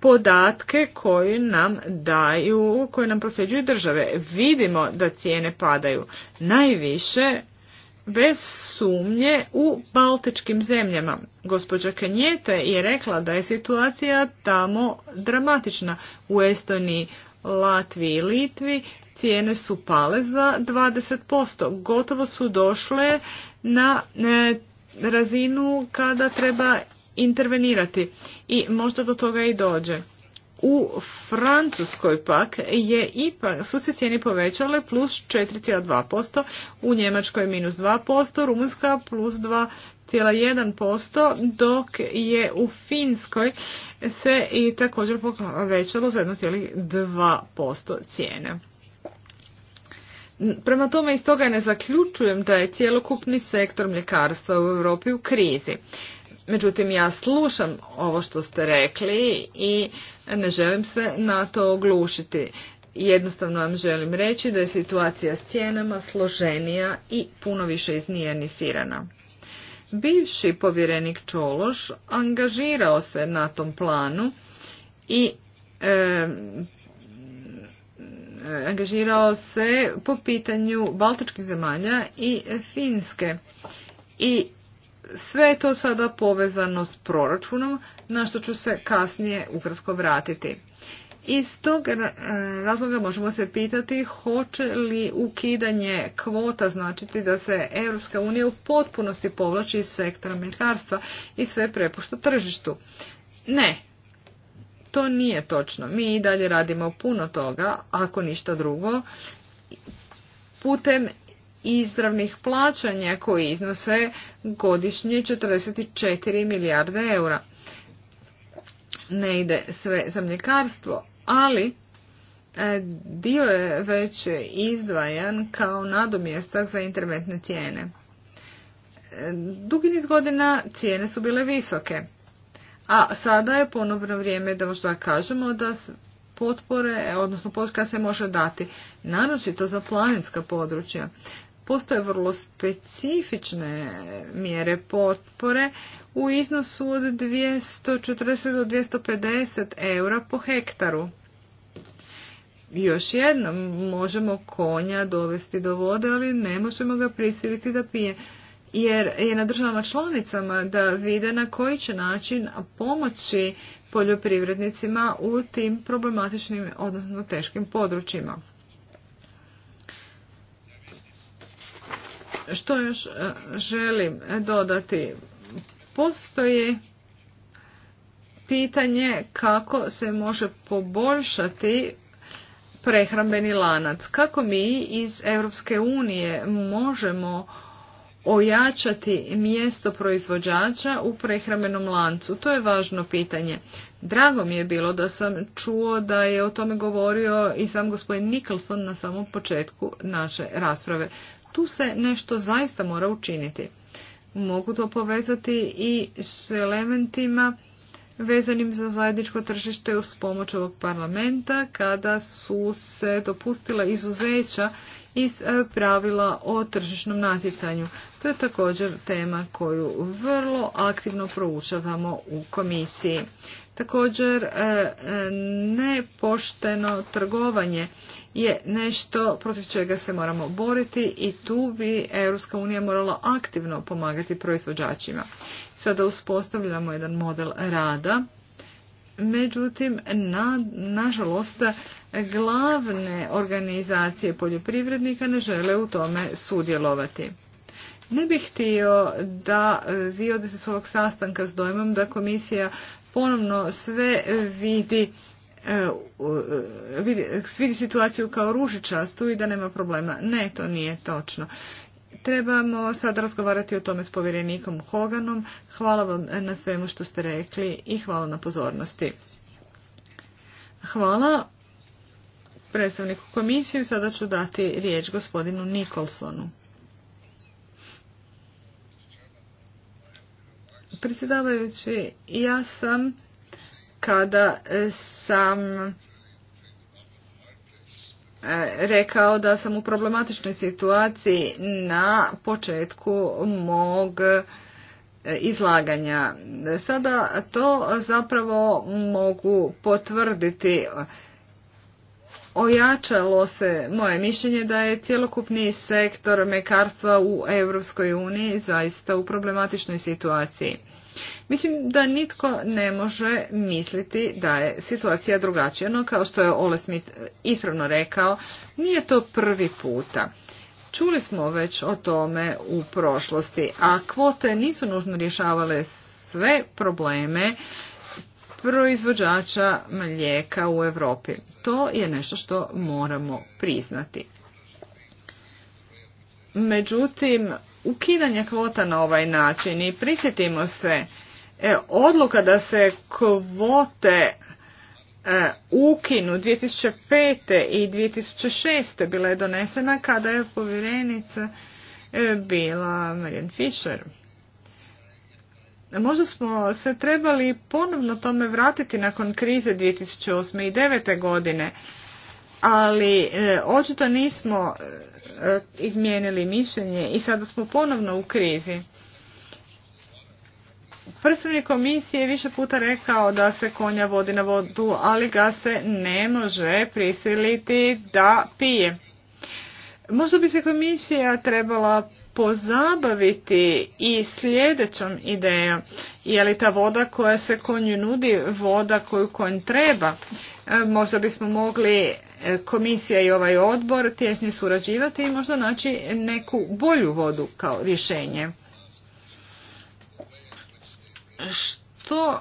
podatke koje nam daju, koje nam prosjeđuju države. Vidimo da cijene padaju. Najviše bez sumnje u baltičkim zemljama. Gospođa Kenjete je rekla da je situacija tamo dramatična. U Estoniji, Latviji i Litvi cijene su pale za 20%. Gotovo su došle na e, razinu kada treba intervenirati i možda do toga i dođe. U Francuskoj pak je ipak su se cijene povećale plus 4,2%, u Njemačkoj minus 2%, Rumunska plus 2,1%, dok je u Finskoj se i također povećalo za 1,2% cijene. Prema tome iz toga ne zaključujem da je cjelokupni sektor mljekarstva u Europi u krizi. Međutim, ja slušam ovo što ste rekli i ne želim se na to oglušiti. Jednostavno vam želim reći da je situacija s cijenama složenija i puno više iznijanisirana. Bivši povjerenik Čološ angažirao se na tom planu i angažirao se po pitanju Baltičkih zemalja i Finske. I sve je to sada povezano s proračunom, na što ću se kasnije ukratko vratiti. Iz tog razloga možemo se pitati hoće li ukidanje kvota značiti da se Europska unija u potpunosti povlači iz sektora mljekarstva i sve prepušta tržištu. Ne, to nije točno. Mi i dalje radimo puno toga, ako ništa drugo, putem izravnih plaćanja koji iznose godišnje 44 milijarde eura. Ne ide sve za mljekarstvo, ali e, dio je već izdvajan kao nadomjestak za interventne cijene. E, dugi niz godina cijene su bile visoke, a sada je ponovno vrijeme da možda kažemo da potpore, odnosno potka se može dati, naročito za planinska područja. Postoje vrlo specifične mjere potpore u iznosu od 240 do 250 eura po hektaru. Još jednom možemo konja dovesti do vode, ali ne možemo ga prisiliti da pije. Jer je na državama članicama da vide na koji će način pomoći poljoprivrednicima u tim problematičnim, odnosno teškim područjima. Što još e, želim dodati? Postoji pitanje kako se može poboljšati prehrambeni lanac. Kako mi iz Europske unije možemo ojačati mjesto proizvođača u prehrambenom lancu? To je važno pitanje. Drago mi je bilo da sam čuo da je o tome govorio i sam gospodin Nicholson na samom početku naše rasprave. Tu se nešto zaista mora učiniti. Mogu to povezati i s elementima vezanim za zajedničko tržište uz pomoć ovog parlamenta kada su se dopustila izuzeća iz e, pravila o tržišnom natjecanju. To je također tema koju vrlo aktivno proučavamo u komisiji. Također e, e, nepošteno trgovanje je nešto protiv čega se moramo boriti i tu bi EU morala aktivno pomagati proizvođačima. Sada uspostavljamo jedan model rada Međutim, na, nažalost, glavne organizacije poljoprivrednika ne žele u tome sudjelovati. Ne bih htio da vi odete s ovog sastanka s dojmom da komisija ponovno sve vidi e, e, vidi situaciju kao ružičastu i da nema problema. Ne, to nije točno. Trebamo sad razgovarati o tome s povjerenikom Hoganom. Hvala vam na svemu što ste rekli i hvala na pozornosti. Hvala predstavniku komisiju. Sada ću dati riječ gospodinu Nikolsonu. Predsjedavajući, ja sam kada sam E, rekao da sam u problematičnoj situaciji na početku mog e, izlaganja. Sada to zapravo mogu potvrditi. Ojačalo se moje mišljenje da je cjelokupni sektor mekarstva u Europskoj uniji zaista u problematičnoj situaciji. Mislim da nitko ne može misliti da je situacija drugačija, no kao što je Ole Smith ispravno rekao, nije to prvi puta. Čuli smo već o tome u prošlosti, a kvote nisu nužno rješavale sve probleme proizvođača mlijeka u Europi. To je nešto što moramo priznati. Međutim, ukidanje kvota na ovaj način i prisjetimo se e, odluka da se kvote e, ukinu 2005. i 2006. bila je donesena kada je povjerenica e, bila Marian Fischer. Možda smo se trebali ponovno tome vratiti nakon krize 2008. i 2009. godine ali e, očito nismo e, izmijenili mišljenje i sada smo ponovno u krizi. Predstavnik komisije je više puta rekao da se konja vodi na vodu, ali ga se ne može prisiliti da pije. Možda bi se komisija trebala pozabaviti i sljedećom idejom. Je li ta voda koja se konju nudi voda koju konj treba? E, možda bismo mogli komisija i ovaj odbor tježni surađivati i možda naći neku bolju vodu kao rješenje. Što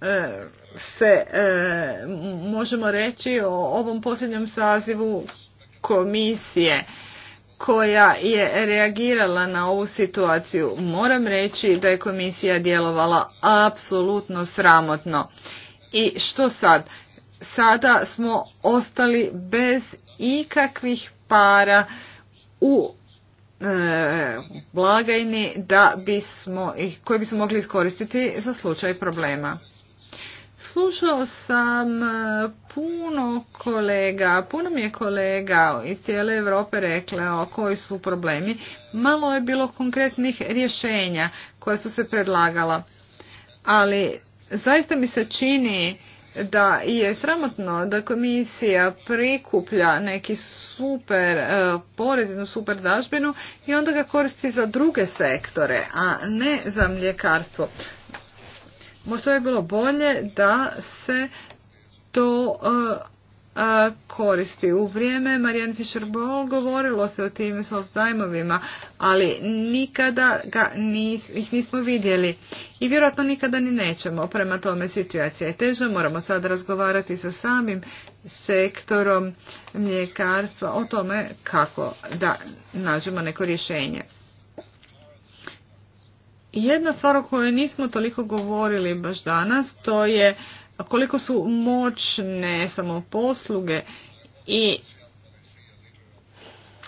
e, se e, možemo reći o ovom posljednjem sazivu komisije koja je reagirala na ovu situaciju. Moram reći da je komisija djelovala apsolutno sramotno. I što sad? sada smo ostali bez ikakvih para u e, blagajni da bismo ih, koje bismo mogli iskoristiti za slučaj problema. Slušao sam e, puno kolega, puno mi je kolega iz cijele Europe rekle o koji su problemi. Malo je bilo konkretnih rješenja koja su se predlagala. Ali zaista mi se čini da je sramotno da komisija prikuplja neki super uh, super dažbinu i onda ga koristi za druge sektore, a ne za mljekarstvo. Možda je bilo bolje da se to e, koristi. U vrijeme Marijan Fischer-Boll govorilo se o tim soft zajmovima, ali nikada ga ih nismo vidjeli i vjerojatno nikada ni nećemo. Prema tome situacija je teža, moramo sad razgovarati sa samim sektorom mljekarstva o tome kako da nađemo neko rješenje. Jedna stvar o kojoj nismo toliko govorili baš danas, to je koliko su moćne samoposluge i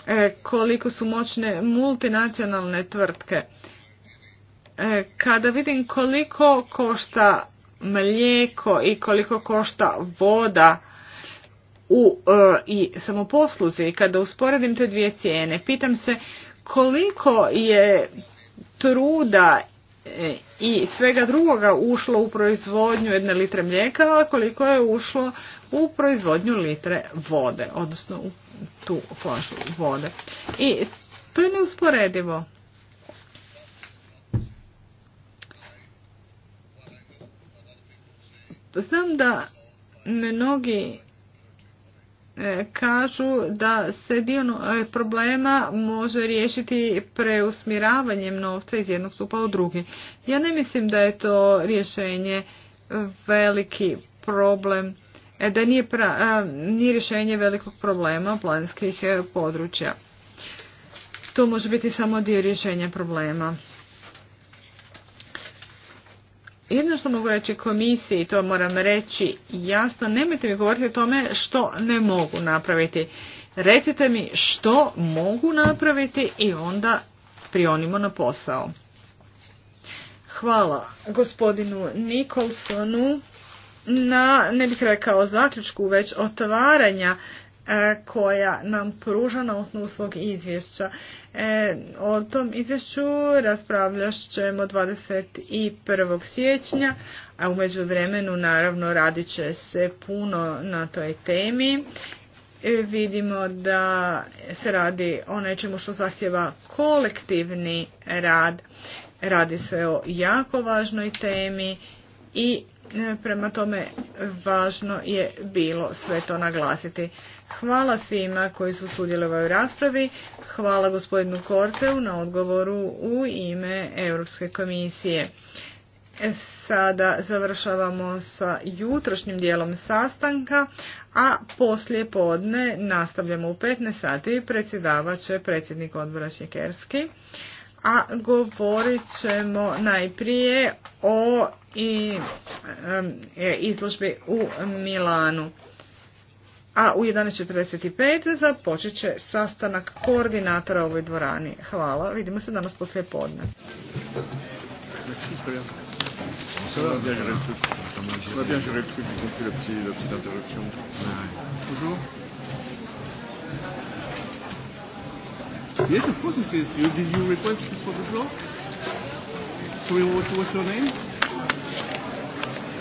e, koliko su moćne multinacionalne tvrtke. E, kada vidim koliko košta mlijeko i koliko košta voda u e, i samoposluzi, kada usporedim te dvije cijene, pitam se koliko je truda E, i svega drugoga ušlo u proizvodnju jedne litre mlijeka, a koliko je ušlo u proizvodnju litre vode, odnosno u tu flašu vode. I to je neusporedivo. Znam da mnogi E, kažu da se dio e, problema može riješiti preusmiravanjem novca iz jednog stupa u drugi. Ja ne mislim da je to rješenje veliki problem, e, da nije, pra, rješenje velikog problema planinskih područja. To može biti samo dio rješenja problema. Jedno što mogu reći komisiji, to moram reći jasno, nemojte mi govoriti o tome što ne mogu napraviti. Recite mi što mogu napraviti i onda prionimo na posao. Hvala gospodinu Nikolsonu na, ne bih rekao zaključku, već otvaranja E, koja nam pruža na osnovu svog izvješća. E, o tom izvješću raspravljaš ćemo 21. siječnja, a u međuvremenu naravno radit će se puno na toj temi. E, vidimo da se radi o nečemu što zahtjeva kolektivni rad. Radi se o jako važnoj temi i prema tome važno je bilo sve to naglasiti. Hvala svima koji su sudjelovali u raspravi. Hvala gospodinu Korteu na odgovoru u ime Europske komisije. E, sada završavamo sa jutrošnjim dijelom sastanka, a poslije podne nastavljamo u 15 sati. Predsjedavat će predsjednik odbora Šekerski, a govorit ćemo najprije o e, izložbi u Milanu a u 11.45 započet će sastanak koordinatora ovoj dvorani. Hvala, vidimo se danas poslije podne. Yes, of course it is. You, did you request it for the floor? So what's, what's your name?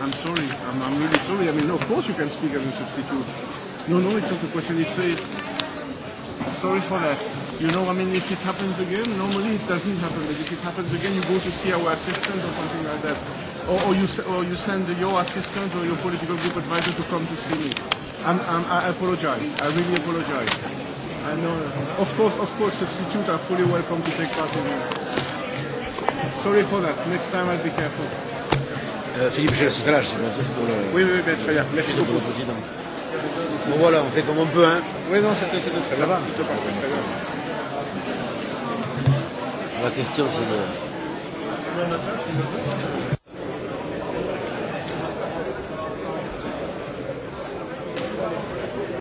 I'm sorry. I'm, I'm really sorry. I mean, no, of course you can speak as a substitute. No, no, it's not a question. It's a, sorry for that. You know, I mean, if it happens again, normally it doesn't happen. But if it happens again, you go to see our assistant or something like that. Or, or, you, or you send your assistant or your political group advisor to come to see me. I'm, I'm, I apologize. I really apologize. I know. Of course, of course, substitute are fully welcome to take part in that. Sorry for that. Next time I'll be careful. Euh, Philippe, je laisse là, Oui, oui, très bien. Merci beaucoup. Bon voilà, on fait comme on peut, hein. Oui, non, c'était très bien. Là-bas. La question, c'est de...